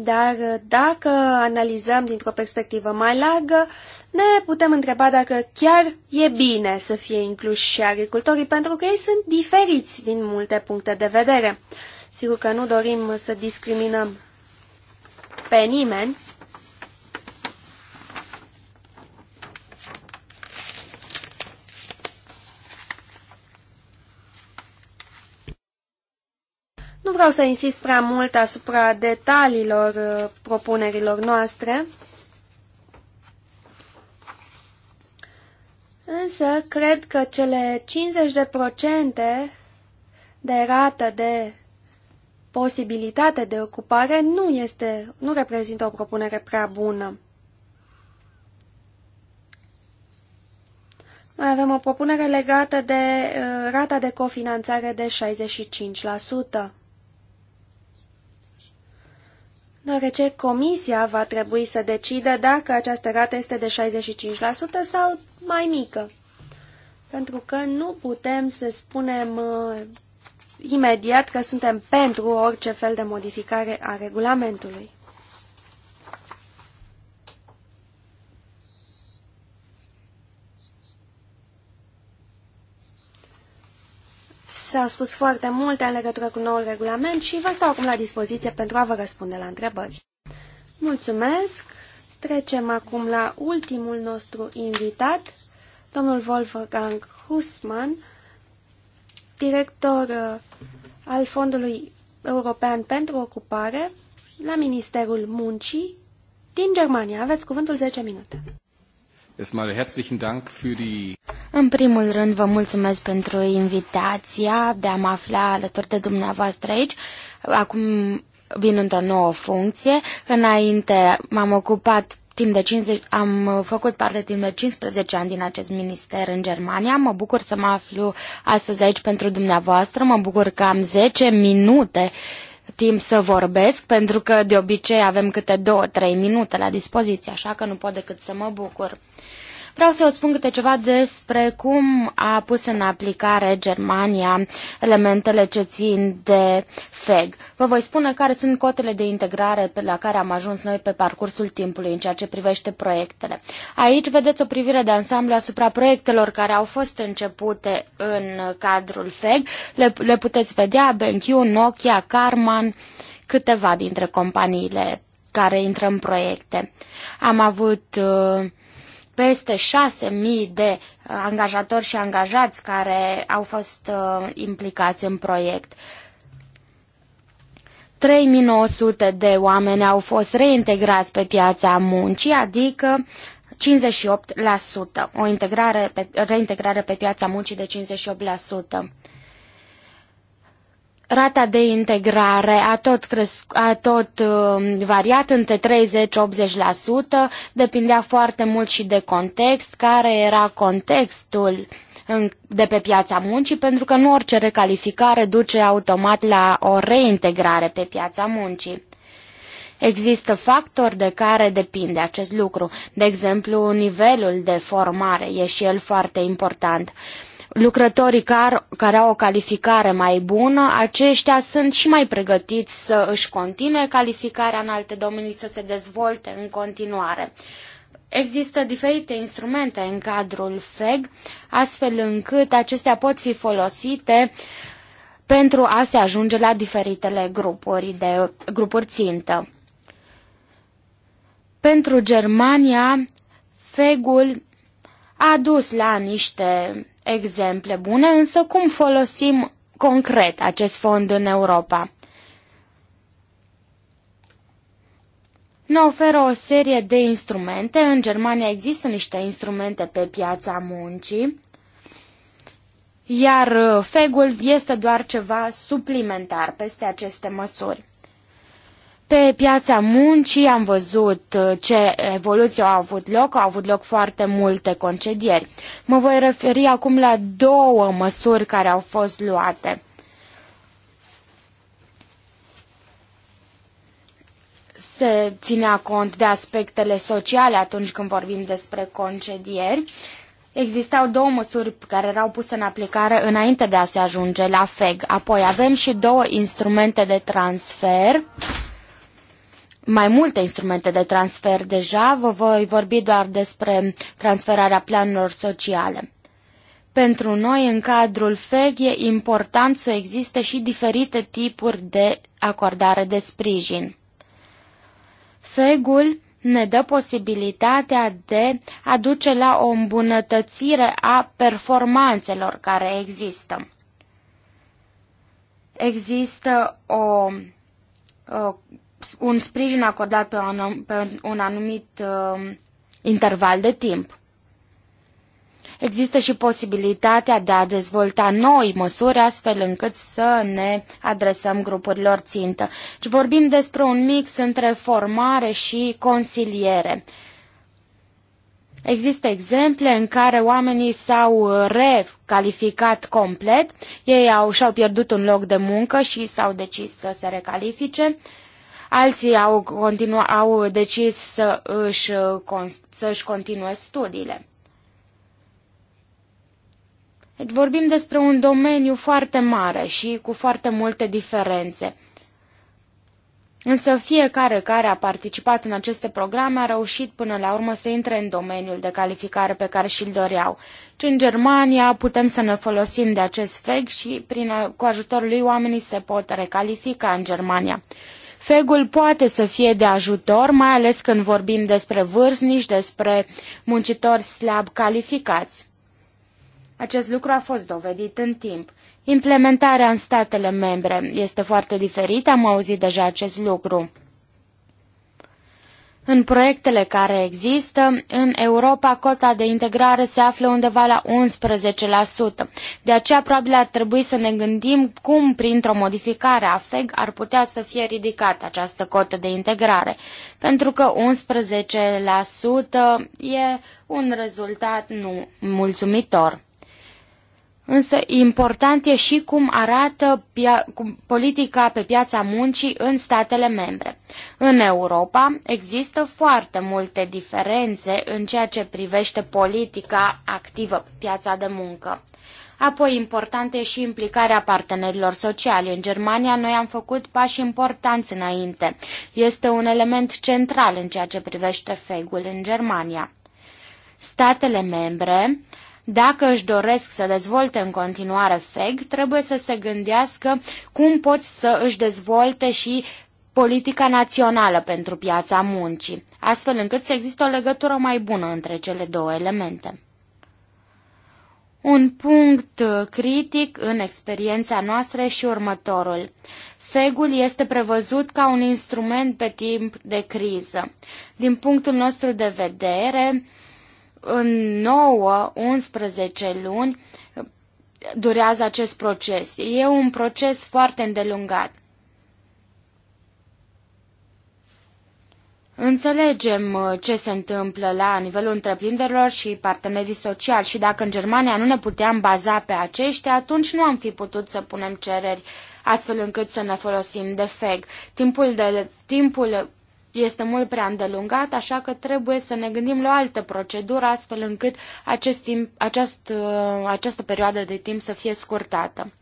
dar uh, dacă analizăm dintr-o perspectivă mai largă, ne putem întreba dacă chiar e bine să fie incluși și agricultorii, pentru că ei sunt diferiți din multe puncte de vedere. Sigur că nu dorim să discriminăm pe nimeni, Nu vreau să insist prea mult asupra detaliilor uh, propunerilor noastre, însă cred că cele 50% de rată de posibilitate de ocupare nu, este, nu reprezintă o propunere prea bună. Mai avem o propunere legată de uh, rata de cofinanțare de 65%. deoarece comisia va trebui să decidă dacă această rată este de 65% sau mai mică. Pentru că nu putem să spunem uh, imediat că suntem pentru orice fel de modificare a regulamentului. S-au spus foarte multe în legătură cu noul regulament și vă stau acum la dispoziție pentru a vă răspunde la întrebări. Mulțumesc! Trecem acum la ultimul nostru invitat, domnul Wolfgang Husman, director uh, al Fondului European pentru Ocupare la Ministerul Muncii din Germania. Aveți cuvântul 10 minute. În primul rând, vă mulțumesc pentru invitația de a mă afla alături de dumneavoastră aici. Acum vin într-o nouă funcție. Înainte m-am ocupat timp de 50, am făcut parte timp de 15 ani din acest minister în Germania. Mă bucur să mă aflu astăzi aici pentru dumneavoastră. Mă bucur că am 10 minute timp să vorbesc, pentru că de obicei avem câte două, trei minute la dispoziție, așa că nu pot decât să mă bucur. Vreau să vă spun câte ceva despre cum a pus în aplicare Germania elementele ce țin de FEG. Vă voi spune care sunt cotele de integrare pe la care am ajuns noi pe parcursul timpului în ceea ce privește proiectele. Aici vedeți o privire de ansamblu asupra proiectelor care au fost începute în cadrul FEG. Le, le puteți vedea, BenQ, Nokia, Carman, câteva dintre companiile care intră în proiecte. Am avut uh, peste 6.000 de uh, angajatori și angajați care au fost uh, implicați în proiect. 3.900 de oameni au fost reintegrați pe piața muncii, adică 58%, o integrare pe, reintegrare pe piața muncii de 58%. Rata de integrare a tot, cresc, a tot uh, variat între 30-80%, depindea foarte mult și de context, care era contextul în, de pe piața muncii, pentru că nu orice recalificare duce automat la o reintegrare pe piața muncii. Există factori de care depinde acest lucru, de exemplu nivelul de formare e și el foarte important. Uh, lucrătorii care, care au o calificare mai bună, aceștia sunt și mai pregătiți să își continue calificarea în alte domenii, să se dezvolte în continuare. Există diferite instrumente în cadrul FEG, astfel încât acestea pot fi folosite pentru a se ajunge la diferitele grupuri, de, grupuri țintă. Pentru Germania, FEG-ul a dus la niște exemple bune, însă cum folosim concret acest fond în Europa? ne oferă o serie de instrumente. În Germania există niște instrumente pe piața muncii, iar uh, FEGUL este doar ceva suplimentar peste aceste măsuri. Pe piața muncii am văzut uh, ce evoluții au avut loc, au avut loc foarte multe concedieri. Mă voi referi acum la două măsuri care au fost luate. Se ținea cont de aspectele sociale atunci când vorbim despre concedieri. Existau două măsuri care erau puse în aplicare înainte de a se ajunge la FEG. Apoi avem și două instrumente de transfer mai multe instrumente de transfer deja, vă voi vorbi doar despre transferarea planurilor sociale. Pentru noi, în cadrul FEG, e important să existe și diferite tipuri de acordare de sprijin. FEG-ul ne dă posibilitatea de a duce la o îmbunătățire a performanțelor care există. Există o, o un sprijin acordat pe un, pe un anumit uh, interval de timp. Există și posibilitatea de a dezvolta noi măsuri astfel încât să ne adresăm grupurilor țintă. Și deci vorbim despre un mix între formare și consiliere. Există exemple în care oamenii s-au recalificat complet, ei au, și-au pierdut un loc de muncă și s-au decis să se recalifice Alții au, continu- au decis să își, să-și continue studiile. Deci vorbim despre un domeniu foarte mare și cu foarte multe diferențe. Însă fiecare care a participat în aceste programe a reușit până la urmă să intre în domeniul de calificare pe care și-l doreau. Și deci în Germania putem să ne folosim de acest FEG și prin, cu ajutorul lui oamenii se pot recalifica în Germania. Fegul poate să fie de ajutor, mai ales când vorbim despre vârstnici, despre muncitori slab calificați. Acest lucru a fost dovedit în timp. Implementarea în statele membre este foarte diferită, am auzit deja acest lucru. În proiectele care există, în Europa cota de integrare se află undeva la 11%. De aceea probabil ar trebui să ne gândim cum printr-o modificare a FEG ar putea să fie ridicată această cotă de integrare, pentru că 11% e un rezultat nu mulțumitor. Însă important e și cum arată cum politica pe piața muncii în statele membre. În Europa există foarte multe diferențe în ceea ce privește politica activă pe piața de muncă. Apoi importantă e și implicarea partenerilor sociali. În Germania noi am făcut pași importanți înainte. Este un element central în ceea ce privește fegul în Germania. Statele membre dacă își doresc să dezvolte în continuare FEG, trebuie să se gândească cum pot să își dezvolte și politica națională pentru piața muncii, astfel încât să există o legătură mai bună între cele două elemente. Un punct critic în experiența noastră și următorul. Fegul este prevăzut ca un instrument pe timp de criză. Din punctul nostru de vedere, în 9-11 luni durează acest proces. E un proces foarte îndelungat. Înțelegem uh, ce se întâmplă la nivelul întreprinderilor și partenerii sociali și dacă în Germania nu ne puteam baza pe aceștia, atunci nu am fi putut să punem cereri astfel încât să ne folosim de FEG. Timpul, de, timpul este mult prea îndelungat, așa că trebuie să ne gândim la o altă procedură, astfel încât acest timp, aceast, uh, această perioadă de timp să fie scurtată.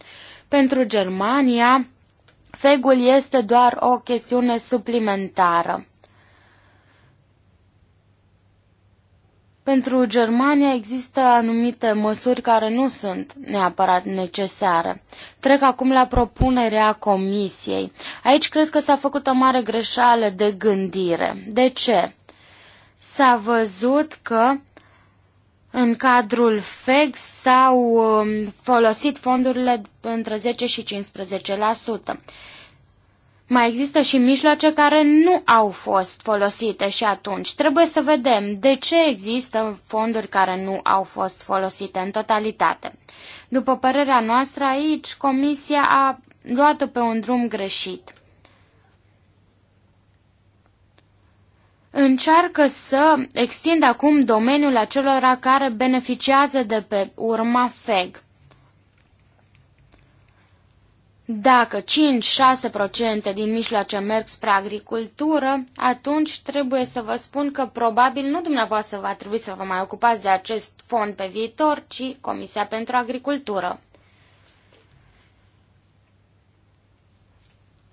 Pentru Germania, fegul este doar o chestiune suplimentară. Pentru Germania există anumite măsuri care nu sunt neapărat necesare. Trec acum la propunerea Comisiei. Aici cred că s-a făcut o mare greșeală de gândire. De ce? S-a văzut că în cadrul FEG s-au um, folosit fondurile între 10 și 15%. Mai există și mijloace care nu au fost folosite și atunci trebuie să vedem de ce există fonduri care nu au fost folosite în totalitate. După părerea noastră aici, Comisia a luat-o pe un drum greșit. Încearcă să extindă acum domeniul acelora care beneficiază de pe urma FEG. Dacă 5-6% din mijloace merg spre agricultură, atunci trebuie să vă spun că probabil nu dumneavoastră va trebui să vă mai ocupați de acest fond pe viitor, ci Comisia pentru Agricultură.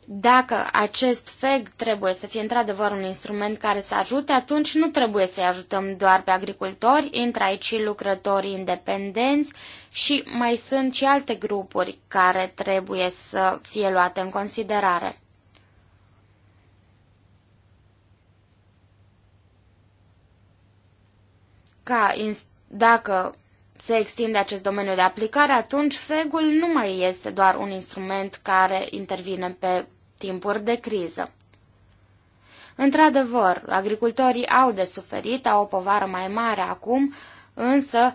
Dacă acest FEG trebuie să fie într-adevăr un instrument care să ajute, atunci nu trebuie să-i ajutăm doar pe agricultori, intră aici și lucrătorii independenți și mai sunt și alte grupuri care trebuie să fie luate în considerare. Ca dacă se extinde acest domeniu de aplicare, atunci FEG-ul nu mai este doar un instrument care intervine pe timpuri de criză. Într-adevăr, agricultorii au de suferit, au o povară mai mare acum, însă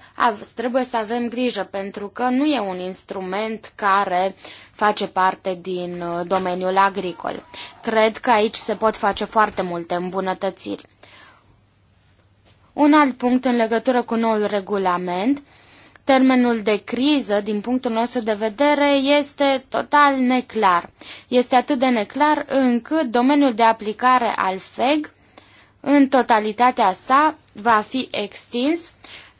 trebuie să avem grijă pentru că nu e un instrument care face parte din uh, domeniul agricol. Cred că aici se pot face foarte multe îmbunătățiri. Un alt punct în legătură cu noul regulament, termenul de criză, din punctul nostru de vedere, este total neclar. Este atât de neclar încât domeniul de aplicare al FEG, în totalitatea sa, va fi extins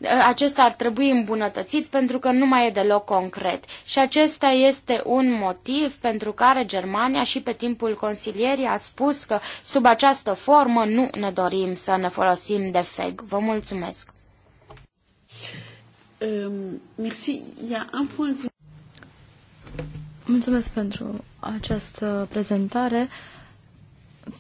acesta ar trebui îmbunătățit pentru că nu mai e deloc concret. Și acesta este un motiv pentru care Germania și pe timpul consilierii a spus că sub această formă nu ne dorim să ne folosim de FEG. Vă mulțumesc! Ehm, mulțumesc pentru această prezentare.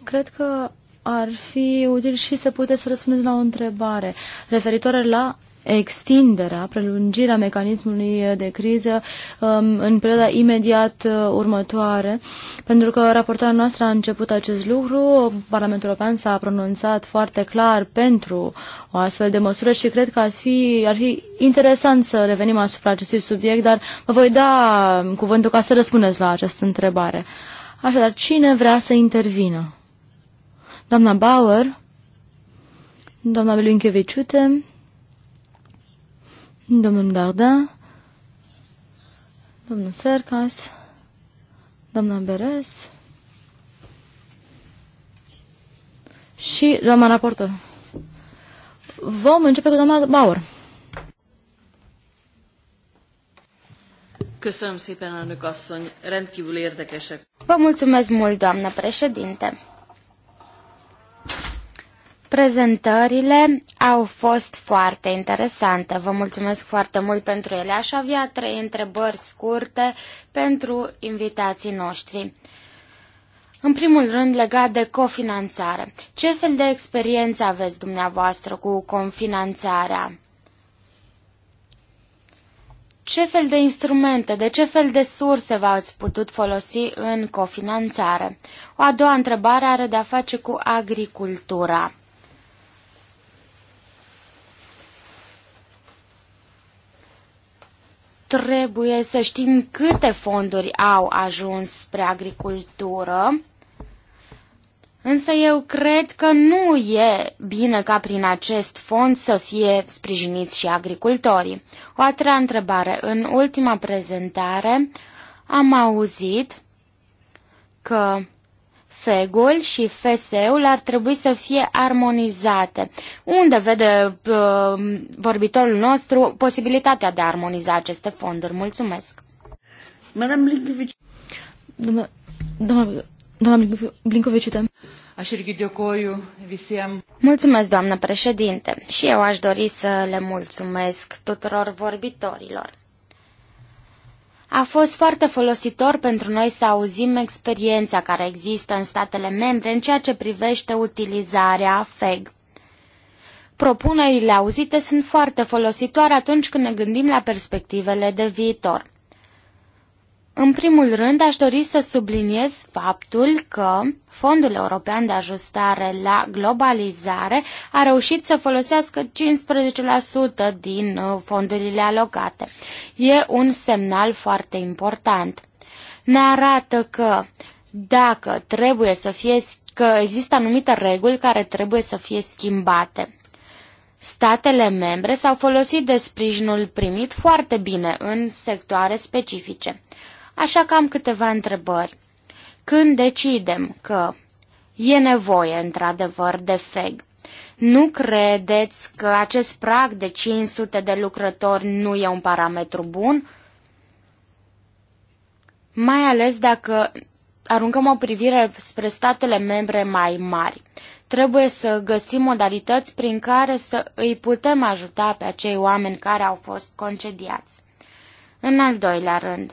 Cred că ar fi util și să puteți răspundeți la o întrebare referitoare la extinderea, prelungirea mecanismului de criză um, în perioada imediat uh, următoare, pentru că raportarea noastră a început acest lucru, Parlamentul European s-a pronunțat foarte clar pentru o astfel de măsură și cred că ar fi, ar fi interesant să revenim asupra acestui subiect, dar vă voi da cuvântul ca să răspundeți la această întrebare. Așadar, cine vrea să intervină? Doamna Bauer, doamna Belinkeviciute domnul Darda, domnul Sercas, doamna Beres și doamna raportor. Vom începe cu doamna Bauer. Vă mulțumesc mult, doamnă președinte. Prezentările au fost foarte interesante. Vă mulțumesc foarte mult pentru ele. Aș avea trei întrebări scurte pentru invitații noștri. În primul rând, legat de cofinanțare. Ce fel de experiență aveți dumneavoastră cu cofinanțarea? Ce fel de instrumente, de ce fel de surse v-ați putut folosi în cofinanțare? O a doua întrebare are de-a face cu agricultura. trebuie să știm câte fonduri au ajuns spre agricultură, însă eu cred că nu e bine ca prin acest fond să fie sprijiniți și agricultorii. O a treia întrebare. În ultima prezentare am auzit că FEGUL și FSE-ul ar trebui să fie armonizate. Unde vede uh, vorbitorul nostru posibilitatea de a armoniza aceste fonduri? Mulțumesc! Da. Mulțumesc, doamnă președinte, și eu aș dori să le mulțumesc tuturor vorbitorilor. A fost foarte folositor pentru noi să auzim experiența care există în statele membre în ceea ce privește utilizarea FEG. Propunerile auzite sunt foarte folositoare atunci când ne gândim la perspectivele de viitor. În primul rând, aș dori să subliniez faptul că Fondul European de Ajustare la Globalizare a reușit să folosească 15% din uh, fondurile alocate. E un semnal foarte important. Ne arată că dacă trebuie să fie că există anumite reguli care trebuie să fie schimbate. Statele membre s-au folosit de sprijinul primit foarte bine în sectoare specifice. Așa că am câteva întrebări. Când decidem că e nevoie într-adevăr de FEG, nu credeți că acest prag de 500 de lucrători nu e un parametru bun? Mai ales dacă aruncăm o privire spre statele membre mai mari. Trebuie să găsim modalități prin care să îi putem ajuta pe acei oameni care au fost concediați. În al doilea rând,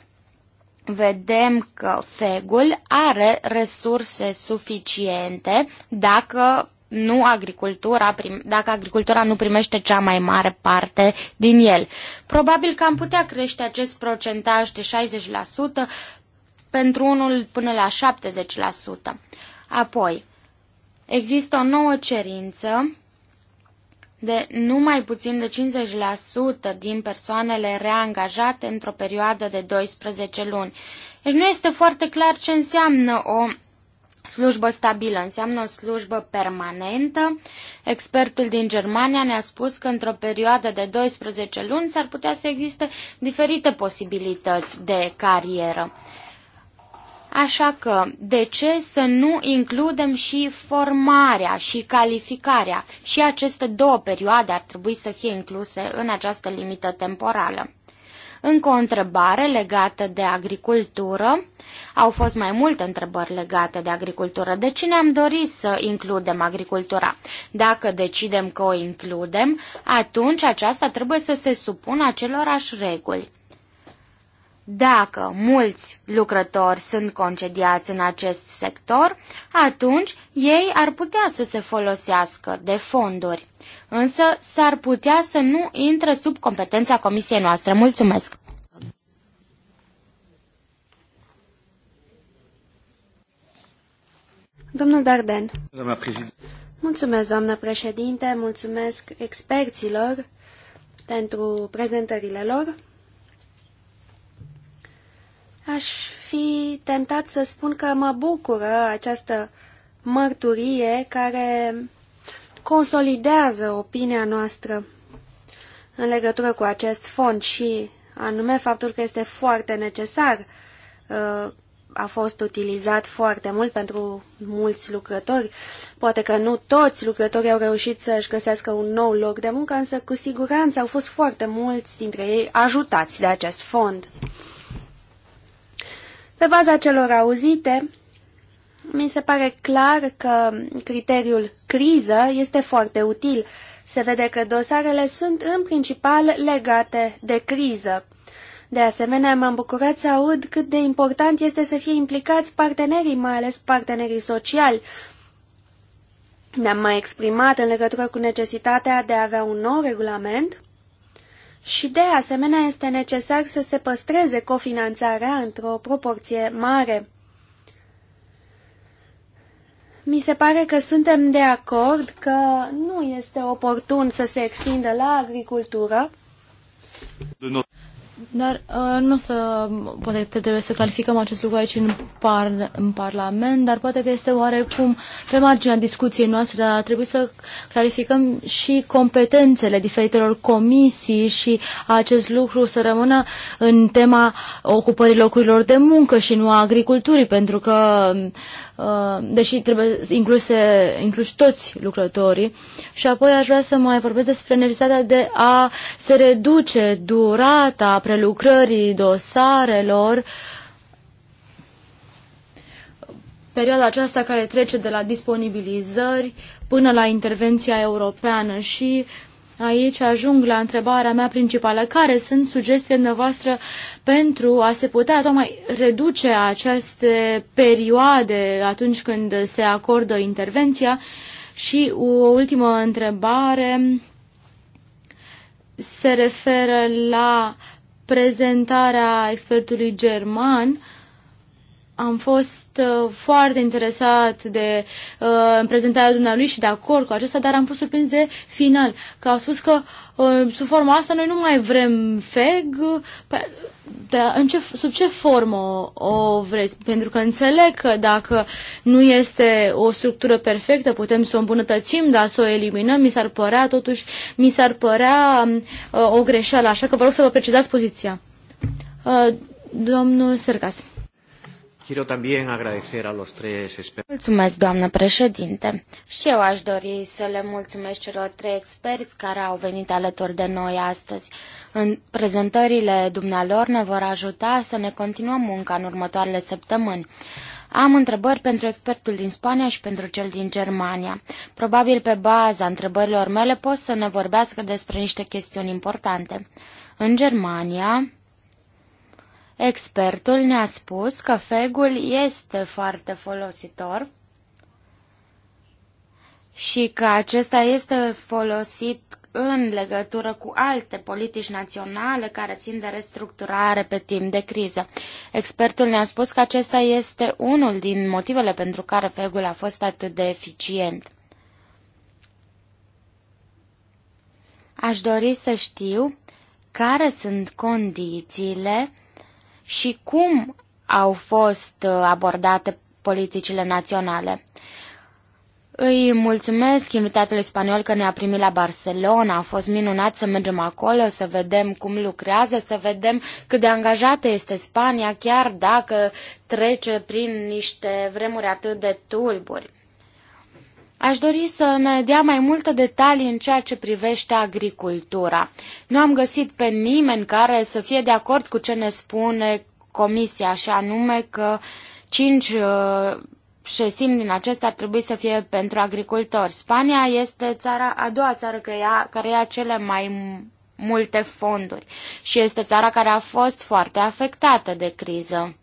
vedem că fegul are resurse suficiente dacă nu agricultura, prim, dacă agricultura nu primește cea mai mare parte din el. Probabil că am putea crește acest procentaj de 60% pentru unul până la 70%. Apoi, există o nouă cerință de numai puțin de 50% din persoanele reangajate într-o perioadă de 12 luni. Deci nu este foarte clar ce înseamnă o slujbă stabilă, înseamnă o slujbă permanentă. Expertul din Germania ne-a spus că într-o perioadă de 12 luni s-ar putea să existe diferite posibilități de carieră. Așa că, de ce să nu includem și formarea și calificarea? Și aceste două perioade ar trebui să fie incluse în această limită temporală. Încă o întrebare legată de agricultură. Au fost mai multe întrebări legate de agricultură. De ce ne-am dorit să includem agricultura? Dacă decidem că o includem, atunci aceasta trebuie să se supună acelorași reguli. Dacă mulți lucrători sunt concediați în acest sector, atunci ei ar putea să se folosească de fonduri. Însă s-ar putea să nu intre sub competența comisiei noastre. Mulțumesc! Domnul Darden. Doamna mulțumesc, doamnă președinte, mulțumesc experților pentru prezentările lor. Aș fi tentat să spun că mă bucură această mărturie care consolidează opinia noastră în legătură cu acest fond și anume faptul că este foarte necesar. Uh, a fost utilizat foarte mult pentru mulți lucrători. Poate că nu toți lucrătorii au reușit să-și găsească un nou loc de muncă, însă cu siguranță au fost foarte mulți dintre ei ajutați de acest fond. Pe baza celor auzite, mi se pare clar că criteriul criză este foarte util. Se vede că dosarele sunt în principal legate de criză. De asemenea, m-am bucurat să aud cât de important este să fie implicați partenerii, mai ales partenerii sociali. Ne-am mai exprimat în legătură cu necesitatea de a avea un nou regulament și de asemenea este necesar să se păstreze cofinanțarea într-o proporție mare. Mi se pare că suntem de acord că nu este oportun să se extindă la agricultură dar uh, nu să, poate că trebuie să clarificăm acest lucru aici în, par, în Parlament, dar poate că este oarecum pe marginea discuției noastre, dar ar trebui să clarificăm și competențele diferitelor comisii și acest lucru să rămână în tema ocupării locurilor de muncă și nu a agriculturii, pentru că uh, Uh, deși trebuie incluse, incluși toți lucrătorii. Și apoi aș vrea să mai vorbesc despre necesitatea de a se reduce durata prelucrării dosarelor perioada aceasta care trece de la disponibilizări până la intervenția europeană și uh, Aici ajung la întrebarea mea principală. Care sunt sugestiile noastre pentru a se putea tocmai reduce aceste perioade atunci când se acordă intervenția? Și o ultimă întrebare se referă la prezentarea expertului german uh, am fost uh, foarte interesat de uh, prezentarea dumneavoastră și de acord cu acesta, dar am fost surprins de final, că au spus că uh, sub forma asta noi nu mai vrem FEG, pe, da, în ce, sub ce formă o vreți? Pentru că înțeleg că dacă nu este o structură perfectă, putem să o îmbunătățim, dar să o eliminăm, mi s-ar părea, totuși, mi s-ar părea uh, o greșeală, așa că vă rog să vă precizați poziția. Uh, domnul Sergas. Mulțumesc, doamnă președinte. Și eu aș dori să le mulțumesc celor trei experți care au venit alături de noi astăzi. În prezentările dumnealor ne vor ajuta să ne continuăm munca în următoarele săptămâni. Am întrebări pentru expertul din Spania și pentru cel din Germania. Probabil pe baza întrebărilor mele pot să ne vorbească despre niște chestiuni importante. În Germania, Expertul ne-a spus că fegul este foarte folositor și că acesta este folosit în legătură cu alte politici naționale care țin de restructurare pe timp de criză. Expertul ne-a spus că acesta este unul din motivele pentru care fegul a fost atât de eficient. Aș dori să știu care sunt condițiile și cum au fost uh, abordate politicile naționale. Îi mulțumesc invitatului spaniol că ne-a primit la Barcelona. A fost minunat să mergem acolo, să vedem cum lucrează, să vedem cât de angajată este Spania, chiar dacă trece prin niște vremuri atât de tulburi. Aș dori să ne dea mai multe detalii în ceea ce privește agricultura. Nu am găsit pe nimeni care să fie de acord cu ce ne spune Comisia, și anume că cinci uh, șesim din acestea ar trebui să fie pentru agricultori. Spania este țara, a doua țară că ia, care ia cele mai multe fonduri și este țara care a fost foarte afectată de criză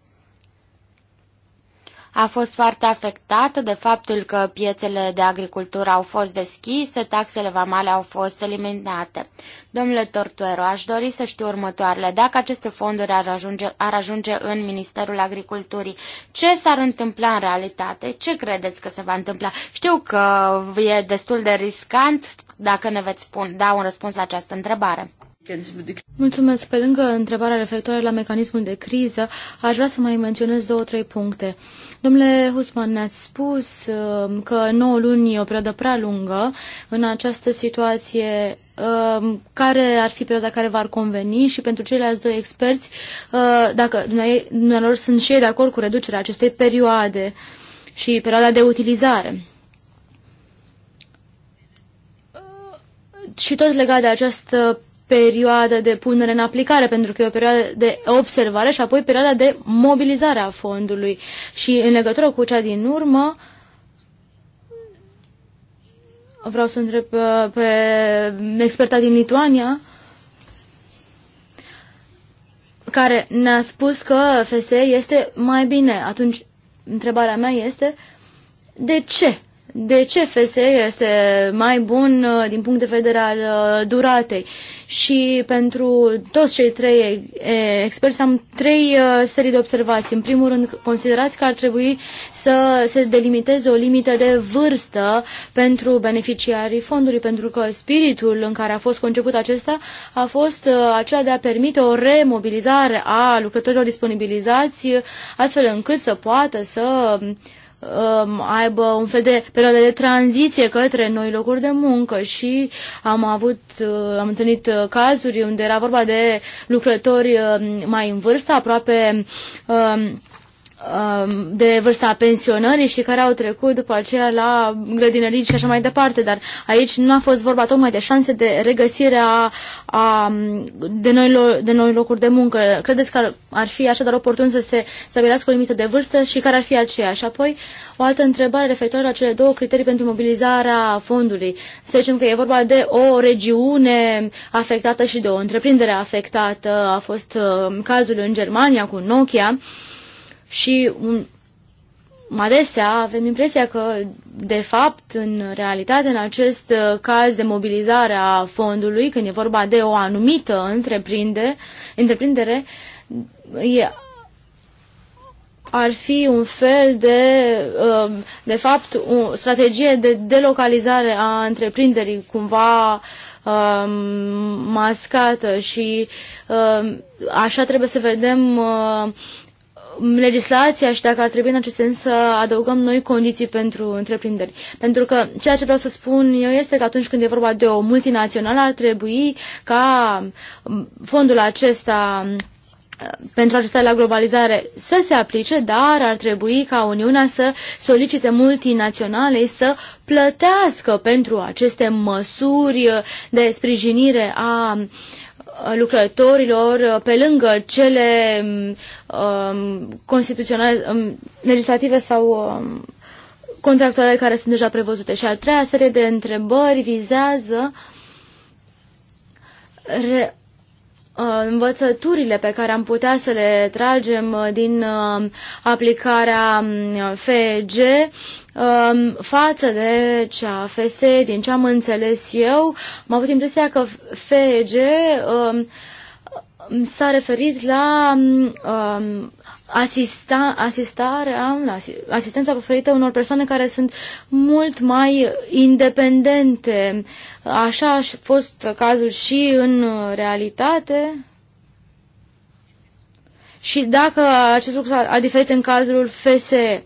a fost foarte afectată de faptul că piețele de agricultură au fost deschise, taxele vamale au fost eliminate. Domnule Tortuero, aș dori să știu următoarele. Dacă aceste fonduri ar ajunge, ar ajunge în Ministerul Agriculturii, ce s-ar întâmpla în realitate? Ce credeți că se va întâmpla? Știu că e destul de riscant dacă ne veți spun, da un răspuns la această întrebare. Mulțumesc. Pe lângă întrebarea referitoare la mecanismul de criză, aș vrea să mai menționez două, trei puncte. Domnule Husman, ne-ați spus um, că 9 luni e o perioadă prea lungă în această situație um, care ar fi perioada care v-ar conveni și pentru ceilalți doi experți, uh, dacă dumneavoastră sunt și ei de acord cu reducerea acestei perioade și perioada de utilizare. Uh, și tot legat de această perioadă de punere în aplicare, pentru că e o perioadă de observare și apoi perioada de mobilizare a fondului. Și în legătură cu cea din urmă, vreau să întreb pe, uh, pe experta din Lituania, care ne-a spus că FSE este mai bine. Atunci, întrebarea mea este, de ce de ce FSE este mai bun uh, din punct de vedere al uh, duratei. Și pentru toți cei trei experți am trei uh, serii de observații. În primul rând, considerați că ar trebui să se delimiteze o limită de vârstă pentru beneficiarii fondului, pentru că spiritul în care a fost conceput acesta a fost acela de a permite o remobilizare a lucrătorilor disponibilizați, astfel încât să poată să um, Um, aibă un fel de perioadă de tranziție către noi locuri de muncă și am avut, uh, am întâlnit uh, cazuri unde era vorba de lucrători um, mai în vârstă, aproape uh, Um, de vârsta pensionării și care au trecut după aceea la grădinării și așa mai departe, dar aici nu a fost vorba tocmai de șanse de regăsire a, a, de, noi, de noi locuri de muncă. Credeți că ar, ar fi așadar oportun să se stabilească o limită de vârstă și care ar fi aceea? Și apoi o altă întrebare referitoare la cele două criterii pentru mobilizarea fondului. Să zicem că e vorba de o regiune afectată și de o întreprindere afectată. A fost uh, cazul în Germania cu Nokia. Uh, și um, adesea avem impresia că, de fapt, în realitate, în acest uh, caz de mobilizare a fondului, când e vorba de o anumită întreprindere, întreprindere e, ar fi un fel de, uh, de fapt, o strategie de delocalizare a întreprinderii cumva um, mascată și uh, așa trebuie să vedem legislația și dacă ar trebui în acest sens să adăugăm noi condiții pentru întreprinderi. Pentru că ceea ce vreau să spun eu este că atunci când e vorba de o multinațională ar trebui ca mm, fondul acesta mm, pentru ajustarea la globalizare să se aplice, dar ar trebui ca Uniunea să solicite multinaționalei să plătească pentru aceste măsuri de sprijinire a uh, lucrătorilor uh, pe lângă cele um, constituționale, um, legislative sau um, contractuale care sunt deja prevăzute. Și a treia serie de întrebări vizează re, Uh, învățăturile pe care am putea să le tragem uh, din uh, aplicarea um, FEG um, față de cea FSE, din ce am înțeles eu, am avut impresia că FEG um, s-a referit la um, asista, asistarea, asistența oferită unor persoane care sunt mult mai independente. Așa a fost cazul și în realitate. Și dacă acest lucru a diferit în cadrul FSE.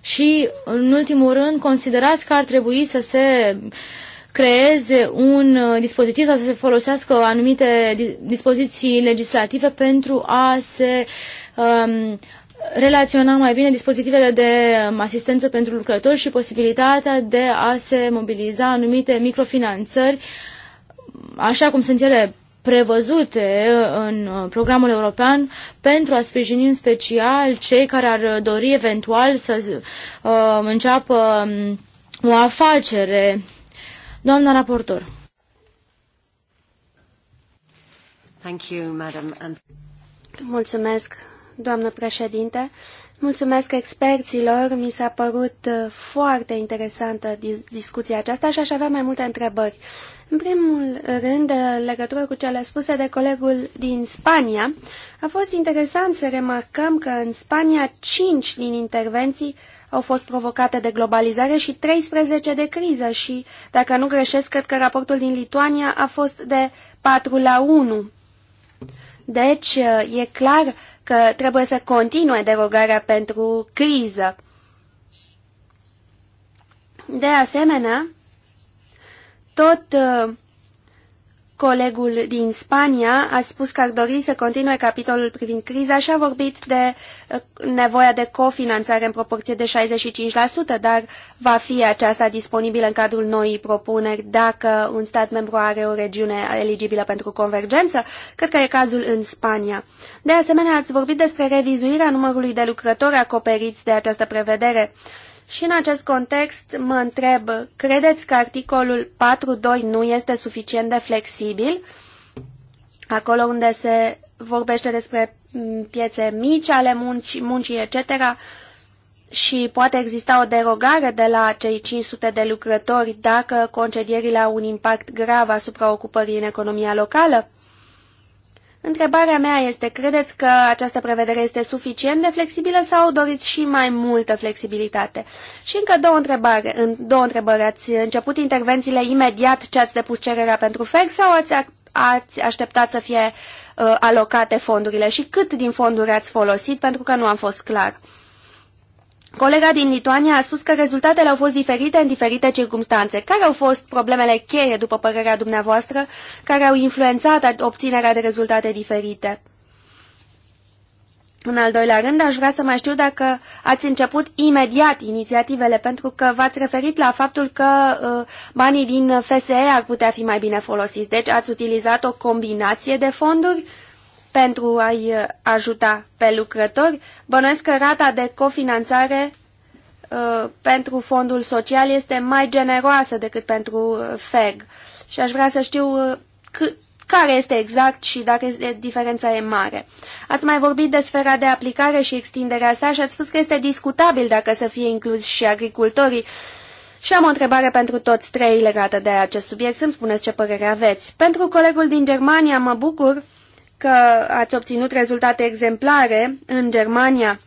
Și, în ultimul rând, considerați că ar trebui să se uh, creeze un uh, dispozitiv sau să se folosească anumite dispoziții legislative pentru a se um, relaționa mai bine dispozitivele de um, asistență pentru lucrători și posibilitatea de a se mobiliza anumite microfinanțări, așa cum sunt ele prevăzute uh, în uh, programul european pentru a sprijini în special cei care ar dori eventual să uh, înceapă um, o afacere Doamna raportor. Thank you, madam. And... Mulțumesc, doamnă președinte. Mulțumesc experților, mi s-a părut uh, foarte interesantă discuția aceasta și aș avea mai multe întrebări. În primul rând, legătură cu cele spuse de colegul din Spania, a fost interesant să remarcăm că în Spania 5 din intervenții au fost provocate de globalizare și 13 de criză și, dacă nu greșesc, cred că raportul din Lituania a fost de 4 la 1. Deci, e clar că trebuie să continue derogarea pentru criză. De asemenea, tot uh, Colegul din Spania a spus că ar dori să continue capitolul privind criza și a vorbit de uh, nevoia de cofinanțare în proporție de 65%, dar va fi aceasta disponibilă în cadrul noii propuneri dacă un stat membru are o regiune eligibilă pentru convergență? Cred că e cazul în Spania. De asemenea, ați vorbit despre revizuirea numărului de lucrători acoperiți de această prevedere. Și în acest context mă întreb, credeți că articolul 4.2 nu este suficient de flexibil? Acolo unde se vorbește despre mm, piețe mici ale munci, muncii, etc., și poate exista o derogare de la cei 500 de lucrători dacă concedierile au un impact grav asupra ocupării în economia locală? Întrebarea mea este, credeți că această prevedere este suficient de flexibilă sau doriți și mai multă flexibilitate? Și încă două, întrebări: în, două întrebări. Ați început intervențiile imediat ce ați depus cererea pentru FEC sau ați, ați așteptat să fie uh, alocate fondurile și cât din fonduri ați folosit pentru că nu am fost clar? Uh, Colega din Lituania a spus că rezultatele au fost diferite în diferite circunstanțe. Care au fost problemele cheie, după părerea dumneavoastră, care au influențat obținerea de rezultate diferite? În al doilea rând, aș vrea să mai știu dacă ați început imediat inițiativele, pentru că v-ați referit la faptul că uh, banii din FSE ar putea fi mai bine folosiți. Deci ați utilizat o combinație de fonduri uh, pentru a-i uh, ajuta pe lucrători. Bănuiesc că rata de cofinanțare uh, pentru fondul social este mai generoasă decât pentru uh, FEG. Și aș vrea să știu care este exact și dacă este, diferența e mare. Ați mai vorbit de sfera de aplicare și extinderea sa și ați spus că este discutabil dacă să fie inclus și agricultorii. Și am o întrebare pentru toți trei legată de acest subiect. Să-mi spuneți ce părere aveți. Pentru colegul din Germania mă bucur că ați obținut rezultate exemplare în Germania.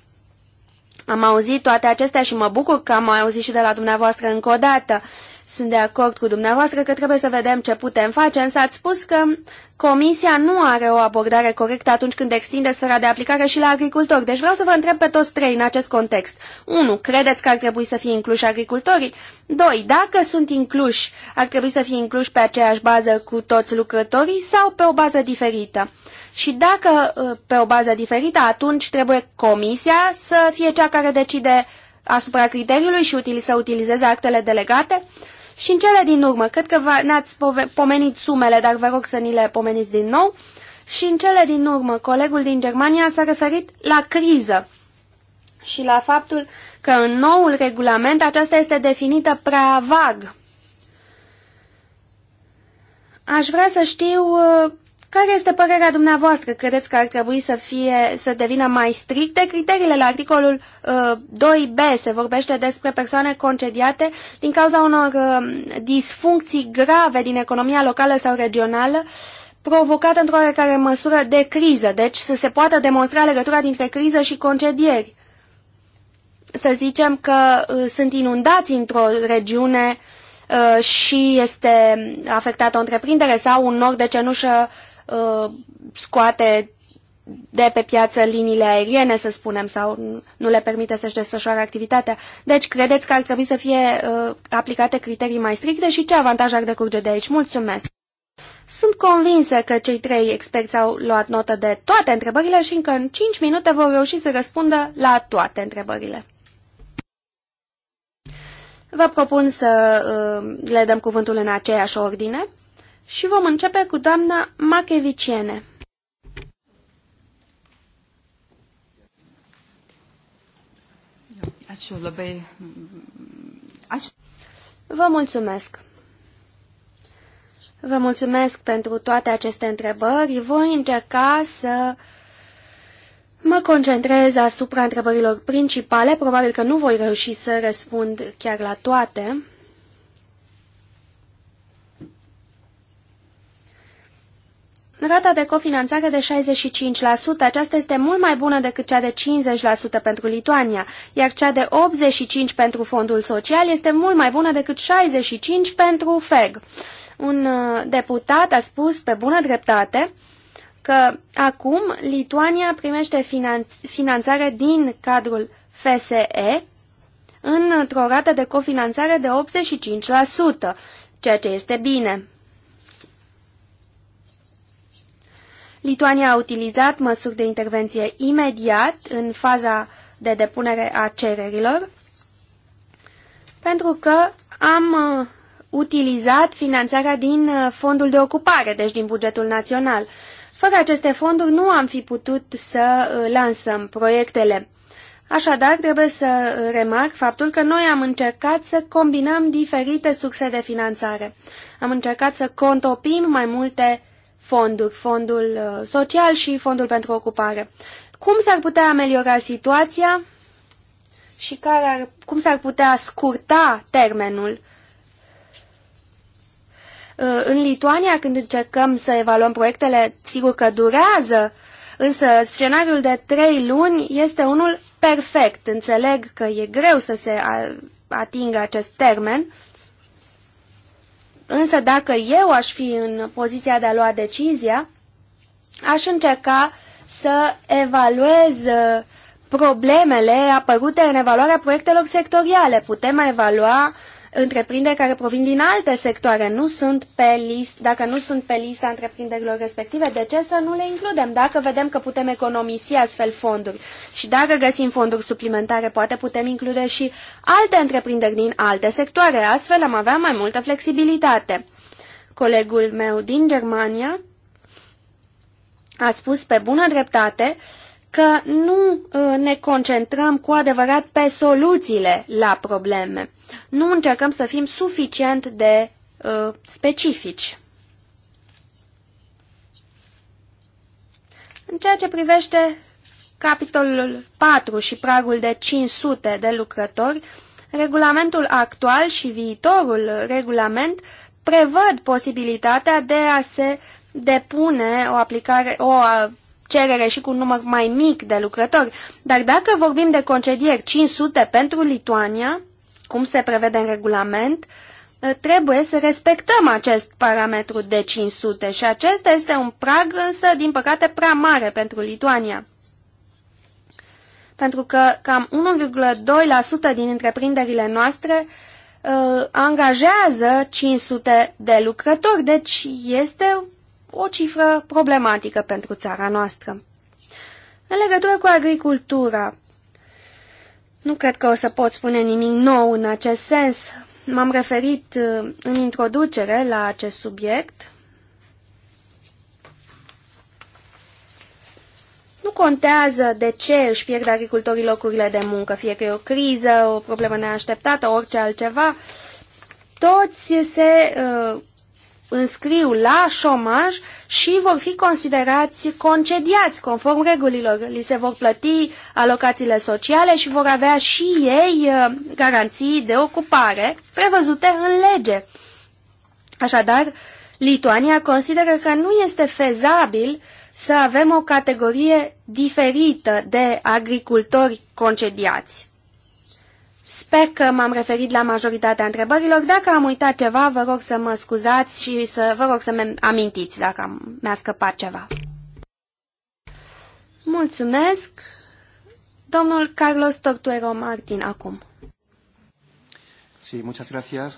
Am auzit toate acestea și mă bucur că am auzit și de la dumneavoastră încă o dată. Uh, sunt de acord cu dumneavoastră că trebuie să vedem ce putem face, însă ați spus că Comisia nu are o abordare corectă atunci când extinde sfera de aplicare și la agricultori. Deci vreau să vă întreb pe toți trei în acest context. 1. Credeți că ar trebui să fie incluși agricultorii? 2. Dacă sunt incluși, ar trebui să fie incluși pe aceeași bază cu toți lucrătorii sau pe o bază diferită? Și dacă ă, pe o bază diferită, atunci trebuie Comisia să fie cea care decide asupra criteriului și util să utilizeze actele delegate? Și în cele din urmă, cred că ne-ați pomenit sumele, dar vă rog să ni le pomeniți din nou. Și în cele din urmă, colegul din Germania s-a referit la criză și la faptul că în noul regulament aceasta este definită prea vag. Aș vrea să știu uh, care este părerea dumneavoastră? Credeți că ar trebui să, fie, să devină mai stricte criteriile? La articolul uh, 2b se vorbește despre persoane concediate din cauza unor uh, disfuncții grave din economia locală sau regională provocată într-o oarecare măsură de criză, deci să se poată demonstra legătura dintre criză și concedieri. Să zicem că uh, sunt inundați într-o regiune uh, și este afectată o întreprindere sau un nor de cenușă uh, scoate de pe piață liniile aeriene, să spunem, sau nu le permite să-și desfășoare activitatea. Deci, credeți că ar trebui să fie uh, aplicate criterii mai stricte și ce avantaj ar decurge de aici? Mulțumesc! Sunt convinsă că cei trei experți au luat notă de toate întrebările și încă în 5 minute vor reuși să răspundă la toate întrebările. Vă propun să uh, le dăm cuvântul în aceeași ordine și vom începe cu doamna Macheviciene. Vă mulțumesc! Vă mulțumesc pentru toate aceste întrebări. Voi încerca să mă concentrez asupra întrebărilor principale. Probabil că nu voi reuși să răspund chiar la toate. rata de cofinanțare de 65%, aceasta este mult mai bună decât cea de 50% pentru Lituania, iar cea de 85% pentru Fondul Social este mult mai bună decât 65% pentru FEG. Un uh, deputat a spus pe bună dreptate că acum Lituania primește finanț- finanțare din cadrul FSE într-o rată de cofinanțare de 85%, ceea ce este bine. Lituania a utilizat măsuri de intervenție imediat în faza de depunere a cererilor, pentru că am uh, utilizat finanțarea din uh, fondul de ocupare, deci din bugetul național. Fără aceste fonduri nu am fi putut să uh, lansăm proiectele. Așadar, trebuie să remarc faptul că noi am încercat să combinăm diferite surse de finanțare. Am încercat să contopim mai multe fonduri, fondul uh, social și fondul pentru ocupare. Cum s-ar putea ameliora situația și care ar, cum s-ar putea scurta termenul? Uh, în Lituania, când încercăm să evaluăm proiectele, sigur că durează, însă scenariul de trei luni este unul perfect. Înțeleg că e greu să se atingă acest termen, Însă dacă eu aș fi în poziția de a lua decizia, aș încerca să evaluez uh, problemele apărute în evaluarea proiectelor sectoriale. Putem evalua întreprinderi care provin din alte sectoare nu sunt pe list, dacă nu sunt pe lista întreprinderilor respective, de ce să nu le includem? Dacă vedem că putem economisi astfel fonduri și dacă găsim fonduri suplimentare, poate putem include și alte întreprinderi din alte sectoare, astfel am avea mai multă flexibilitate. Colegul meu din Germania a spus pe bună dreptate că nu uh, ne concentrăm cu adevărat pe soluțiile la probleme nu încercăm să fim suficient de uh, specifici. În ceea ce privește capitolul 4 și pragul de 500 de lucrători, regulamentul actual și viitorul regulament prevăd posibilitatea de a se depune o aplicare, o cerere și cu un număr mai mic de lucrători. Dar dacă vorbim de concedieri 500 pentru Lituania, cum se prevede în regulament, uh, trebuie să respectăm acest parametru de 500 și acesta este un prag însă, din păcate, prea mare pentru Lituania. Pentru că cam 1,2% din întreprinderile noastre uh, angajează 500 de lucrători, deci este o cifră problematică pentru țara noastră. În legătură cu agricultura, nu cred că o să pot spune nimic nou în acest sens. M-am referit uh, în introducere la acest subiect. Nu contează de ce își pierd agricultorii locurile de muncă, fie că e o criză, o problemă neașteptată, orice altceva. Toți se uh, înscriu la șomaj și vor fi considerați concediați conform regulilor. Li se vor plăti alocațiile sociale și vor avea și ei uh, garanții de ocupare prevăzute în lege. Așadar, Lituania consideră că nu este fezabil să avem o categorie diferită de agricultori concediați. Sper că m-am referit la majoritatea întrebărilor. Dacă am uitat ceva, vă rog să mă scuzați și să vă rog să mi amintiți dacă mi-a scăpat ceva. Mulțumesc. Domnul Carlos Tortuero Martin, acum. Sí, muchas gracias.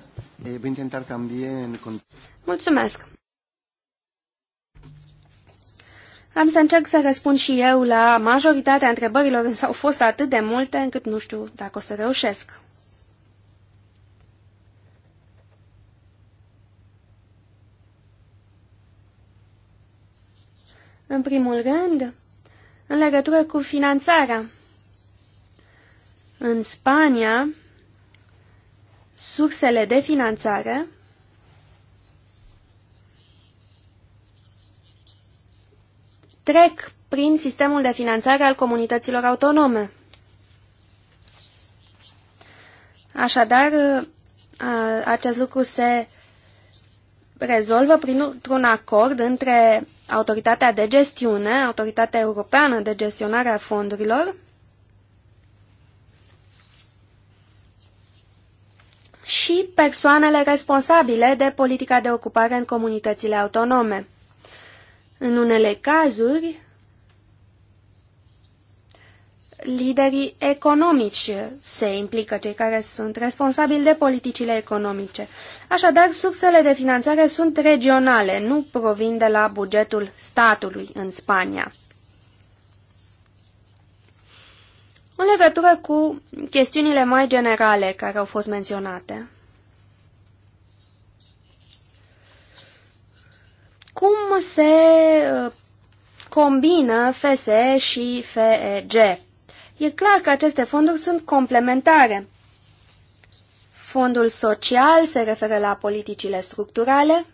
Eh, voy a intentar también... Mulțumesc. Am să încerc să răspund și eu la majoritatea întrebărilor, însă au fost atât de multe încât nu știu dacă o să reușesc. În primul rând, în legătură cu finanțarea. În Spania, sursele de finanțare trec prin sistemul de finanțare al comunităților autonome. Așadar, acest lucru se rezolvă printr-un acord între Autoritatea de Gestiune, Autoritatea Europeană de Gestionare a Fondurilor și persoanele responsabile de politica de ocupare în comunitățile autonome. În unele cazuri, liderii economici se implică, cei care sunt responsabili de politicile economice. Așadar, sursele de finanțare sunt regionale, nu provin de la bugetul statului în Spania. În legătură cu chestiunile mai generale care au fost menționate. cum se uh, combină FSE și FEG. E clar că aceste fonduri sunt complementare. Fondul social se referă la politicile structurale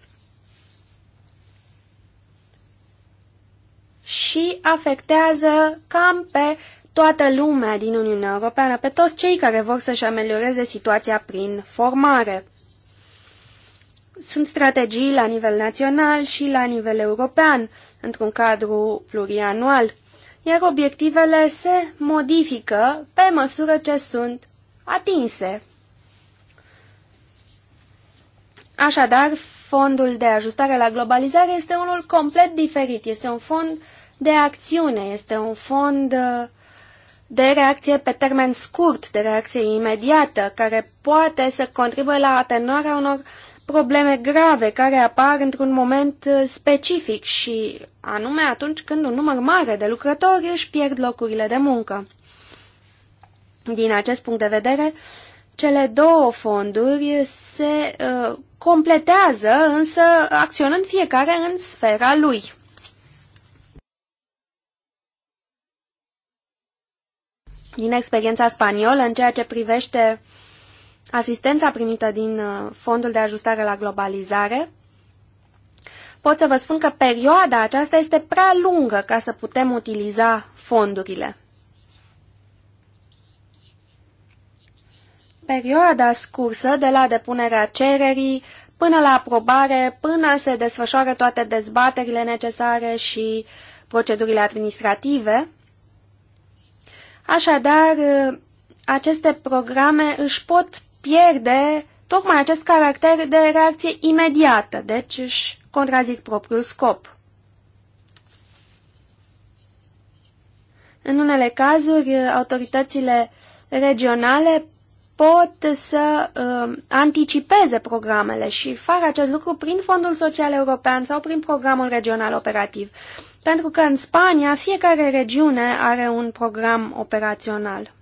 și afectează cam pe toată lumea din Uniunea Europeană, pe toți cei care vor să-și amelioreze situația prin formare. Sunt strategii la nivel național și la nivel european, într-un cadru plurianual, iar obiectivele se modifică pe măsură ce sunt atinse. Așadar, fondul de ajustare la globalizare este unul complet diferit. Este un fond de acțiune, este un fond uh, de reacție pe termen scurt, de reacție imediată, care poate să contribuie la atenuarea unor probleme grave care apar într-un moment uh, specific și anume atunci când un număr mare de lucrători își pierd locurile de muncă. Din acest punct de vedere, cele două fonduri se uh, completează, însă acționând fiecare în sfera lui. Din experiența spaniolă, în ceea ce privește uh, asistența primită din uh, Fondul de Ajustare la Globalizare, pot să vă spun că perioada aceasta este prea lungă ca să putem utiliza fondurile. Perioada scursă de la depunerea cererii până la aprobare, până se desfășoară toate dezbaterile necesare și procedurile administrative. Așadar, uh, aceste programe își pot pierde tocmai acest caracter de reacție imediată, deci își contrazic propriul scop. În unele cazuri, autoritățile regionale pot să uh, anticipeze programele și fac acest lucru prin Fondul Social European sau prin Programul Regional Operativ. Pentru că în Spania fiecare regiune are un program operațional.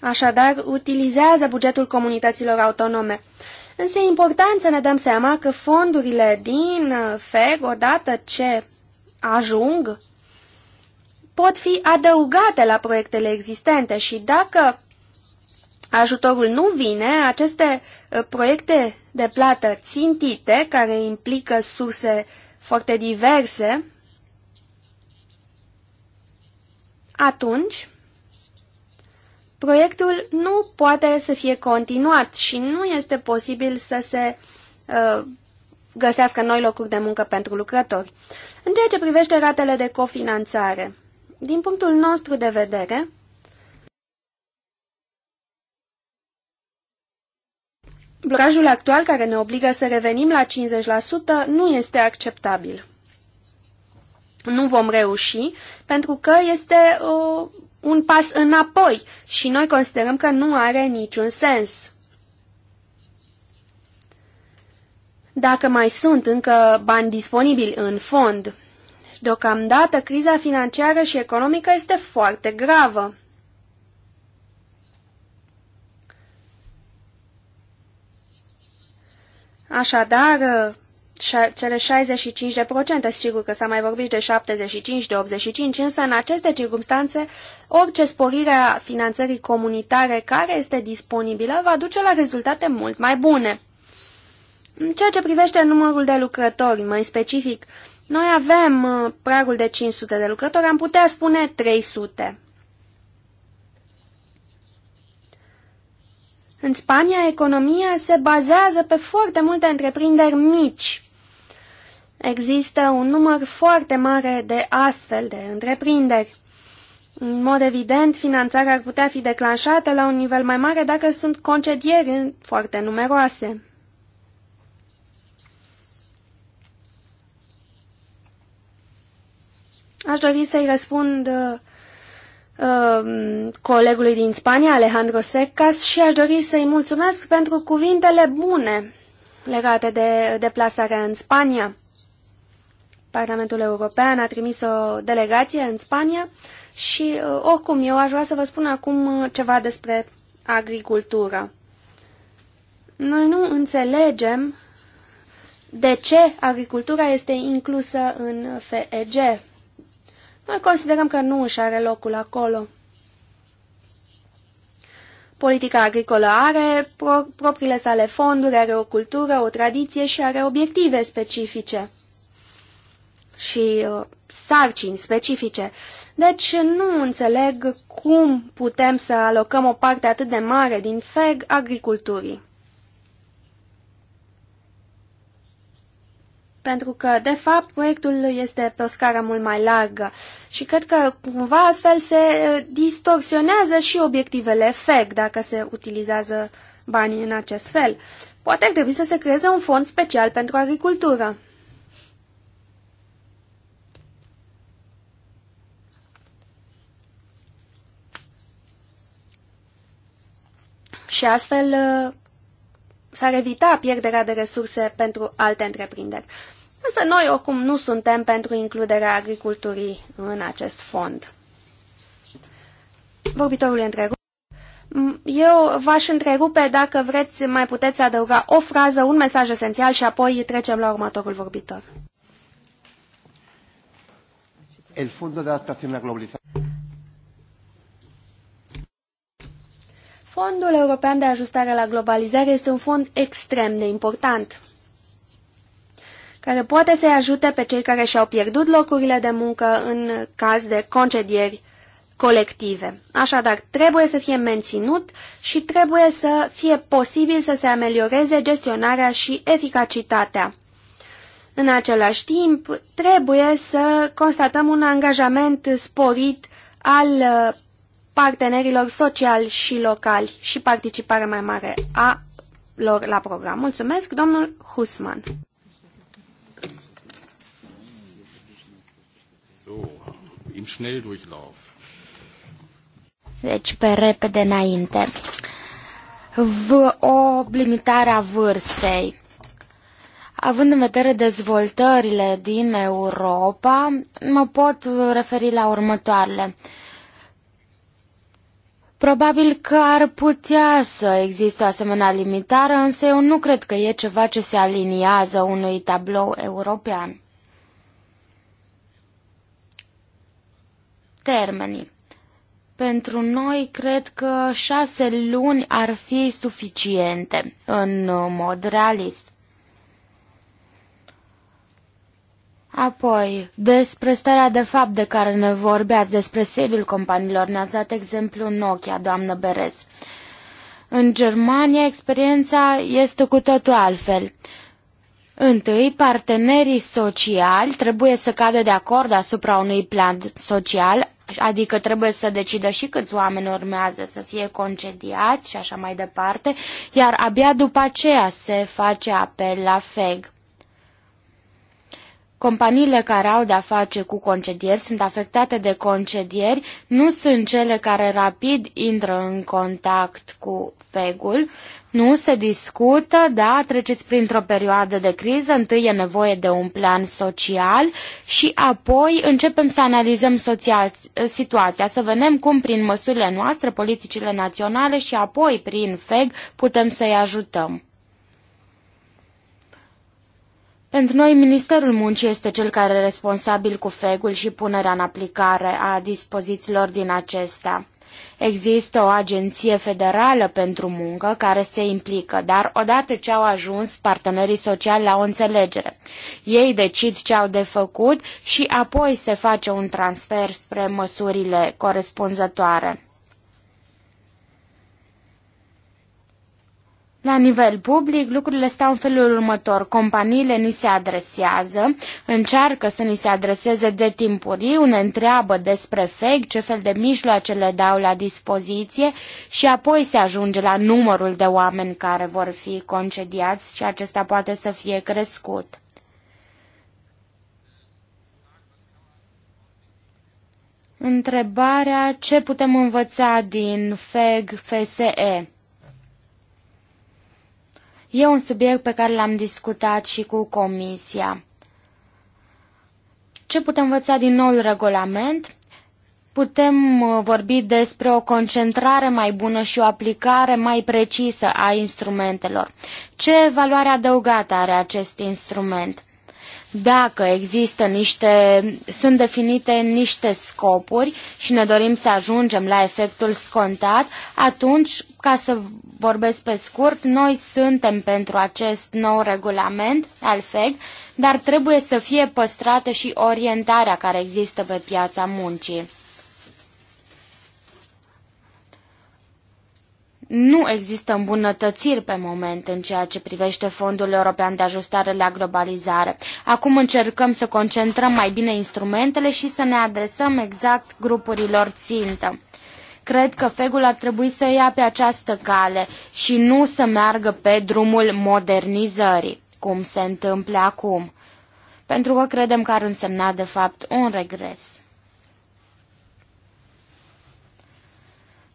Așadar, utilizează bugetul comunităților autonome. Însă e important să ne dăm seama că fondurile din uh, FEG, odată ce ajung, pot fi adăugate la proiectele existente și dacă ajutorul nu vine, aceste uh, proiecte de plată țintite, care implică surse foarte diverse, atunci proiectul nu poate să fie continuat și nu este posibil să se uh, găsească noi locuri de muncă pentru lucrători. În ceea ce privește ratele de cofinanțare, din punctul nostru de vedere, blocajul actual care ne obligă să revenim la 50% nu este acceptabil. Nu vom reuși pentru că este o un pas înapoi și noi considerăm că nu are niciun sens. Dacă mai sunt încă bani disponibili în fond, deocamdată criza financiară și economică este foarte gravă. Așadar, cele 65 sigur că s-a mai vorbit de 75, de 85, însă în aceste circunstanțe orice sporire a finanțării comunitare care este disponibilă va duce la rezultate mult mai bune. În ceea ce privește numărul de lucrători, mai specific, noi avem uh, pragul de 500 de lucrători, am putea spune 300. În Spania, economia se bazează pe foarte multe întreprinderi mici. Există un număr foarte mare de astfel de întreprinderi. În mod evident, finanțarea ar putea fi declanșată la un nivel mai mare dacă sunt concedieri foarte numeroase. Aș dori să-i răspund uh, uh, colegului din Spania, Alejandro Secas, și aș dori să-i mulțumesc pentru cuvintele bune legate de deplasarea în Spania. Parlamentul European a trimis o delegație în Spania și, uh, oricum, eu aș vrea să vă spun acum uh, ceva despre agricultură. Noi nu înțelegem de ce agricultura este inclusă în FEG. Noi considerăm că nu își are locul acolo. Politica agricolă are pro propriile sale fonduri, are o cultură, o tradiție și are obiective specifice și uh, sarcini specifice. Deci nu înțeleg cum putem să alocăm o parte atât de mare din FEG agriculturii. Pentru că, de fapt, proiectul este pe o scară mult mai largă și cred că cumva astfel se uh, distorsionează și obiectivele FEG dacă se utilizează banii în acest fel. Poate ar trebui să se creeze un fond special pentru agricultură. și astfel uh, s-ar evita pierderea de resurse pentru alte întreprinderi. Însă noi oricum nu suntem pentru includerea agriculturii în acest fond. Vorbitorul întrerupe. Mm, eu v-aș întrerupe dacă vreți, mai puteți adăuga o frază, un mesaj esențial și apoi trecem la următorul vorbitor. El de la globalizare. Fondul European de Ajustare la Globalizare este un fond extrem de important care poate să-i ajute pe cei care și-au pierdut locurile de muncă în caz de concedieri colective. Așadar, trebuie să fie menținut și trebuie să fie posibil să se amelioreze gestionarea și eficacitatea. În același timp, trebuie să constatăm un angajament sporit al partenerilor sociali și locali și participare mai mare a lor la program. Mulțumesc, domnul Husman. Deci, pe repede înainte. V o limitare a vârstei. Având în vedere dezvoltările din Europa, mă pot referi la următoarele. Probabil că ar putea să existe o asemenea limitare, însă eu nu cred că e ceva ce se aliniază unui tablou european. Termenii. Pentru noi, cred că șase luni ar fi suficiente, în mod realist. Apoi, despre starea de fapt de care ne vorbeați, despre sediul companiilor, ne-ați dat exemplu Nokia, doamnă Berez. În Germania, experiența este cu totul altfel. Întâi, partenerii sociali trebuie să cadă de acord asupra unui plan social, adică trebuie să decidă și câți oameni urmează să fie concediați și așa mai departe, iar abia după aceea se face apel la FEG. Companiile care au de-a face cu concedieri sunt afectate de concedieri, nu sunt cele care rapid intră în contact cu fegul, nu se discută, da, treceți printr-o perioadă de criză, întâi e nevoie de un plan social și apoi începem să analizăm situația, să vedem cum prin măsurile noastre, politicile naționale și apoi prin FEG putem să-i ajutăm. Pentru noi, Ministerul Muncii este cel care e responsabil cu fegul și punerea în aplicare a dispozițiilor din acesta. Există o agenție federală pentru muncă care se implică, dar odată ce au ajuns partenerii sociali la o înțelegere, ei decid ce au de făcut și apoi se face un transfer spre măsurile corespunzătoare. La nivel public, lucrurile stau în felul următor. Companiile ni se adresează, încearcă să ni se adreseze de timpuriu, ne întreabă despre feg, ce fel de mijloace le dau la dispoziție și apoi se ajunge la numărul de oameni care vor fi concediați și acesta poate să fie crescut. Întrebarea ce putem învăța din FEG FSE E un subiect pe care l-am discutat și cu Comisia. Ce putem învăța din noul regulament? Putem uh, vorbi despre o concentrare mai bună și o aplicare mai precisă a instrumentelor. Ce valoare adăugată are acest instrument? dacă există niște, sunt definite niște scopuri și ne dorim să ajungem la efectul scontat, atunci, ca să vorbesc pe scurt, noi suntem pentru acest nou regulament al FEG, dar trebuie să fie păstrată și orientarea care există pe piața muncii. Nu există îmbunătățiri pe moment în ceea ce privește Fondul European de Ajustare la Globalizare. Acum încercăm să concentrăm mai bine instrumentele și să ne adresăm exact grupurilor țintă. Cred că FEG-ul ar trebui să ia pe această cale și nu să meargă pe drumul modernizării, cum se întâmplă acum, pentru că credem că ar însemna de fapt un regres.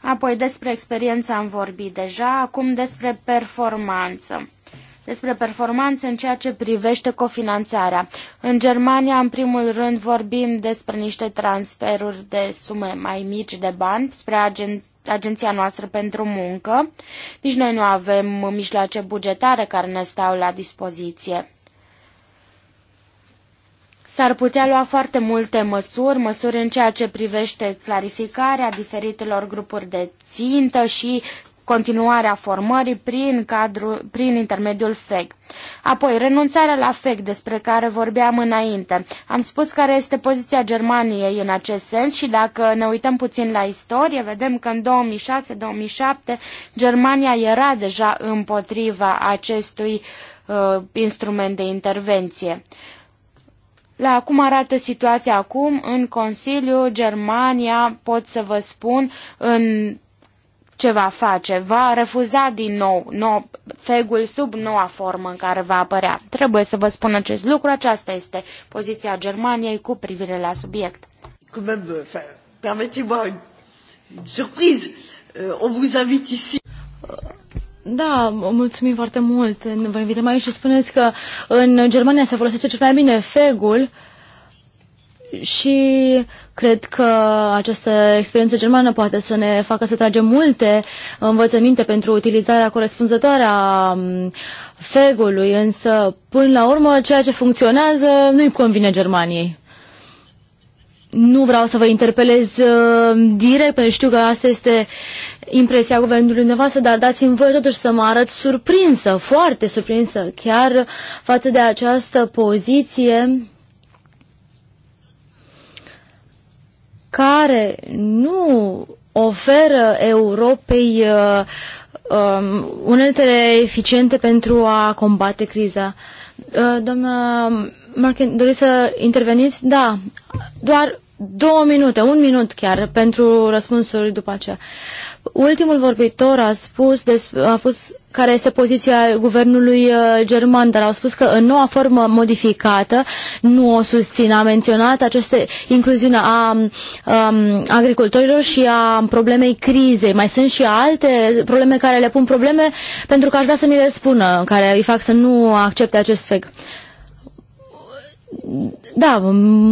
Apoi despre experiență am vorbit deja, acum despre performanță despre performanțe în ceea ce privește cofinanțarea. În Germania, în primul rând, vorbim despre niște transferuri de sume mai mici de bani spre agent agenția noastră pentru muncă. Nici noi nu avem mijloace bugetare care ne stau la dispoziție. S-ar putea lua foarte multe măsuri, măsuri în ceea ce privește clarificarea diferitelor grupuri de țintă și continuarea formării prin, cadru, prin intermediul FEG. Apoi, renunțarea la FEG, despre care vorbeam înainte. Am spus care este poziția Germaniei în acest sens și dacă ne uităm puțin la istorie, vedem că în 2006-2007 Germania era deja împotriva acestui uh, instrument de intervenție. La cum arată situația acum în Consiliu Germania, pot să vă spun, în ce va face? Va refuza din nou, nou fegul sub noua formă în care va apărea. Trebuie să vă spun acest lucru, aceasta este poziția Germaniei cu privire la subiect. Euh, permettez permite une surprise. Euh, on vous invite ici. Uh, da, mulțumim foarte mult. Vă invităm aici și spuneți că în Germania se folosește cel mai bine fegul și cred că această experiență germană poate să ne facă să tragem multe învățăminte pentru utilizarea corespunzătoare a fegului, însă până la urmă ceea ce funcționează nu-i convine Germaniei. Nu vreau să vă interpelez uh, direct, pentru că știu că asta este impresia guvernului dumneavoastră, dar dați-mi voi totuși să mă arăt surprinsă, foarte surprinsă, chiar față de această poziție care nu oferă Europei uh, um, uneltele eficiente pentru a combate criza. Uh, doamna Marken, doriți să interveniți? Da, doar două minute, un minut chiar pentru răspunsuri după aceea. Uh, Ultimul vorbitor a spus, a spus care este poziția guvernului uh, german, dar au spus că în noua formă modificată nu o susțin. A menționat aceste incluziune a a um, um, agricultorilor și a problemei crizei. Mai sunt și alte probleme care le pun probleme pentru că aș vrea să mi le spună, care îi fac să nu accepte acest fec. Da,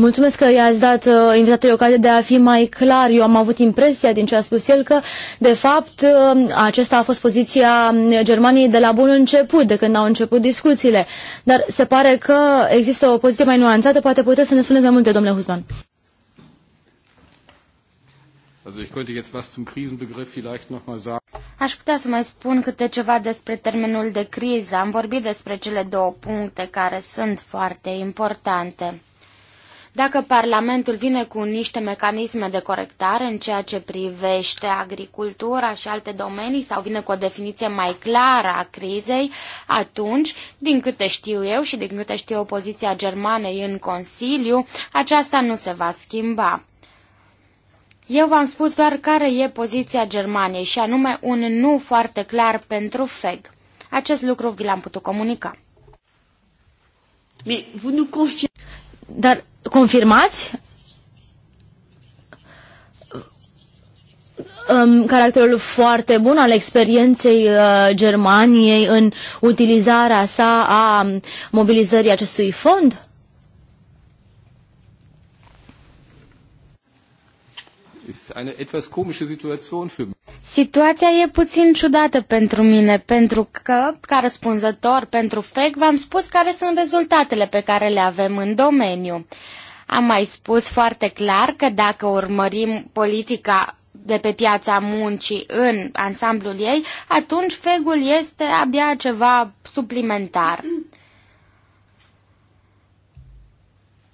mulțumesc că i-ați dat uh, invitatului ocazia de a fi mai clar. Eu am avut impresia din ce a spus el că, de fapt, uh, acesta a fost poziția uh, Germaniei de la bun început, de când au început discuțiile. Dar se pare că există o poziție mai nuanțată, poate puteți să ne spuneți mai multe, domnule Huzman. Also ich könnte jetzt was zum Krisenbegriff vielleicht noch mal sagen. Aș putea să mai spun câte ceva despre termenul de criză. Am vorbit despre cele două puncte care sunt foarte importante. Dacă Parlamentul vine cu niște mecanisme de corectare în ceea ce privește agricultura și alte domenii sau vine cu o definiție mai clară a crizei, atunci, din câte știu eu și din câte știu opoziția Germanei în Consiliu, aceasta nu se va schimba. Eu v-am spus doar care e poziția Germaniei și anume un nu foarte clar pentru FEG. Acest lucru vi l-am putut comunica. Dar confirmați caracterul foarte bun al experienței uh, Germaniei în utilizarea sa a mobilizării acestui fond? ist eine etwas komische Situation für mich. Situația e puțin ciudată pentru mine, pentru că, ca răspunzător pentru FEC, v-am spus care sunt rezultatele pe care le avem în domeniu. Am mai spus foarte clar că dacă urmărim politica de pe piața muncii în ansamblul ei, atunci FEG-ul este abia ceva suplimentar. Mm.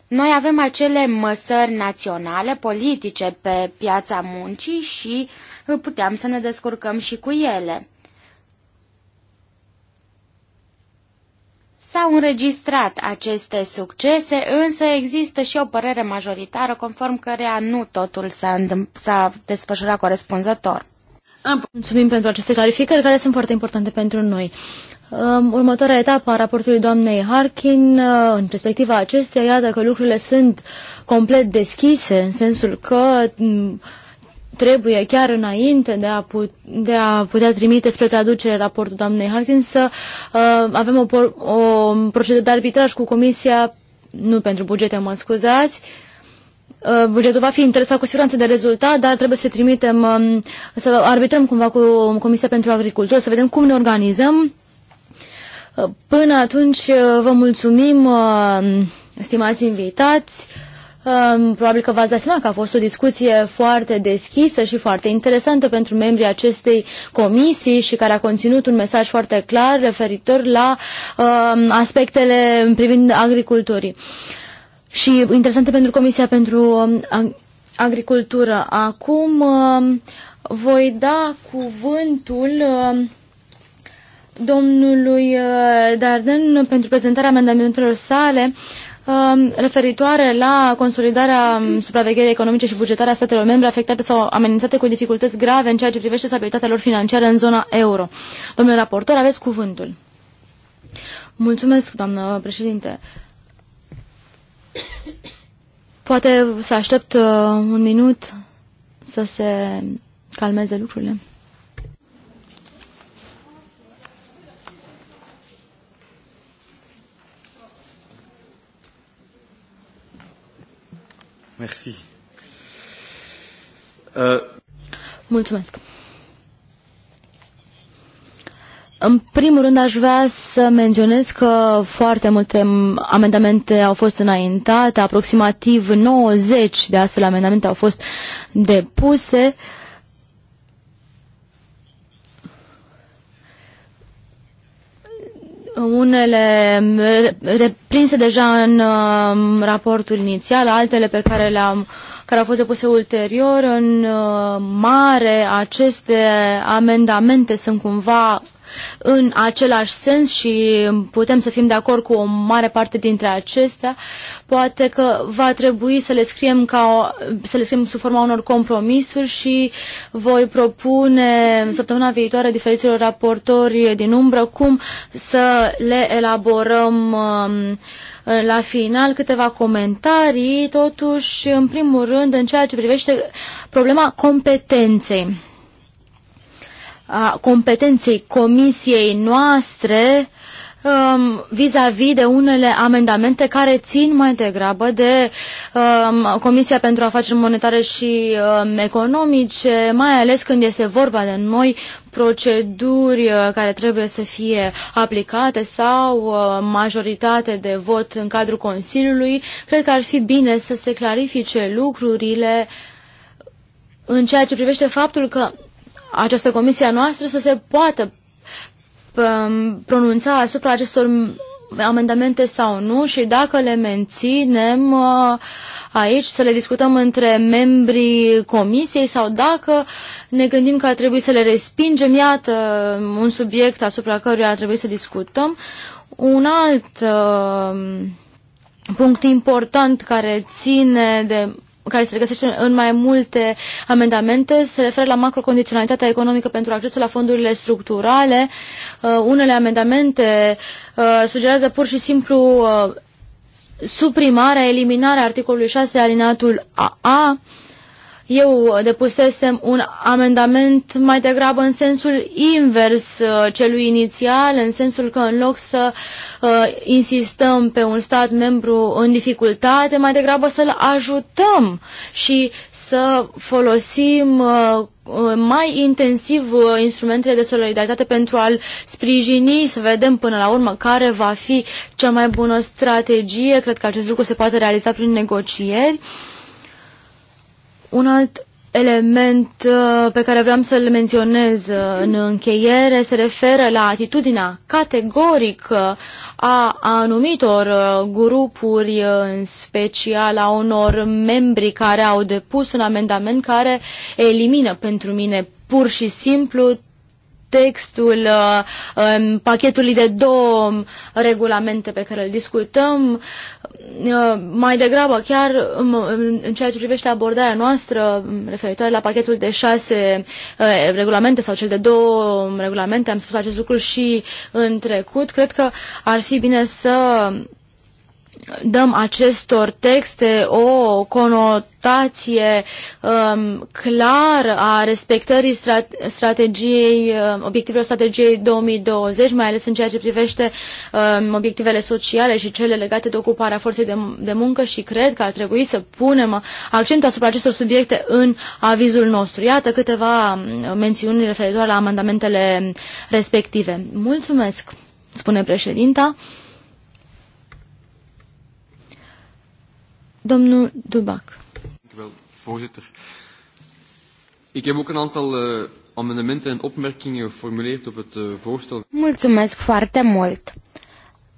Noi avem acele măsări naționale, politice pe piața muncii și puteam să ne descurcăm și cu ele. S-au înregistrat aceste succese, însă există și o părere majoritară conform cărea nu totul s-a, desfășurat corespunzător. Mulțumim pentru aceste clarificări care sunt foarte importante pentru noi. Următoarea etapă a raportului doamnei Harkin, uh, în perspectiva acesteia, iată că lucrurile sunt complet deschise, în sensul că mm, trebuie chiar înainte de a, put, de a putea trimite spre traducere raportul doamnei Harkin să uh, avem o, o procedură de arbitraj cu Comisia, nu pentru bugete, mă scuzați, uh, Bugetul va fi interesat cu siguranță de rezultat, dar trebuie să trimitem, um, să arbitrăm cumva cu Comisia pentru Agricultură, să vedem cum ne organizăm Până atunci uh, vă mulțumim, uh, stimați invitați. Um, probabil că v-ați dat seama că a fost o discuție foarte deschisă și foarte interesantă pentru membrii acestei comisii și care a conținut un mesaj foarte clar referitor la um, aspectele privind agriculturii. Și interesante pentru Comisia pentru um, Agricultură. Acum voi da cuvântul domnului uh, Darden pentru prezentarea amendamentelor sale um, referitoare la consolidarea um, supravegherii economice și bugetare a statelor membre afectate sau amenințate cu dificultăți grave în ceea ce privește stabilitatea lor financiară în zona euro. Domnule raportor, aveți cuvântul. Mulțumesc, doamnă președinte. Poate să aștept uh, un minut să se calmeze lucrurile. Merci. Uh. Mulțumesc. În primul rând aș vrea să menționez că foarte multe amendamente au fost înaintate, aproximativ 90 de astfel amendamente au fost depuse. Uh, unele reprinse deja în uh, raportul inițial, altele pe care le-am care au fost depuse ulterior, în uh, mare aceste amendamente sunt cumva în același sens și putem să fim de acord cu o mare parte dintre acestea, poate că va trebui să le scriem, ca o, să le scriem sub forma unor compromisuri și voi propune săptămâna viitoare diferiților raportori din umbră cum să le elaborăm um, la final câteva comentarii, totuși, în primul rând, în ceea ce privește problema competenței a competenței comisiei noastre um, vis-a-vis -vis de unele amendamente care țin mai degrabă de um, Comisia pentru Afaceri Monetare și um, Economice, mai ales când este vorba de noi proceduri uh, care trebuie să fie aplicate sau uh, majoritate de vot în cadrul Consiliului. Cred că ar fi bine să se clarifice lucrurile în ceea ce privește faptul că această comisie a noastră să se poată um, pronunța asupra acestor amendamente sau nu și dacă le menținem uh, aici, să le discutăm între membrii comisiei sau dacă ne gândim că ar trebui să le respingem, iată un subiect asupra căruia ar trebui să discutăm. Un alt uh, punct important care ține de care se regăsește în mai multe amendamente se referă la macrocondiționalitatea economică pentru accesul la fondurile structurale. Uh, unele amendamente uh, sugerează pur și simplu uh, suprimarea, eliminarea articolului 6 alinatul AA eu depusesem un amendament mai degrabă în sensul invers uh, celui inițial, în sensul că în loc să uh, insistăm pe un stat membru în dificultate, mai degrabă să-l ajutăm și să folosim uh, uh mai intensiv uh, instrumentele de solidaritate pentru a-l sprijini, să vedem până la urmă care va fi cea mai bună strategie. Cred că acest lucru se poate realiza prin negocieri. Uh, un alt element uh, pe care vreau să-l menționez uh, în încheiere se referă la atitudinea categorică uh, a anumitor grupuri, în special a unor membri care au depus un amendament care elimină pentru mine pur și simplu textul uh, um, pachetului de două um, regulamente pe care îl discutăm, uh, mai degrabă chiar um, în, ceea ce privește abordarea noastră referitoare la pachetul de șase uh, regulamente sau cel de două regulamente, am spus acest lucru și în trecut, cred că ar fi bine să dăm acestor texte o conotație um, clară a respectării strate strategiei, um, obiectivelor strategiei 2020, mai ales în ceea ce privește um, obiectivele sociale și cele legate de ocuparea forței de, de muncă și cred că ar trebui să punem accent asupra acestor subiecte în avizul nostru. Iată câteva um, mențiuni referitoare la amendamentele respective. Mulțumesc, spune președinta. Domnul Dubac. Voorzitter. Ik heb ook een aantal uh, amendementen en opmerkingen geformuleerd op het uh, voorstel. Mulțumesc foarte mult.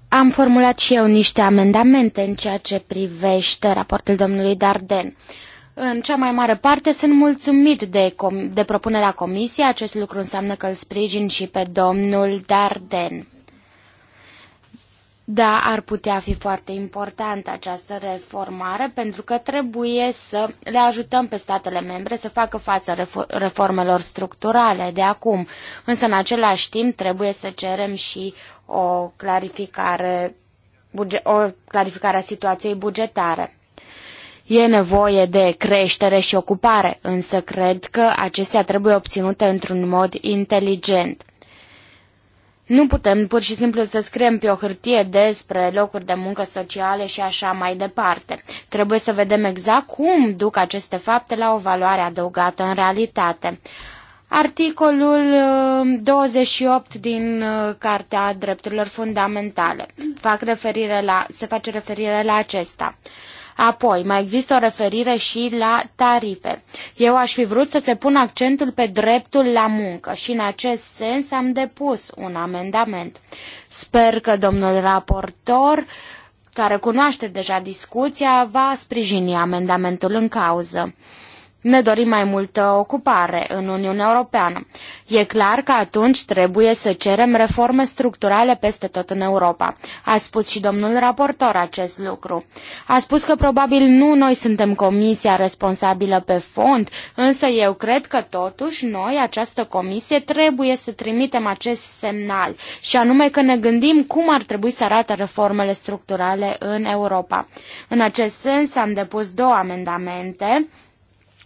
Am formulat și eu niște amendamente în ceea ce privește raportul domnului Darden. În cea mai mare parte sunt mulțumit de, com- de propunerea comisiei. Acest lucru înseamnă că îl sprijin și pe domnul Darden. Da, ar putea fi foarte importantă această reformare pentru că trebuie să le ajutăm pe statele membre să facă față reformelor structurale de acum, însă în același timp trebuie să cerem și o clarificare, o clarificare a situației bugetare. E nevoie de creștere și ocupare, însă cred că acestea trebuie obținute într-un mod inteligent. Nu putem pur și simplu să scriem pe o hârtie despre locuri de muncă sociale și așa mai departe. Trebuie să vedem exact cum duc aceste fapte la o valoare adăugată în realitate. Articolul 28 uh, din uh, Cartea Drepturilor Fundamentale fac referire la, se face referire la acesta. Apoi, mai există o referire și la tarife. Eu aș fi vrut să se pună accentul pe dreptul la muncă și în acest sens am depus un amendament. Sper că domnul raportor care cunoaște deja discuția, va sprijini amendamentul în cauză ne dorim mai multă ocupare în Uniunea Europeană. E clar că atunci trebuie să cerem reforme structurale peste tot în Europa. A spus și domnul raportor acest lucru. A spus că probabil nu noi suntem comisia responsabilă pe fond, însă eu cred că totuși noi, această comisie, trebuie să trimitem acest semnal și anume că ne gândim cum ar trebui să arate reformele structurale în Europa. În acest sens am depus două amendamente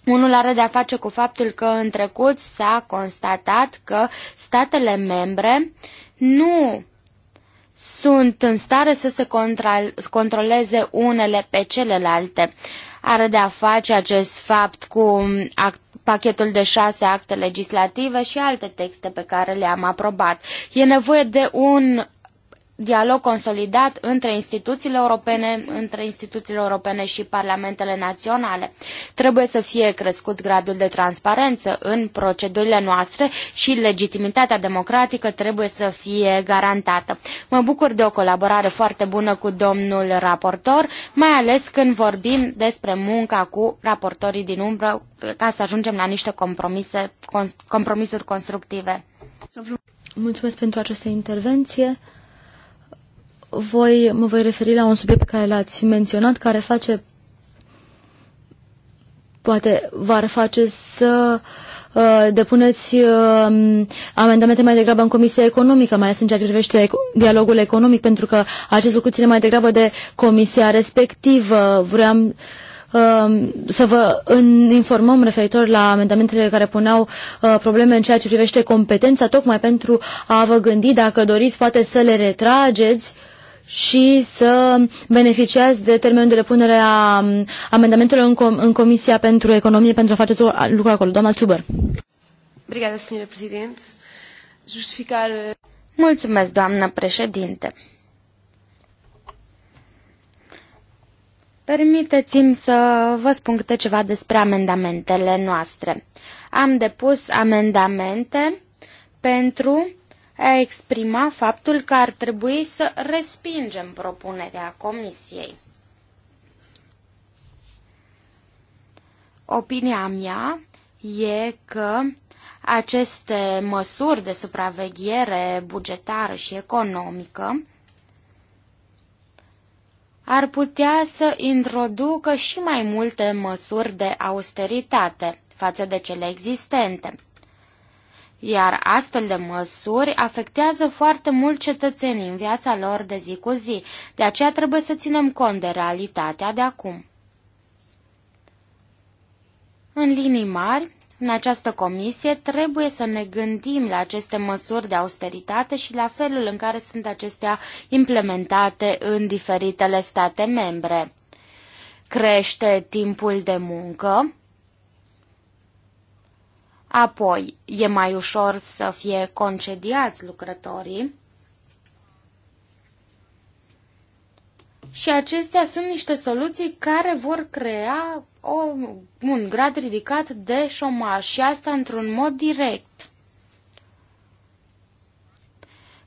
unul are de-a face cu faptul că în trecut s-a constatat că statele membre nu sunt în stare să se controleze unele pe celelalte. Are de-a face acest fapt cu act pachetul de șase acte legislative și alte texte pe care le-am aprobat. E nevoie de un dialog consolidat între instituțiile europene, între instituțiile europene și parlamentele naționale. Trebuie să fie crescut gradul de transparență în procedurile noastre și legitimitatea democratică trebuie să fie garantată. Mă bucur de o colaborare foarte bună cu domnul raportor, mai ales când vorbim despre munca cu raportorii din umbră ca să ajungem la niște compromise, compromisuri constructive. Mulțumesc pentru această intervenție voi, mă voi referi la un subiect pe care l-ați menționat, care face, poate v-ar face să uh, depuneți uh, amendamente mai degrabă în Comisia Economică, mai ales în ceea ce privește dialogul economic, pentru că acest lucru ține mai degrabă de Comisia respectivă. Vreau um, să vă informăm referitor la amendamentele care puneau uh, probleme în ceea ce privește competența, tocmai pentru a vă gândi dacă doriți poate să le retrageți uh, și să beneficiați de termenul de repunere a amendamentelor în, com în Comisia pentru Economie pentru a faceți lucrul acolo. Doamna Ciubăr. Eh, Mulțumesc, doamnă președinte. Permiteți-mi să vă spun câte ceva despre amendamentele noastre. Am depus amendamente pentru a exprima faptul că ar trebui să respingem propunerea Comisiei. Opinia mea e că aceste măsuri de supraveghere bugetară și economică ar putea să introducă și mai multe măsuri de austeritate față de cele existente iar astfel de măsuri afectează foarte mult cetățenii în viața lor de zi cu zi, de aceea trebuie să ținem cont de realitatea de acum. În linii mari, în această comisie trebuie să ne gândim la aceste măsuri de austeritate și la felul în care sunt acestea implementate în diferitele state membre. Crește timpul de muncă, Apoi, e mai ușor să fie concediați lucrătorii. Și acestea sunt niște soluții care vor crea o, un grad ridicat de șomaj și asta într-un mod direct.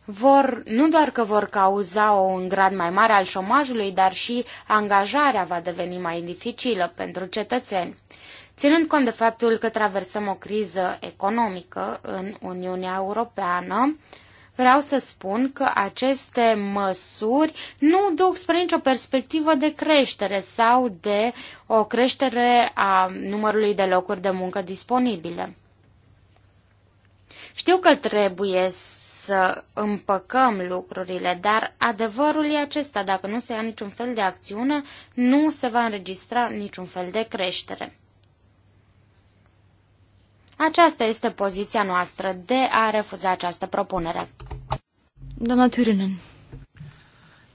Vor, nu doar că vor cauza un grad mai mare al șomajului, dar și angajarea va deveni mai dificilă pentru cetățeni. Ținând cont de faptul că traversăm o criză economică în Uniunea Europeană, vreau să spun că aceste măsuri nu duc spre nicio perspectivă de creștere sau de o creștere a numărului de locuri de muncă disponibile. Știu că trebuie să împăcăm lucrurile, dar adevărul e acesta. Dacă nu se ia niciun fel de acțiune, nu se va înregistra niciun fel de creștere. Aceasta este poziția noastră de a refuza această propunere. Doamna Turinen.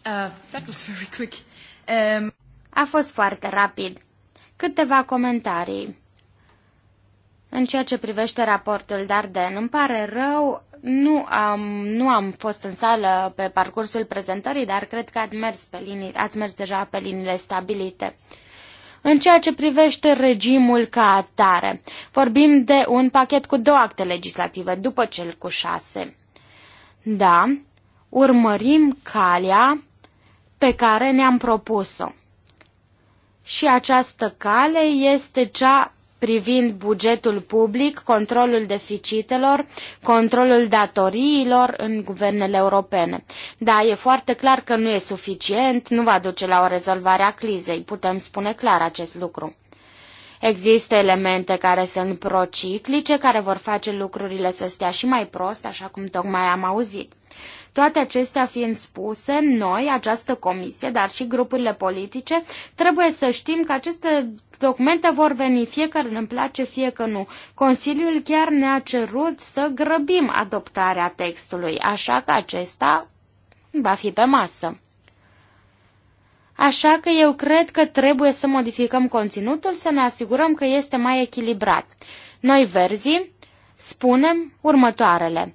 Uh, um, a fost foarte rapid. Câteva comentarii. În ceea ce privește raportul Darden, îmi pare rău, nu am, nu am fost în sală pe parcursul prezentării, dar cred că ați mers, pe linii, ați mers deja pe liniile stabilite. Uh, în ceea ce privește regimul ca atare, vorbim de un pachet cu două acte legislative, după cel cu șase. Da, urmărim calea pe care ne-am propus-o. Și această cale este cea privind bugetul public, controlul deficitelor, controlul datoriilor în guvernele europene. Da, e foarte clar că nu e suficient, nu va duce la o rezolvare a crizei, putem spune clar acest lucru. Există elemente care sunt prociclice, care vor face lucrurile să stea și mai prost, așa cum tocmai am auzit. Toate acestea fiind spuse, noi, această comisie, dar și grupurile politice, trebuie să știm că aceste documente vor veni, fie că ne place, fie că nu. Consiliul chiar ne-a cerut să grăbim adoptarea textului, așa că acesta va fi pe masă. Așa că eu cred că trebuie să modificăm conținutul, să ne asigurăm că este mai echilibrat. Noi, verzii, spunem următoarele.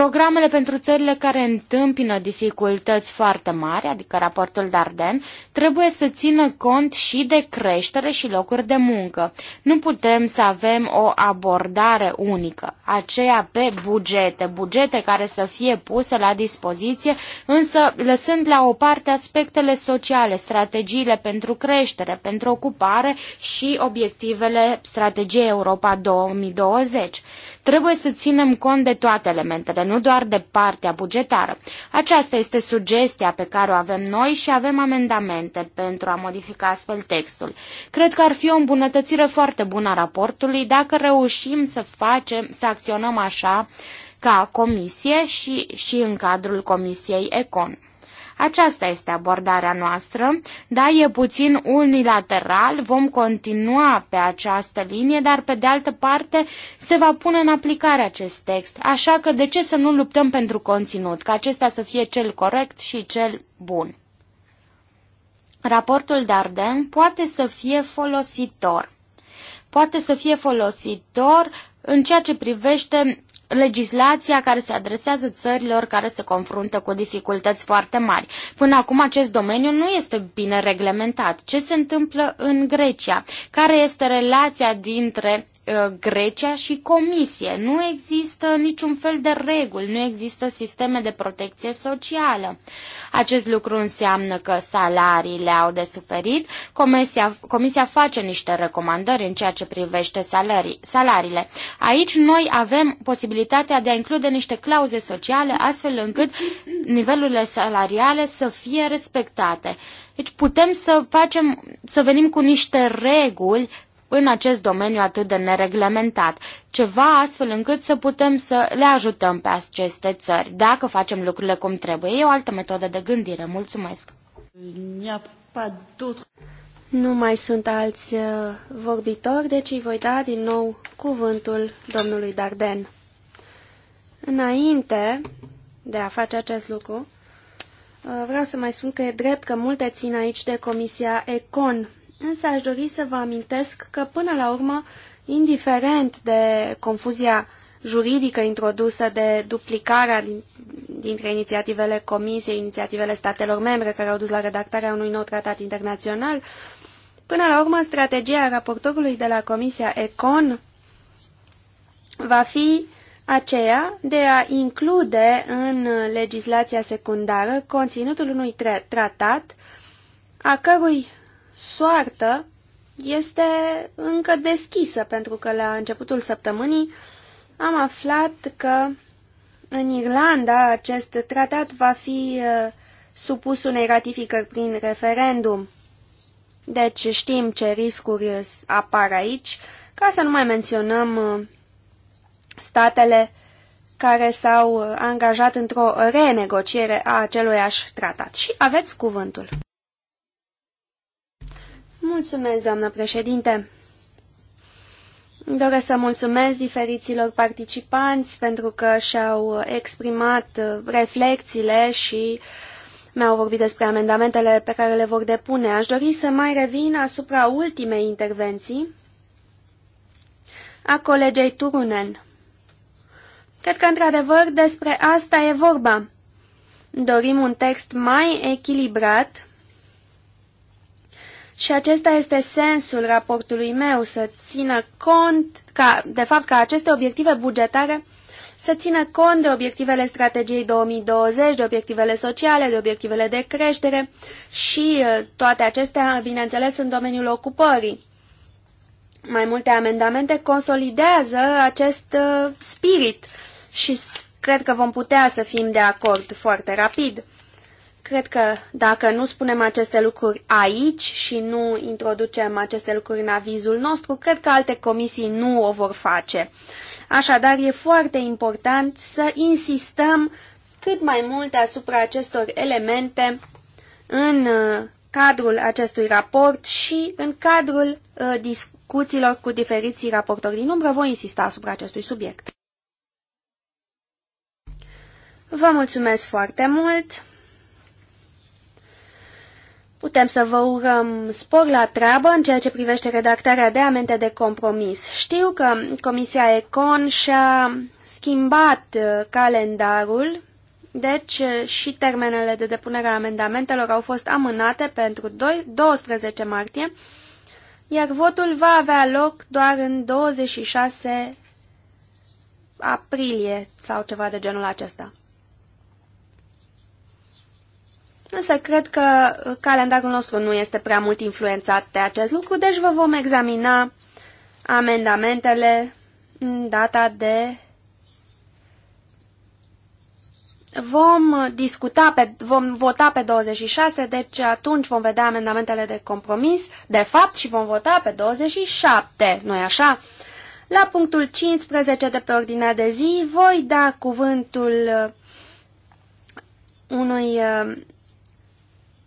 Programele pentru țările care întâmpină dificultăți foarte mari, adică raportul Darden, trebuie să țină cont și de creștere și locuri de muncă. Nu putem să avem o abordare unică, aceea pe bugete, bugete care să fie puse la dispoziție, însă lăsând la o parte aspectele sociale, strategiile pentru creștere, pentru ocupare și obiectivele strategiei Europa 2020. Trebuie să ținem cont de toate elementele, nu doar de partea bugetară. Aceasta este sugestia pe care o avem noi și avem amendamente pentru a modifica astfel textul. Cred că ar fi o îmbunătățire foarte bună a raportului dacă reușim să facem, să acționăm așa ca comisie și, și în cadrul comisiei ECON. Aceasta este abordarea noastră. dar e puțin unilateral, vom continua pe această linie, dar pe de altă parte se va pune în aplicare acest text. Așa că de ce să nu luptăm pentru conținut, ca acesta să fie cel corect și cel bun. Raportul Darden poate să fie folositor. Poate să fie folositor în ceea ce privește legislația care se adresează țărilor care se confruntă cu dificultăți foarte mari. Până acum acest domeniu nu este bine reglementat. Ce se întâmplă în Grecia? Care este relația dintre Uh, Grecia și Comisie. Nu există niciun fel de reguli, nu există sisteme de protecție socială. Acest lucru înseamnă că salariile au de suferit. Comisia, comisia face niște recomandări în ceea ce privește salarii, salariile. Aici noi avem posibilitatea de a include niște clauze sociale astfel încât nivelurile salariale să fie respectate. Deci putem să facem, să venim cu niște reguli în acest domeniu atât de nereglementat, ceva astfel încât să putem să le ajutăm pe aceste țări, dacă facem lucrurile cum trebuie. E o altă metodă de gândire. Mulțumesc! Nu mai sunt alți uh, vorbitori, deci îi voi da din nou cuvântul domnului Darden. Înainte de a face acest lucru, uh, vreau să mai spun că e drept că multe țin aici de Comisia Econ, însă aș dori să vă amintesc că până la urmă, indiferent de confuzia juridică introdusă de duplicarea dintre inițiativele Comisiei, inițiativele statelor membre care au dus la redactarea unui nou tratat internațional, până la urmă strategia raportorului de la Comisia ECON va fi aceea de a include în legislația secundară conținutul unui tratat a cărui soartă este încă deschisă, pentru că la începutul săptămânii am aflat că în Irlanda acest tratat va fi uh, supus unei ratificări prin referendum. Deci știm ce riscuri apar aici, ca să nu mai menționăm uh, statele care s-au uh, angajat într-o renegociere a aș tratat. Și aveți cuvântul. Mulțumesc, doamnă președinte. Doresc să mulțumesc diferiților participanți pentru că și-au exprimat reflexiile și mi-au vorbit despre amendamentele pe care le vor depune. Aș dori să mai revin asupra ultimei intervenții a colegei Turunen. Cred că, într-adevăr, despre asta e vorba. Dorim un text mai echilibrat și acesta este sensul raportului meu, să țină cont, ca, de fapt, ca aceste obiective bugetare să țină cont de obiectivele strategiei 2020, de obiectivele sociale, de obiectivele de creștere și uh, toate acestea, bineînțeles, în domeniul ocupării. Mai multe amendamente consolidează acest uh, spirit și cred că vom putea să fim de acord foarte rapid. Cred că dacă nu spunem aceste lucruri aici și nu introducem aceste lucruri în avizul nostru, cred că alte comisii nu o vor face. Așadar, e foarte important să insistăm cât mai mult asupra acestor elemente în uh, cadrul acestui raport și în cadrul uh, discuțiilor cu diferiții raportori din umbră voi insista asupra acestui subiect. Vă mulțumesc foarte mult! Putem să vă urăm spor la treabă în ceea ce privește redactarea de amente de compromis. Știu că Comisia Econ și-a schimbat uh, calendarul, deci uh, și termenele de depunere a amendamentelor au fost amânate pentru 12 martie, iar votul va avea loc doar în 26 aprilie sau ceva de genul acesta. Însă cred că calendarul nostru nu este prea mult influențat de acest lucru, deci vă vom examina amendamentele în data de... Vom discuta, pe, vom vota pe 26, deci atunci vom vedea amendamentele de compromis, de fapt, și vom vota pe 27, nu așa? La punctul 15 de pe ordinea de zi voi da cuvântul unui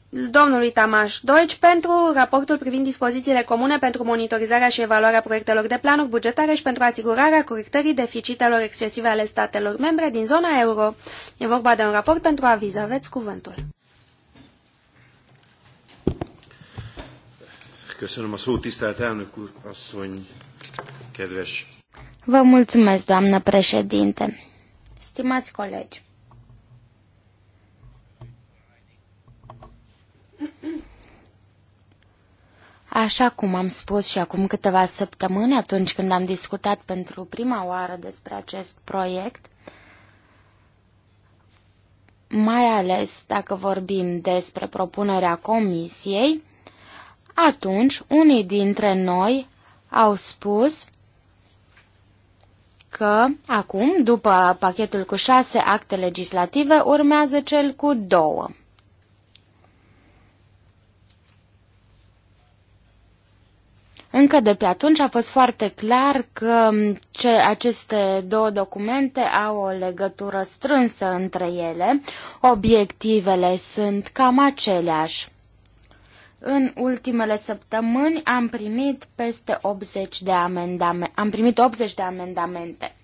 domnului Tamaș Deutsch pentru raportul privind dispozițiile comune pentru monitorizarea și evaluarea proiectelor de planuri bugetare și pentru asigurarea corectării deficitelor excesive ale statelor membre din zona euro. E vorba de un raport pentru aviz. Aveți cuvântul. Vă mulțumesc, doamnă președinte. Stimați colegi, Așa cum am spus și acum câteva săptămâni, atunci când am discutat pentru prima oară despre acest proiect, mai ales dacă vorbim despre propunerea comisiei, atunci unii dintre noi au spus că acum, după pachetul cu șase acte legislative, urmează cel cu două Încă de pe atunci a fost foarte clar că ce, aceste două documente au o legătură strânsă între ele. Obiectivele sunt cam aceleași. În ultimele săptămâni am primit peste 80 de amendamente, am primit 80 de amendamente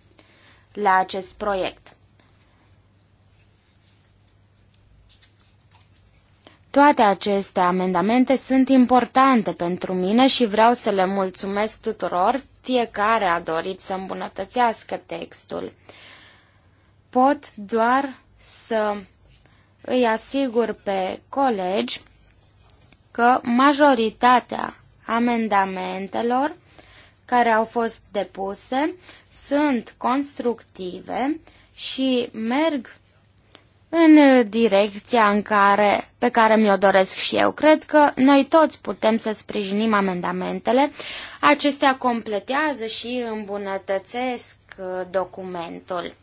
la acest proiect. Toate aceste amendamente sunt importante pentru mine și vreau să le mulțumesc tuturor, fiecare a dorit să îmbunătățească textul. Pot doar să îi asigur pe colegi că majoritatea amendamentelor care au fost depuse sunt constructive și merg în direcția în care, pe care mi-o doresc și eu. Cred că noi toți putem să sprijinim amendamentele. Acestea completează și îmbunătățesc uh, documentul.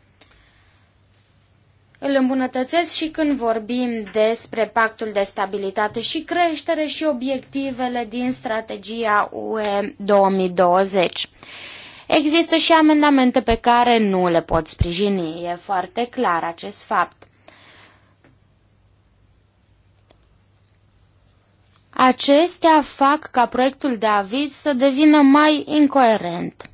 Îl îmbunătățesc și când vorbim despre pactul de stabilitate și creștere și obiectivele din strategia UE 2020. Există și amendamente pe care nu le pot sprijini, e foarte clar acest fapt. Acestea fac ca proiectul de aviz să devină mai incoerent.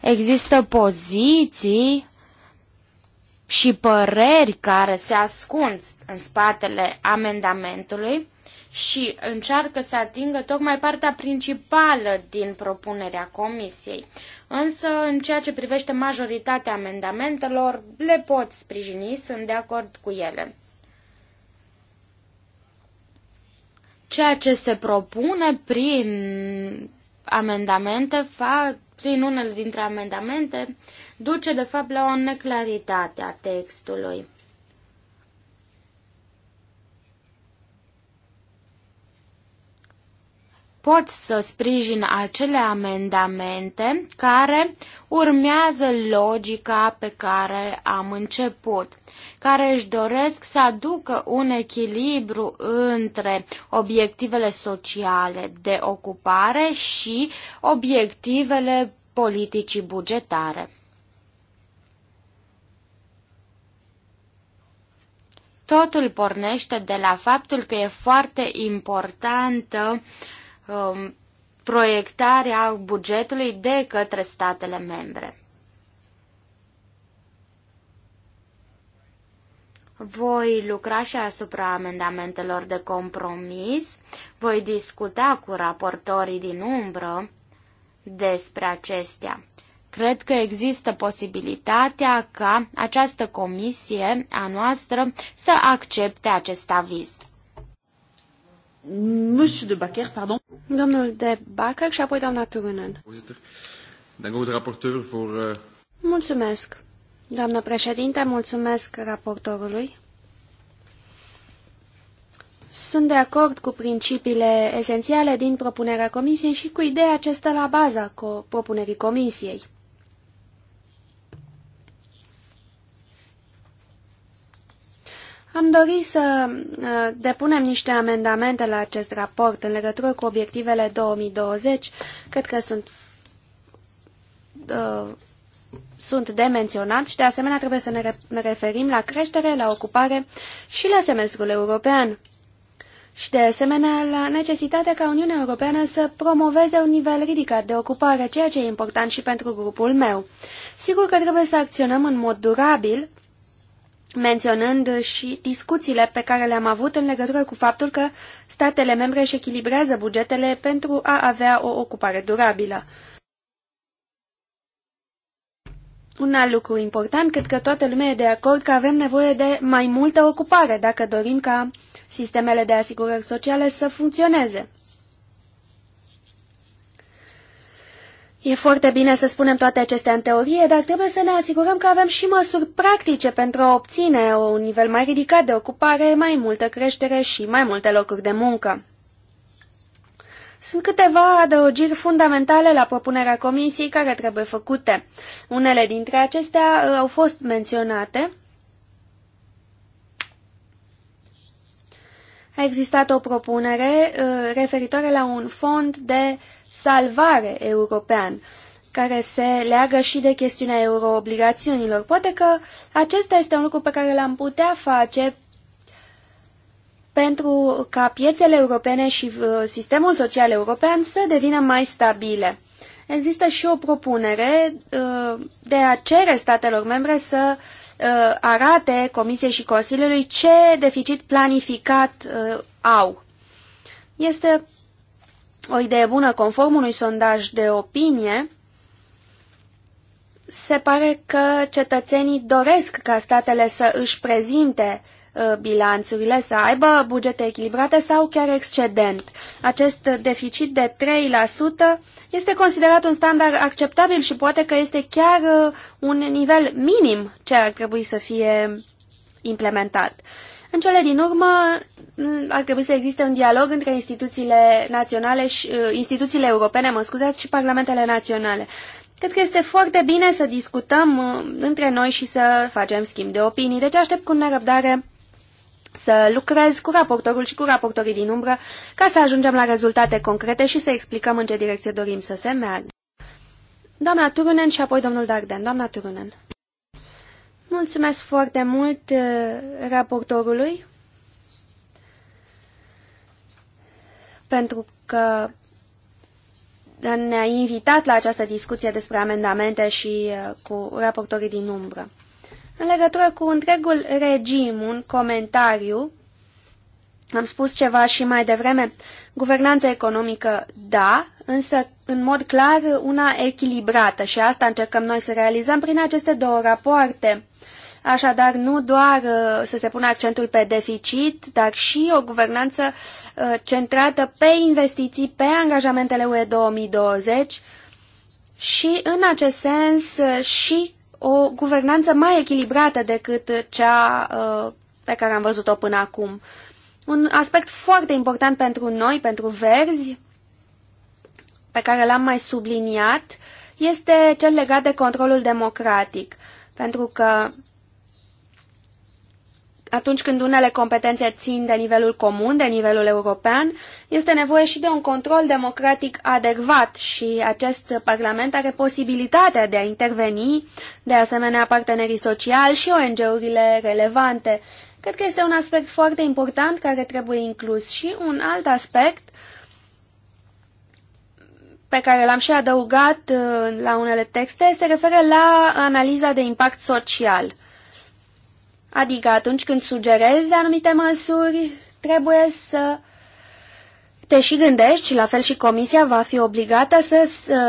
Există poziții și păreri care se ascund în spatele amendamentului și încearcă să atingă tocmai partea principală din propunerea comisiei. Însă, în ceea ce privește majoritatea amendamentelor, le pot sprijini, sunt de acord cu ele. Ceea ce se propune prin amendamente, fa, prin unele dintre amendamente, duce de fapt la o neclaritate a textului. pot să sprijin acele amendamente care urmează logica pe care am început, care își doresc să aducă un echilibru între obiectivele sociale de ocupare și obiectivele politicii bugetare. Totul pornește de la faptul că e foarte importantă uh, Um, proiectarea bugetului de către statele membre. Voi lucra și asupra amendamentelor de compromis, voi discuta cu raportorii din umbră despre acestea. Cred că există posibilitatea ca această comisie a noastră să accepte acest aviz. Monsieur de Bacher, pardon. Domnul de Bacher și apoi doamna Turunen. Eh, mulțumesc. Doamnă președinte, mulțumesc raportorului. Sunt de acord cu principiile esențiale din propunerea comisiei și cu ideea ce stă la baza propunerii comisiei. Am dorit să uh, depunem niște amendamente la acest raport în legătură cu obiectivele 2020. Cred că sunt, uh, sunt de menționat și de asemenea trebuie să ne referim la creștere, la ocupare și la semestrul european. Și de asemenea la necesitatea ca Uniunea Europeană să promoveze un nivel ridicat de ocupare, ceea ce e important și pentru grupul meu. Sigur că trebuie să acționăm în mod durabil, menționând și discuțiile pe care le-am avut în legătură cu faptul că statele membre își echilibrează bugetele pentru a avea o ocupare durabilă. Un alt lucru important, cred că toată lumea e de acord că avem nevoie de mai multă ocupare dacă dorim ca sistemele de asigurări sociale să funcționeze. E foarte bine să spunem toate acestea în teorie, dar trebuie să ne asigurăm că avem și măsuri practice pentru a obține un nivel mai ridicat de ocupare, mai multă creștere și mai multe locuri de muncă. Sunt câteva adăugiri fundamentale la propunerea comisiei care trebuie făcute. Unele dintre acestea uh, au fost menționate. A existat o propunere uh, referitoare la un fond de salvare european, care se leagă și de chestiunea euroobligațiunilor. Poate că acesta este un lucru pe care l-am putea face pentru ca piețele europene și uh, sistemul social european să devină mai stabile. Există și o propunere uh, de a cere statelor membre să uh, arate Comisiei și Consiliului ce deficit planificat au. Este o idee bună, conform unui sondaj de opinie, se pare că cetățenii doresc ca statele să își prezinte uh, bilanțurile, să aibă bugete echilibrate sau chiar excedent. Acest deficit de 3% este considerat un standard acceptabil și poate că este chiar uh, un nivel minim ce ar trebui să fie implementat. În cele din urmă, mm, ar trebui să existe un dialog între instituțiile naționale și uh, instituțiile europene, mă scuzați, și parlamentele naționale. Cred că este foarte bine să discutăm uh, între noi și să facem schimb de opinii. Deci aștept cu nerăbdare să lucrez cu raportorul și cu raportorii din umbră ca să ajungem la rezultate concrete și să explicăm în ce direcție dorim să se meargă. Doamna Turunen și apoi domnul Darden. Doamna Turunen. Mulțumesc foarte mult uh, raportorului pentru că ne-a invitat la această discuție despre amendamente și uh, cu raportorii din umbră. În legătură cu întregul regim, un comentariu, am spus ceva și mai devreme, guvernanța economică, da, însă în mod clar una echilibrată și asta încercăm noi să realizăm prin aceste două rapoarte. Așadar, nu doar uh, să se pună accentul pe deficit, dar și o guvernanță uh, centrată pe investiții, pe angajamentele UE 2020 și, în acest sens, uh, și o guvernanță mai echilibrată decât cea pe care am văzut-o până acum. Un aspect foarte important pentru noi, pentru verzi, pe care l-am mai subliniat, este cel legat de controlul democratic. Pentru că atunci când unele competențe țin de nivelul comun, de nivelul european, este nevoie și de un control democratic adecvat și acest Parlament are posibilitatea de a interveni, de asemenea partenerii sociali și ONG-urile relevante. Cred că este un aspect foarte important care trebuie inclus și un alt aspect pe care l-am și adăugat uh, la unele texte se referă la analiza de impact social. Adică atunci când sugerezi anumite măsuri, trebuie să te și gândești și la fel și comisia va fi obligată să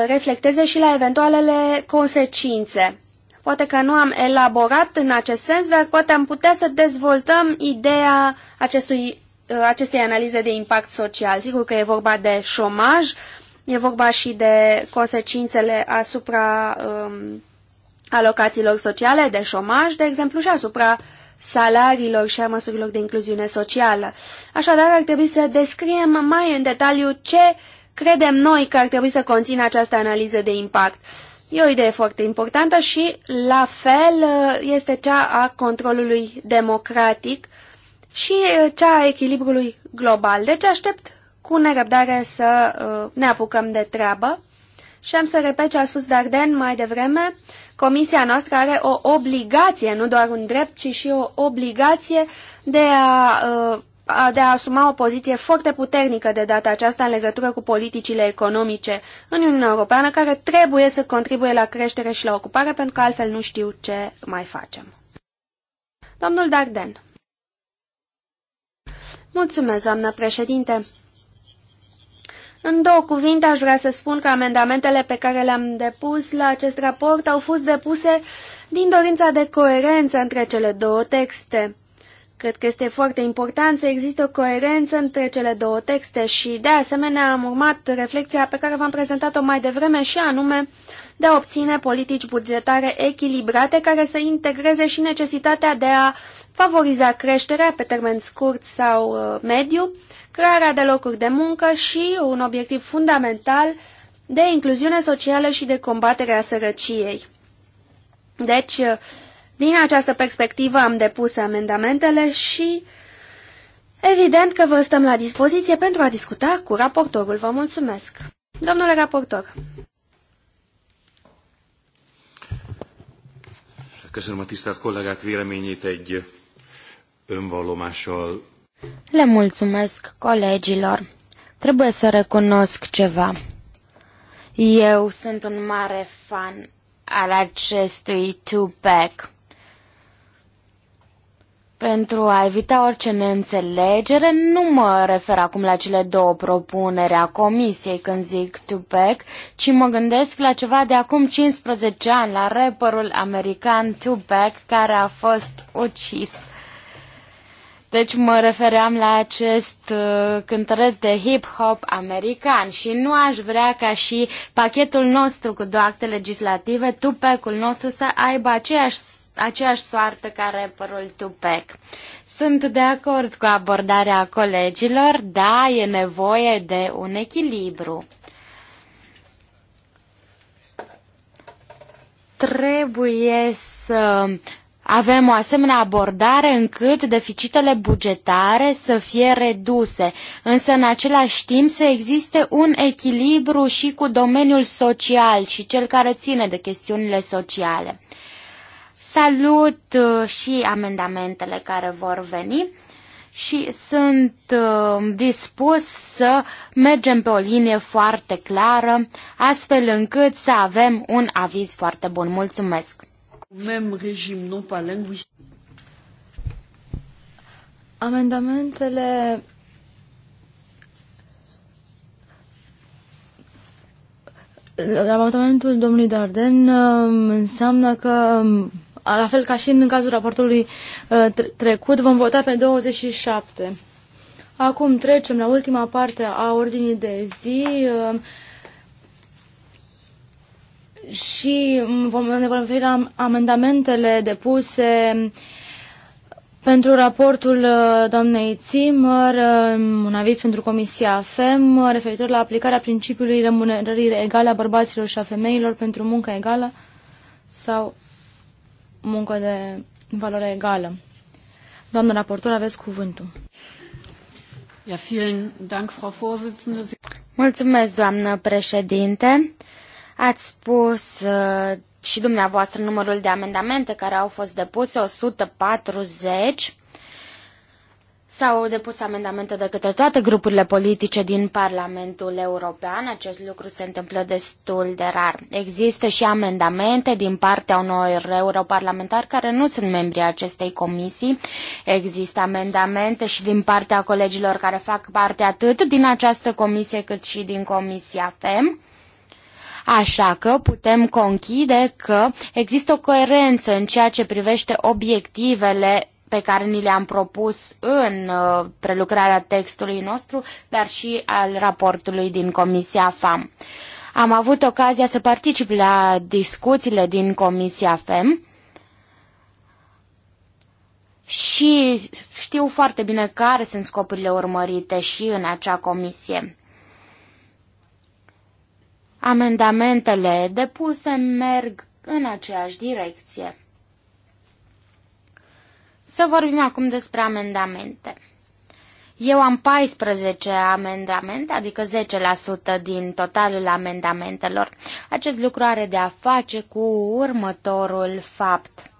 reflecteze și la eventualele consecințe. Poate că nu am elaborat în acest sens, dar poate am putea să dezvoltăm ideea acestui, acestei analize de impact social. Sigur că e vorba de șomaj, e vorba și de consecințele asupra um, alocațiilor sociale, de șomaj, de exemplu, și asupra salariilor și a măsurilor de incluziune socială. Așadar, ar trebui să descriem mai în detaliu ce credem noi că ar trebui să conțină această analiză de impact. E o idee foarte importantă și, la fel, este cea a controlului democratic și uh, cea a echilibrului global. Deci aștept cu nerăbdare să uh, ne apucăm de treabă. Și am să repet ce a spus Darden mai devreme. Comisia noastră are o obligație, nu doar un drept, ci și o obligație de uh, a, de a asuma o poziție foarte puternică de data aceasta în legătură cu politicile economice în Uniunea Europeană, care trebuie să contribuie la creștere și la ocupare, pentru că altfel nu știu ce mai facem. Domnul Darden. Mulțumesc, doamnă președinte. În două cuvinte aș vrea să spun că amendamentele pe care le-am depus la acest raport au fost depuse din dorința de coerență între cele două texte. Cred că este foarte important să existe o coerență între cele două texte și, de asemenea, am urmat reflexia pe care v-am prezentat-o mai devreme și anume de a obține politici bugetare echilibrate care să integreze și necesitatea de a uh, favoriza creșterea pe termen scurt sau uh, mediu, crearea de locuri de muncă și un obiectiv fundamental de incluziune socială și de combatere a sărăciei. Deci, uh, din această perspectivă am depus amendamentele și evident că vă stăm la dispoziție pentru a discuta cu raportorul. Vă mulțumesc. Domnule raportor. Köszönöm a tisztelt kollégák véleményét egy önvallomással. Le mulțumesc colegilor. Trebuie să recunosc ceva. Eu sunt un mare fan al acestui Tupac. Pentru a evita orice neînțelegere, nu mă refer acum la cele două propuneri a comisiei când zic Tupac, ci mă gândesc la ceva de acum 15 ani, la rapperul american Tupac, care a fost ucis deci mă refeream la acest uh, cântăreț de hip-hop american și nu aș vrea ca și pachetul nostru cu două acte legislative, Tupecul nostru, să aibă aceeași, aceeași soartă ca rapperul Tupec. Sunt de acord cu abordarea colegilor, da, e nevoie de un echilibru. Trebuie să avem o asemenea abordare încât deficitele bugetare să fie reduse, însă în același timp să existe un echilibru și cu domeniul social și cel care ține de chestiunile sociale. Salut uh, și amendamentele care vor veni și sunt uh, dispus să mergem pe o linie foarte clară, astfel încât să avem un aviz foarte bun. Mulțumesc! Même régim, non pas linguistique. Amendamentele Amendamentul domnului Darden um, înseamnă că, um, la fel ca și în cazul raportului uh, trecut, vom vota pe 27. Acum trecem la ultima parte a ordinii de zi. Um, și vom, ne vom referi la amendamentele depuse pentru raportul uh, doamnei Zimmer, um, un aviz pentru Comisia FEM, referitor la aplicarea principiului remunerării egale a bărbaților și a femeilor pentru muncă egală sau muncă de valoare egală. Doamnă raportor, aveți cuvântul. Mulțumesc, doamnă președinte. Ați spus uh, și dumneavoastră numărul de amendamente care au fost depuse, 140. S-au depus amendamente de către toate grupurile politice din Parlamentul European. Acest lucru se întâmplă destul de rar. Există și amendamente din partea unor europarlamentari care nu sunt membri ai acestei comisii. Există amendamente și din partea colegilor care fac parte atât din această comisie cât și din Comisia FEM. Așa că putem conchide că există o coerență în ceea ce privește obiectivele pe care ni le-am propus în uh, prelucrarea textului nostru, dar și al raportului din Comisia FAM. Am avut ocazia să particip la discuțiile din Comisia FEM și știu foarte bine care sunt scopurile urmărite și în acea comisie. Amendamentele depuse merg în aceeași direcție. Să vorbim acum despre amendamente. Eu am 14 amendamente, adică 10% din totalul amendamentelor. Acest lucru are de a face cu următorul fapt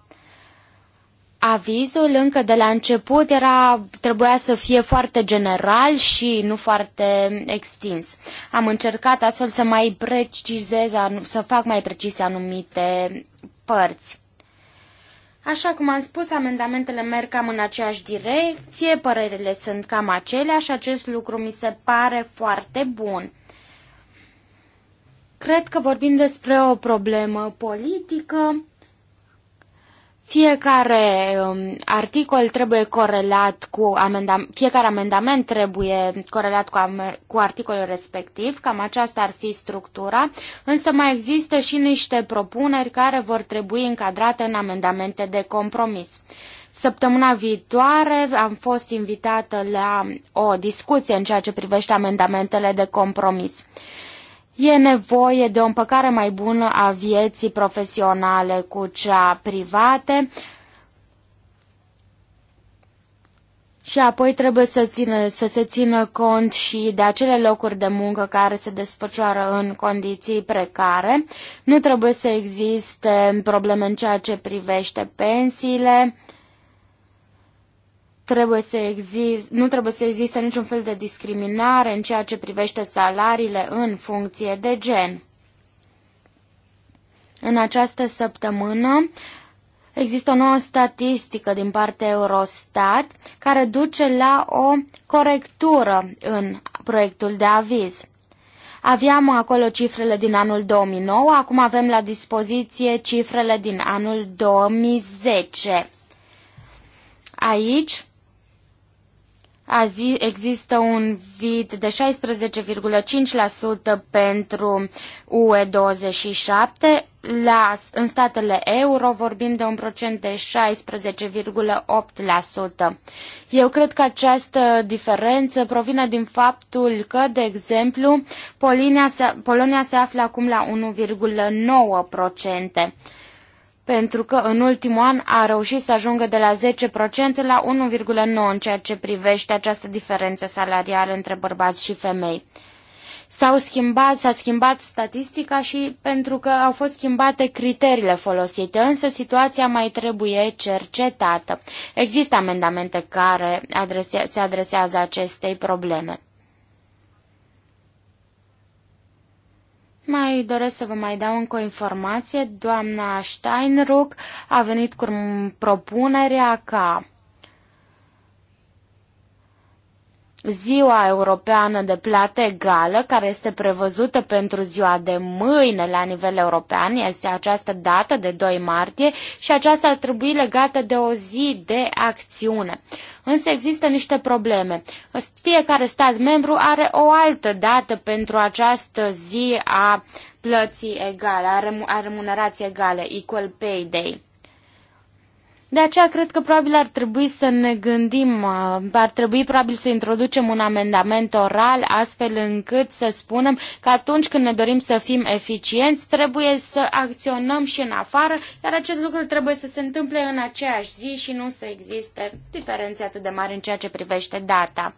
avizul încă de la început era, trebuia să fie foarte general și nu foarte extins. Am încercat astfel să mai precizez, să fac mai precise anumite părți. Așa cum am spus, amendamentele merg cam în aceeași direcție, părerile sunt cam aceleași, acest lucru mi se pare foarte bun. Cred că vorbim despre o problemă politică fiecare um, articol trebuie corelat cu amendament, fiecare amendament trebuie corelat cu, am, cu articolul respectiv, cam aceasta ar fi structura, însă mai există și niște propuneri care vor trebui încadrate în amendamente de compromis. Săptămâna viitoare am fost invitată la o discuție în ceea ce privește amendamentele de compromis. E nevoie de o împăcare mai bună a vieții profesionale cu cea private și apoi trebuie să, țină, să se țină cont și de acele locuri de muncă care se desfășoară în condiții precare. Nu trebuie să existe probleme în ceea ce privește pensiile Trebuie să exist, nu trebuie să existe niciun fel de discriminare în ceea ce privește salariile în funcție de gen. În această săptămână există o nouă statistică din partea Eurostat care duce la o corectură în proiectul de aviz. Aveam acolo cifrele din anul 2009, acum avem la dispoziție cifrele din anul 2010. Aici Azi există un vid de 16,5% pentru UE27, la, în statele euro vorbim de un procent de 16,8%. Eu cred că această diferență provine din faptul că, de exemplu, Polonia se, Polonia se află acum la 1,9% pentru că în ultimul an a reușit să ajungă de la 10% la 1,9% în ceea ce privește această diferență salarială între bărbați și femei. S-au schimbat, s-a schimbat statistica și pentru că au fost schimbate criteriile folosite, însă situația mai trebuie cercetată. Există amendamente care adrese, se adresează acestei probleme. Mai doresc să vă mai dau încă o informație. Doamna Steinruck a venit cu propunerea ca Ziua Europeană de Plată Egală, care este prevăzută pentru ziua de mâine la nivel european, este această dată de 2 martie și aceasta ar trebui legată de o zi de acțiune. Însă există niște probleme. Fiecare stat membru are o altă dată pentru această zi a plății egale, a remunerației egale, Equal Pay Day. De aceea cred că probabil ar trebui să ne gândim, uh, ar trebui probabil să introducem un amendament oral astfel încât să spunem că atunci când ne dorim să fim eficienți, trebuie să acționăm și în afară, iar acest lucru trebuie să se întâmple în aceeași zi și nu să existe diferențe atât de mari în ceea ce privește data.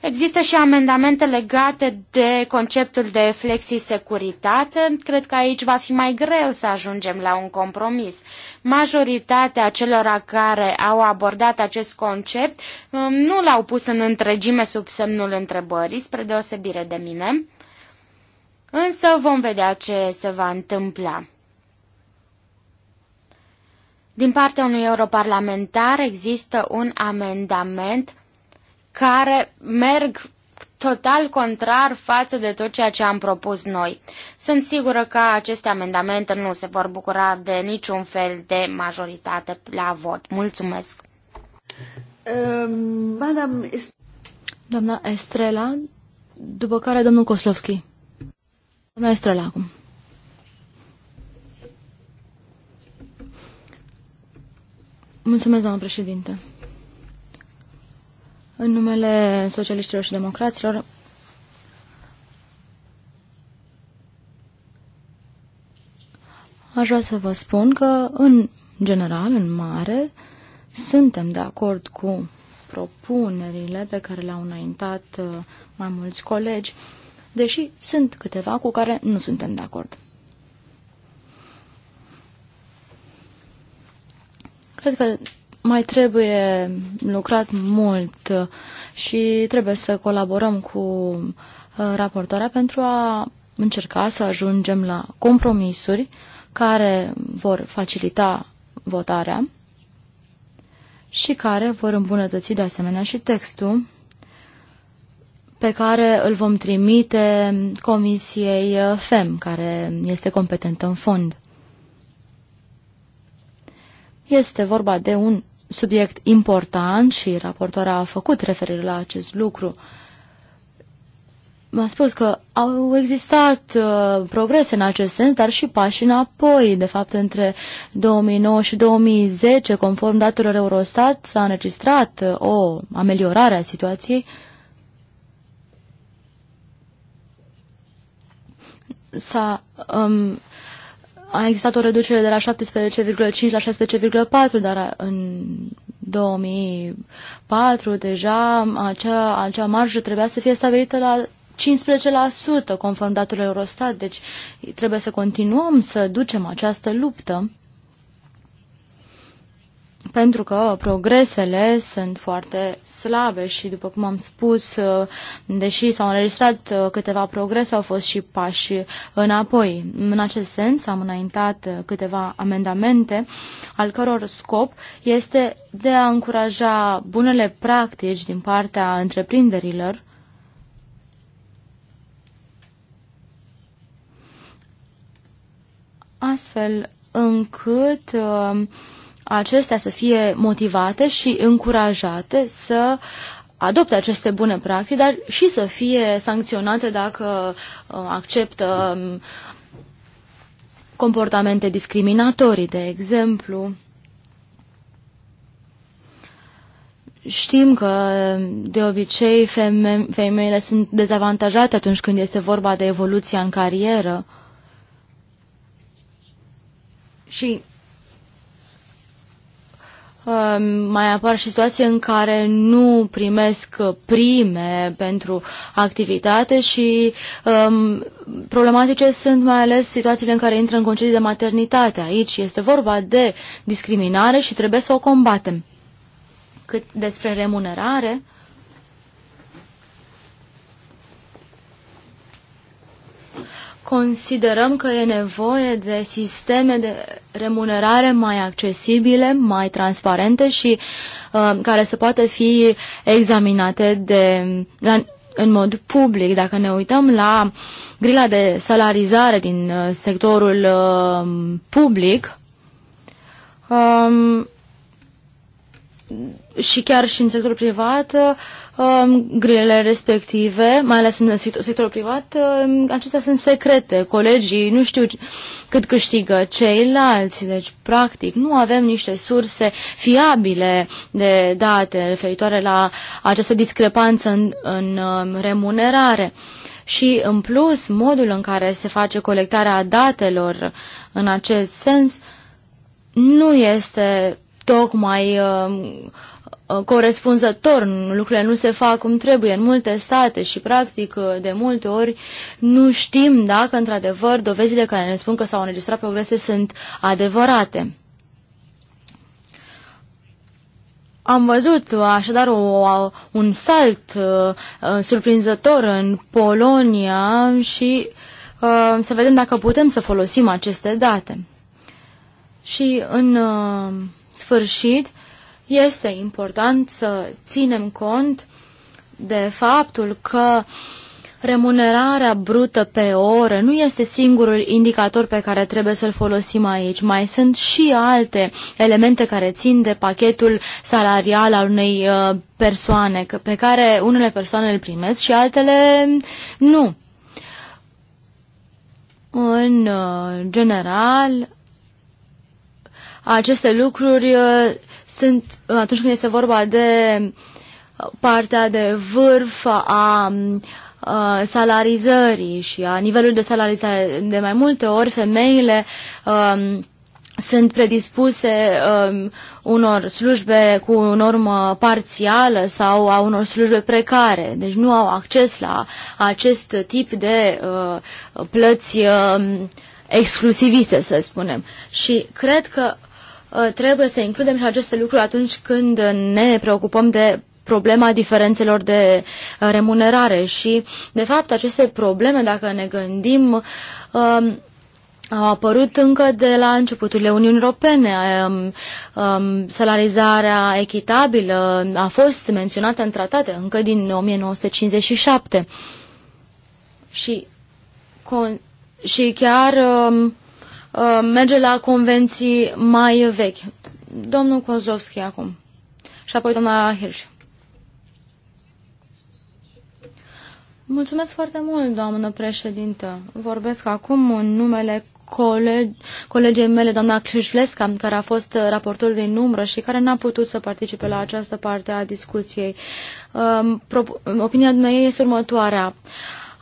Există și amendamente legate de conceptul de flexisecuritate. Cred că aici va fi mai greu să ajungem la un compromis. Majoritatea celor care au abordat acest concept um, nu l-au pus în întregime sub semnul întrebării, spre deosebire de mine, însă vom vedea ce se va întâmpla. Din partea unui europarlamentar există un amendament care merg total contrar față de tot ceea ce am propus noi. Sunt sigură că aceste amendamente nu se vor bucura de niciun fel de majoritate la vot. Mulțumesc! Ehm, Madame... Doamna Estrela, după care domnul Koslovski. Doamna Estrela acum. Mulțumesc, doamnă președinte. În numele socialiștilor și democraților, aș vrea să vă spun că, în general, în mare, suntem de acord cu propunerile pe care le-au înaintat uh, mai mulți colegi, deși sunt câteva cu care nu suntem de acord. Cred că mai trebuie lucrat mult uh, și trebuie să colaborăm cu uh, raportoarea pentru a încerca să ajungem la compromisuri care vor facilita votarea și care vor îmbunătăți de asemenea și textul pe care îl vom trimite Comisiei uh, FEM, care este competentă în fond. Este vorba de un subiect important și raportoarea a făcut referire la acest lucru. M-a spus că au existat uh, progrese în acest sens, dar și pași înapoi. De fapt, între 2009 și 2010, conform datelor Eurostat, s-a înregistrat uh, o ameliorare a situației. S-a um, a existat o reducere de la 17,5 la 16,4, dar în 2004 deja acea, acea marjă trebuia să fie stabilită la 15% conform datelor Eurostat, deci trebuie să continuăm să ducem această luptă pentru că progresele sunt foarte slabe și, după cum am spus, deși s-au înregistrat câteva progrese, au fost și pași înapoi. În acest sens am înaintat câteva amendamente, al căror scop este de a încuraja bunele practici din partea întreprinderilor, astfel încât uh, acestea să fie motivate și încurajate să adopte aceste bune practici, dar și să fie sancționate dacă uh, acceptă um, comportamente discriminatorii, de exemplu. Știm că de obicei feme femeile sunt dezavantajate atunci când este vorba de evoluția în carieră. Și Ehm, mai apar și situații în care nu primesc prime pentru activitate și um, problematice sunt mai ales situațiile în care intră în concediu de maternitate. Aici este vorba de discriminare și trebuie să o combatem. Cât despre remunerare, considerăm că e nevoie de sisteme de remunerare mai accesibile, mai transparente și uh, care să poată fi examinate de, la, în mod public. Dacă ne uităm la grila de salarizare din uh, sectorul uh, public, um, și chiar și în sectorul privat, uh, Um, grilele respective, mai ales în sectorul privat, um, acestea sunt secrete. Colegii nu știu cât câștigă ceilalți, deci practic nu avem niște surse fiabile de date referitoare la această discrepanță în, în um, remunerare. Și în plus, modul în care se face colectarea datelor în acest sens nu este tocmai uh, Uh, corespunzător, lucrurile nu se fac cum trebuie în multe state și practic uh, de multe ori nu știm dacă într-adevăr dovezile care ne spun că s-au înregistrat progrese sunt adevărate. Am văzut așadar o, un salt uh, uh, surprinzător în Polonia și uh, să vedem dacă putem să folosim aceste date. Și în uh, sfârșit, uh, este important să ținem cont de faptul că remunerarea brută pe oră nu este singurul indicator pe care trebuie să-l folosim aici. Mai sunt și alte elemente care țin de pachetul salarial al unei uh, persoane, pe care unele persoane îl primesc și altele nu. În uh, general, aceste lucruri uh, sunt, atunci când este vorba de uh, partea de vârf a mm, uh, salarizării și a nivelului de salarizare. De mai multe ori, femeile a, um, sunt predispuse um, unor slujbe cu normă parțială sau a unor slujbe precare. Deci nu au acces la acest tip de uh, plăți uh, exclusiviste, să spunem. Și cred că Uh, trebuie să includem și aceste lucruri atunci când ne preocupăm de problema diferențelor de uh, remunerare și, de fapt, aceste probleme, dacă ne gândim, um, au apărut încă de la începuturile Uniunii Europene. Um, um, salarizarea echitabilă a fost menționată în tratate încă din 1957 și, și chiar Uh, merge la convenții mai vechi. Domnul Kozlovski acum și apoi doamna Hirsch. Mulțumesc foarte mult, doamnă președintă. Vorbesc acum în numele colegi, mele, doamna Cleșlesca, care a fost raportor din numără și care n-a putut să participe la această parte a discuției. Um, opinia dumneavoastră este următoarea.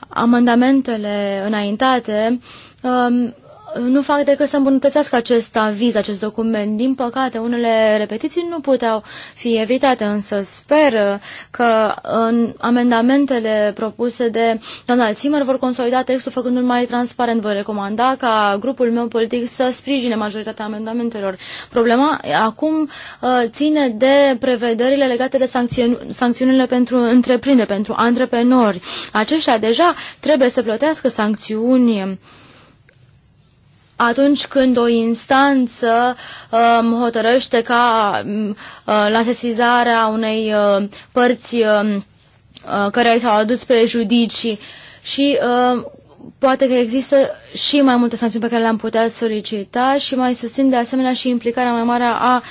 Amendamentele înaintate um, nu fac decât să îmbunătățească acest aviz, acest document. Din păcate, unele repetiții nu puteau fi evitate, însă sper că în amendamentele propuse de doamna Zimmer vor consolida textul făcându-l mai transparent. Voi recomanda ca grupul meu politic să sprijine majoritatea amendamentelor. Problema acum uh, ține de prevederile legate de sancțiuni, sancțiunile pentru întreprinderi, pentru antreprenori. Aceștia deja trebuie să plătească sancțiuni atunci când o instanță um, hotărăște ca um, uh, la sesizarea unei uh, părți um, uh, care i s-au adus prejudicii și uh, poate că există și mai multe sancțiuni pe care le-am putea solicita și mai susțin de asemenea și implicarea mai mare a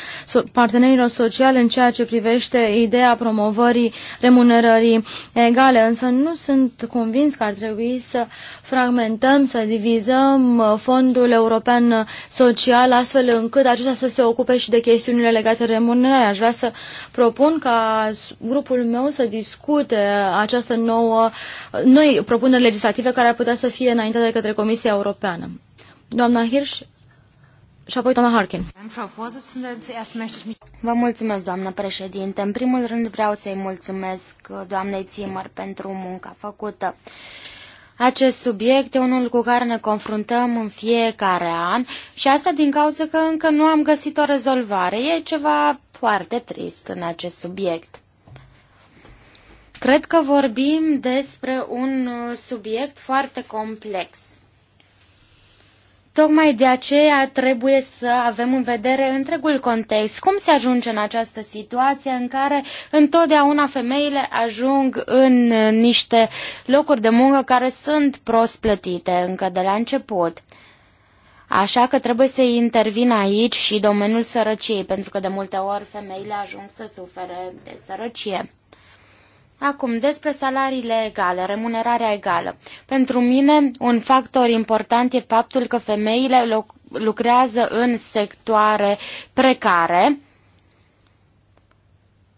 partenerilor sociale în ceea ce privește ideea promovării remunerării egale. Însă nu sunt convins că ar trebui să fragmentăm, să divizăm uh, fondul european social astfel încât acesta să se ocupe și de chestiunile legate de remunerare. Aș vrea să propun ca grupul meu să discute această nouă, noi propuneri legislative care ar putea să să fie înaintată de către Comisia Europeană. Doamna Hirsch și apoi doamna Harkin. Vă mulțumesc, doamnă președinte. În primul rând vreau să-i mulțumesc doamnei Zimmer pentru munca făcută. Acest subiect e unul cu care ne confruntăm în fiecare an și asta din cauza că încă nu am găsit o rezolvare. E ceva foarte trist în acest subiect. Cred că vorbim despre un uh, subiect foarte complex. Tocmai de aceea trebuie să avem în vedere întregul context. Cum se ajunge în această situație în care întotdeauna femeile ajung în uh, niște locuri de muncă care sunt prost plătite încă de la început? Așa că trebuie să intervină aici și domeniul sărăciei, pentru că de multe ori femeile ajung să sufere de sărăcie. Acum, despre salariile egale, remunerarea egală. Pentru mine, un factor important e faptul că femeile lucrează în sectoare precare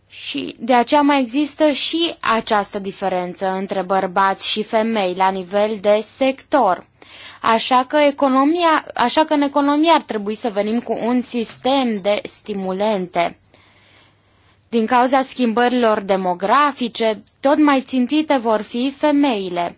și de aceea mai există și această diferență între bărbați și femei la nivel de sector. Așa că, economia, așa că în economie ar trebui să venim cu un sistem de stimulente. Din cauza schimbărilor demografice, tot mai țintite vor fi femeile.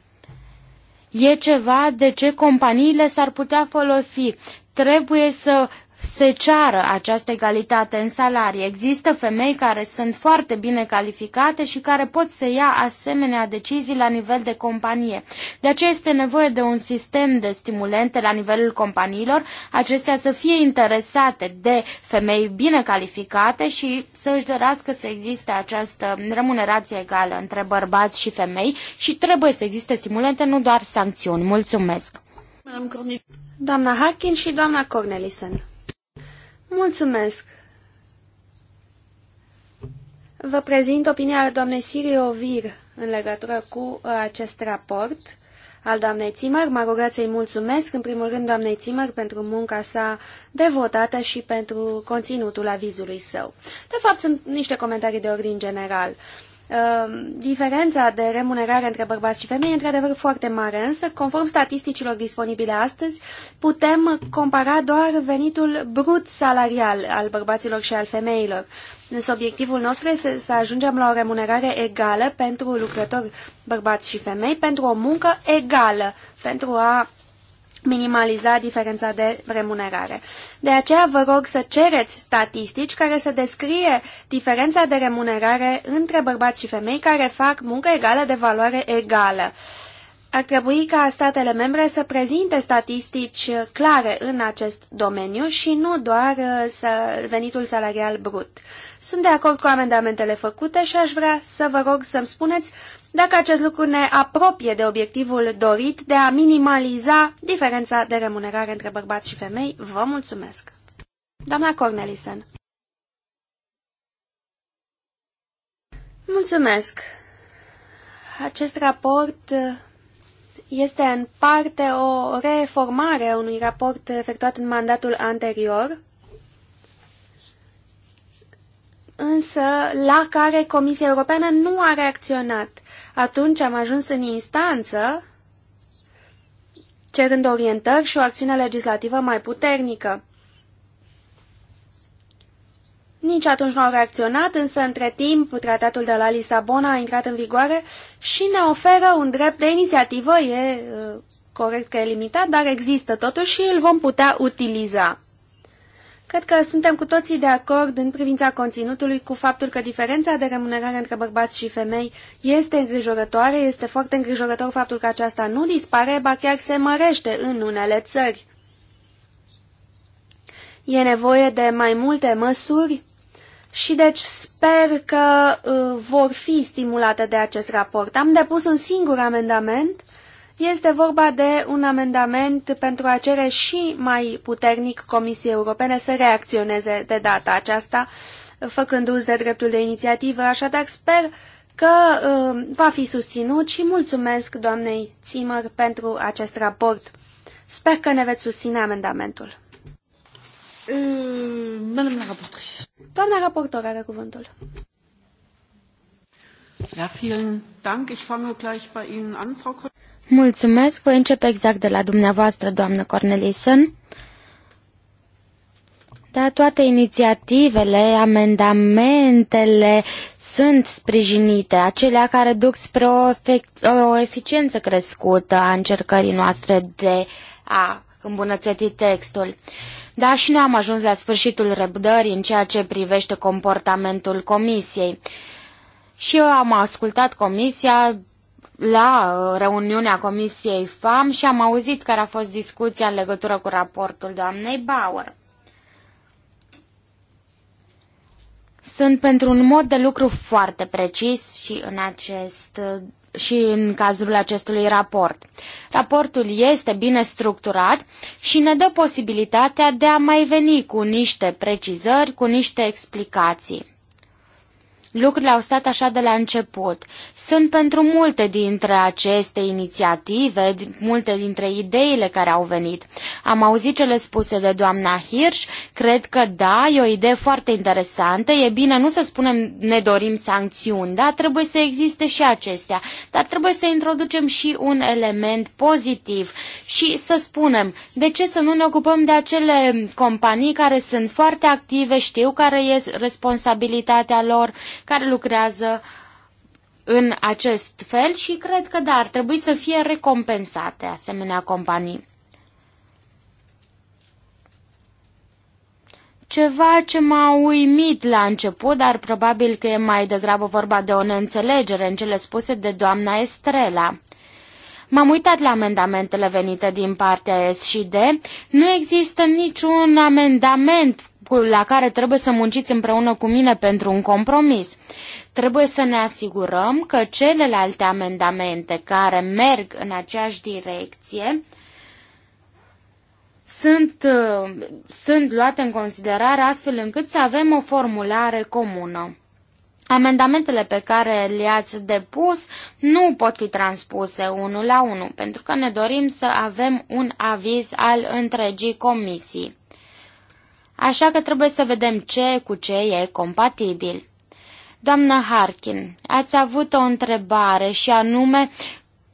E ceva de ce companiile s-ar putea folosi. Trebuie să se ceară această egalitate în salarii. Există femei care sunt foarte bine calificate și care pot să ia asemenea decizii la nivel de companie. De aceea este nevoie de un sistem de stimulente la nivelul companiilor, acestea să fie interesate de femei bine calificate și să își dorească să existe această remunerație egală între bărbați și femei și trebuie să existe stimulente, nu doar sancțiuni. Mulțumesc! Doamna Harkin și doamna Cornelison. Mulțumesc! Vă prezint opinia doamnei Sirie Ovir în legătură cu uh, acest raport al doamnei Țimăr. Mă rugat să-i mulțumesc, în primul rând, doamnei Țimăr pentru munca sa devotată și pentru conținutul avizului său. De fapt, sunt niște comentarii de ordin general. Uh, Ehm, diferența de remunerare între bărbați și femei e într-adevăr foarte mare, însă, conform statisticilor disponibile astăzi, putem compara doar venitul brut salarial al bărbaților și al femeilor. Însă obiectivul nostru este să ajungem la o remunerare egală pentru lucrători bărbați și femei, pentru o muncă egală, pentru a minimaliza diferența de remunerare. De aceea vă rog să cereți statistici care să descrie diferența de remunerare între bărbați și femei care fac muncă egală de valoare egală. Ar trebui ca statele membre să prezinte statistici clare în acest domeniu și nu doar uh, venitul salarial brut. Sunt de acord cu amendamentele făcute și aș vrea să vă rog să-mi spuneți dacă acest lucru ne apropie de obiectivul dorit de a minimaliza diferența de remunerare între bărbați și femei, vă mulțumesc. Doamna Cornelisen Mulțumesc. Acest raport este în parte o reformare a unui raport efectuat în mandatul anterior, însă la care Comisia Europeană nu a reacționat. Atunci am ajuns în instanță cerând orientări și o acțiune legislativă mai puternică. Nici atunci nu au reacționat, însă între timp tratatul de la Lisabona a intrat în vigoare și ne oferă un drept de inițiativă, e uh, corect că e limitat, dar există totuși și îl vom putea utiliza. Cred că suntem cu toții de acord în privința conținutului cu faptul că diferența de remunerare între bărbați și femei este îngrijorătoare, este foarte îngrijorător faptul că aceasta nu dispare, ba chiar se mărește în unele țări. E nevoie de mai multe măsuri și deci sper că uh, vor fi stimulate de acest raport. Am depus un singur amendament uh, este vorba de un amendament pentru a cere și mai puternic Comisiei Europene să reacționeze de data aceasta, făcând uz de dreptul de inițiativă, așadar sper că uh, va fi susținut și mulțumesc doamnei Zimmer pentru acest raport. Sper că ne veți susține amendamentul. Euh, madame la Doamna raportor are cuvântul. Ja, vielen Dank. Ich fange gleich bei Ihnen an, Frau Kollegin. Mulțumesc, voi începe exact de la dumneavoastră, doamnă Cornelison. Da, toate inițiativele, amendamentele sunt sprijinite, acelea care duc spre o, o eficiență crescută a încercării noastre de a îmbunătăți textul. Da, și nu am ajuns la sfârșitul răbdării în ceea ce privește comportamentul comisiei. Și eu am ascultat comisia la uh, reuniunea Comisiei FAM și am auzit care a fost discuția în legătură cu raportul doamnei Bauer. Sunt pentru un mod de lucru foarte precis și în acest uh, și în cazul acestui raport. Raportul este bine structurat și ne dă posibilitatea de a mai veni cu niște precizări, cu niște explicații lucrurile au stat așa de la început. Sunt pentru multe dintre aceste inițiative, multe dintre ideile care au venit. Am auzit cele spuse de doamna Hirsch, cred că da, e o idee foarte interesantă, e bine nu să spunem ne dorim sancțiuni, da, trebuie să existe și acestea, dar trebuie să introducem și un element pozitiv și să spunem, de ce să nu ne ocupăm de acele companii care sunt foarte active, știu care e responsabilitatea lor, care lucrează în acest fel și cred că da, ar trebui să fie recompensate asemenea companii. Ceva ce m-a uimit la început, dar probabil că e mai degrabă vorba de o neînțelegere în cele spuse de doamna Estrela. M-am uitat la amendamentele venite din partea S și D. Nu există niciun amendament la care trebuie să munciți împreună cu mine pentru un compromis. Trebuie să ne asigurăm că celelalte amendamente care merg în aceeași direcție sunt, uh, sunt luate în considerare astfel încât să avem o formulare comună. Amendamentele pe care le-ați depus nu pot fi transpuse unul la unul, pentru că ne dorim să avem un aviz al întregii comisii. Așa că trebuie să vedem ce cu ce e compatibil. Doamnă Harkin, ați avut o întrebare și anume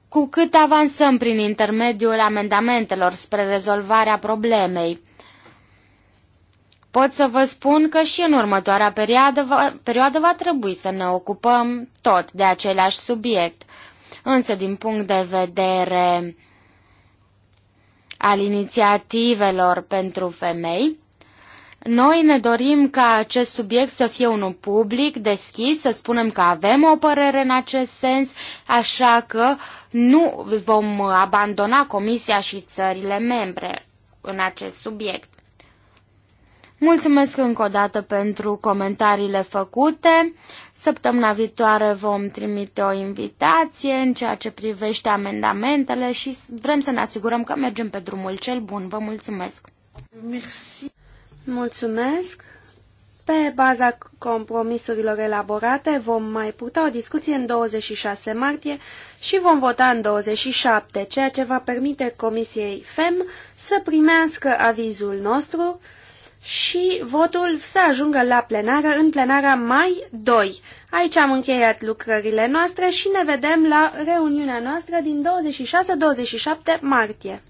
cu cât avansăm prin intermediul amendamentelor spre rezolvarea problemei. Pot să vă spun că și în următoarea perioadă va, perioadă va trebui să ne ocupăm tot de același subiect. Însă, din punct de vedere al inițiativelor pentru femei, noi ne dorim ca acest subiect să fie unul public, deschis, să spunem că avem o părere în acest sens, așa că nu vom abandona Comisia și țările membre în acest subiect. Mulțumesc încă o dată pentru comentariile făcute. Săptămâna viitoare vom trimite o invitație în ceea ce privește amendamentele și vrem să ne asigurăm că mergem pe drumul cel bun. Vă mulțumesc! Merci. Mulțumesc. Pe baza compromisurilor elaborate vom mai putea o discuție în 26 martie și vom vota în 27, ceea ce va permite Comisiei FEM să primească avizul nostru și votul să ajungă la plenară în plenara mai 2. Aici am încheiat lucrările noastre și ne vedem la reuniunea noastră din 26-27 martie.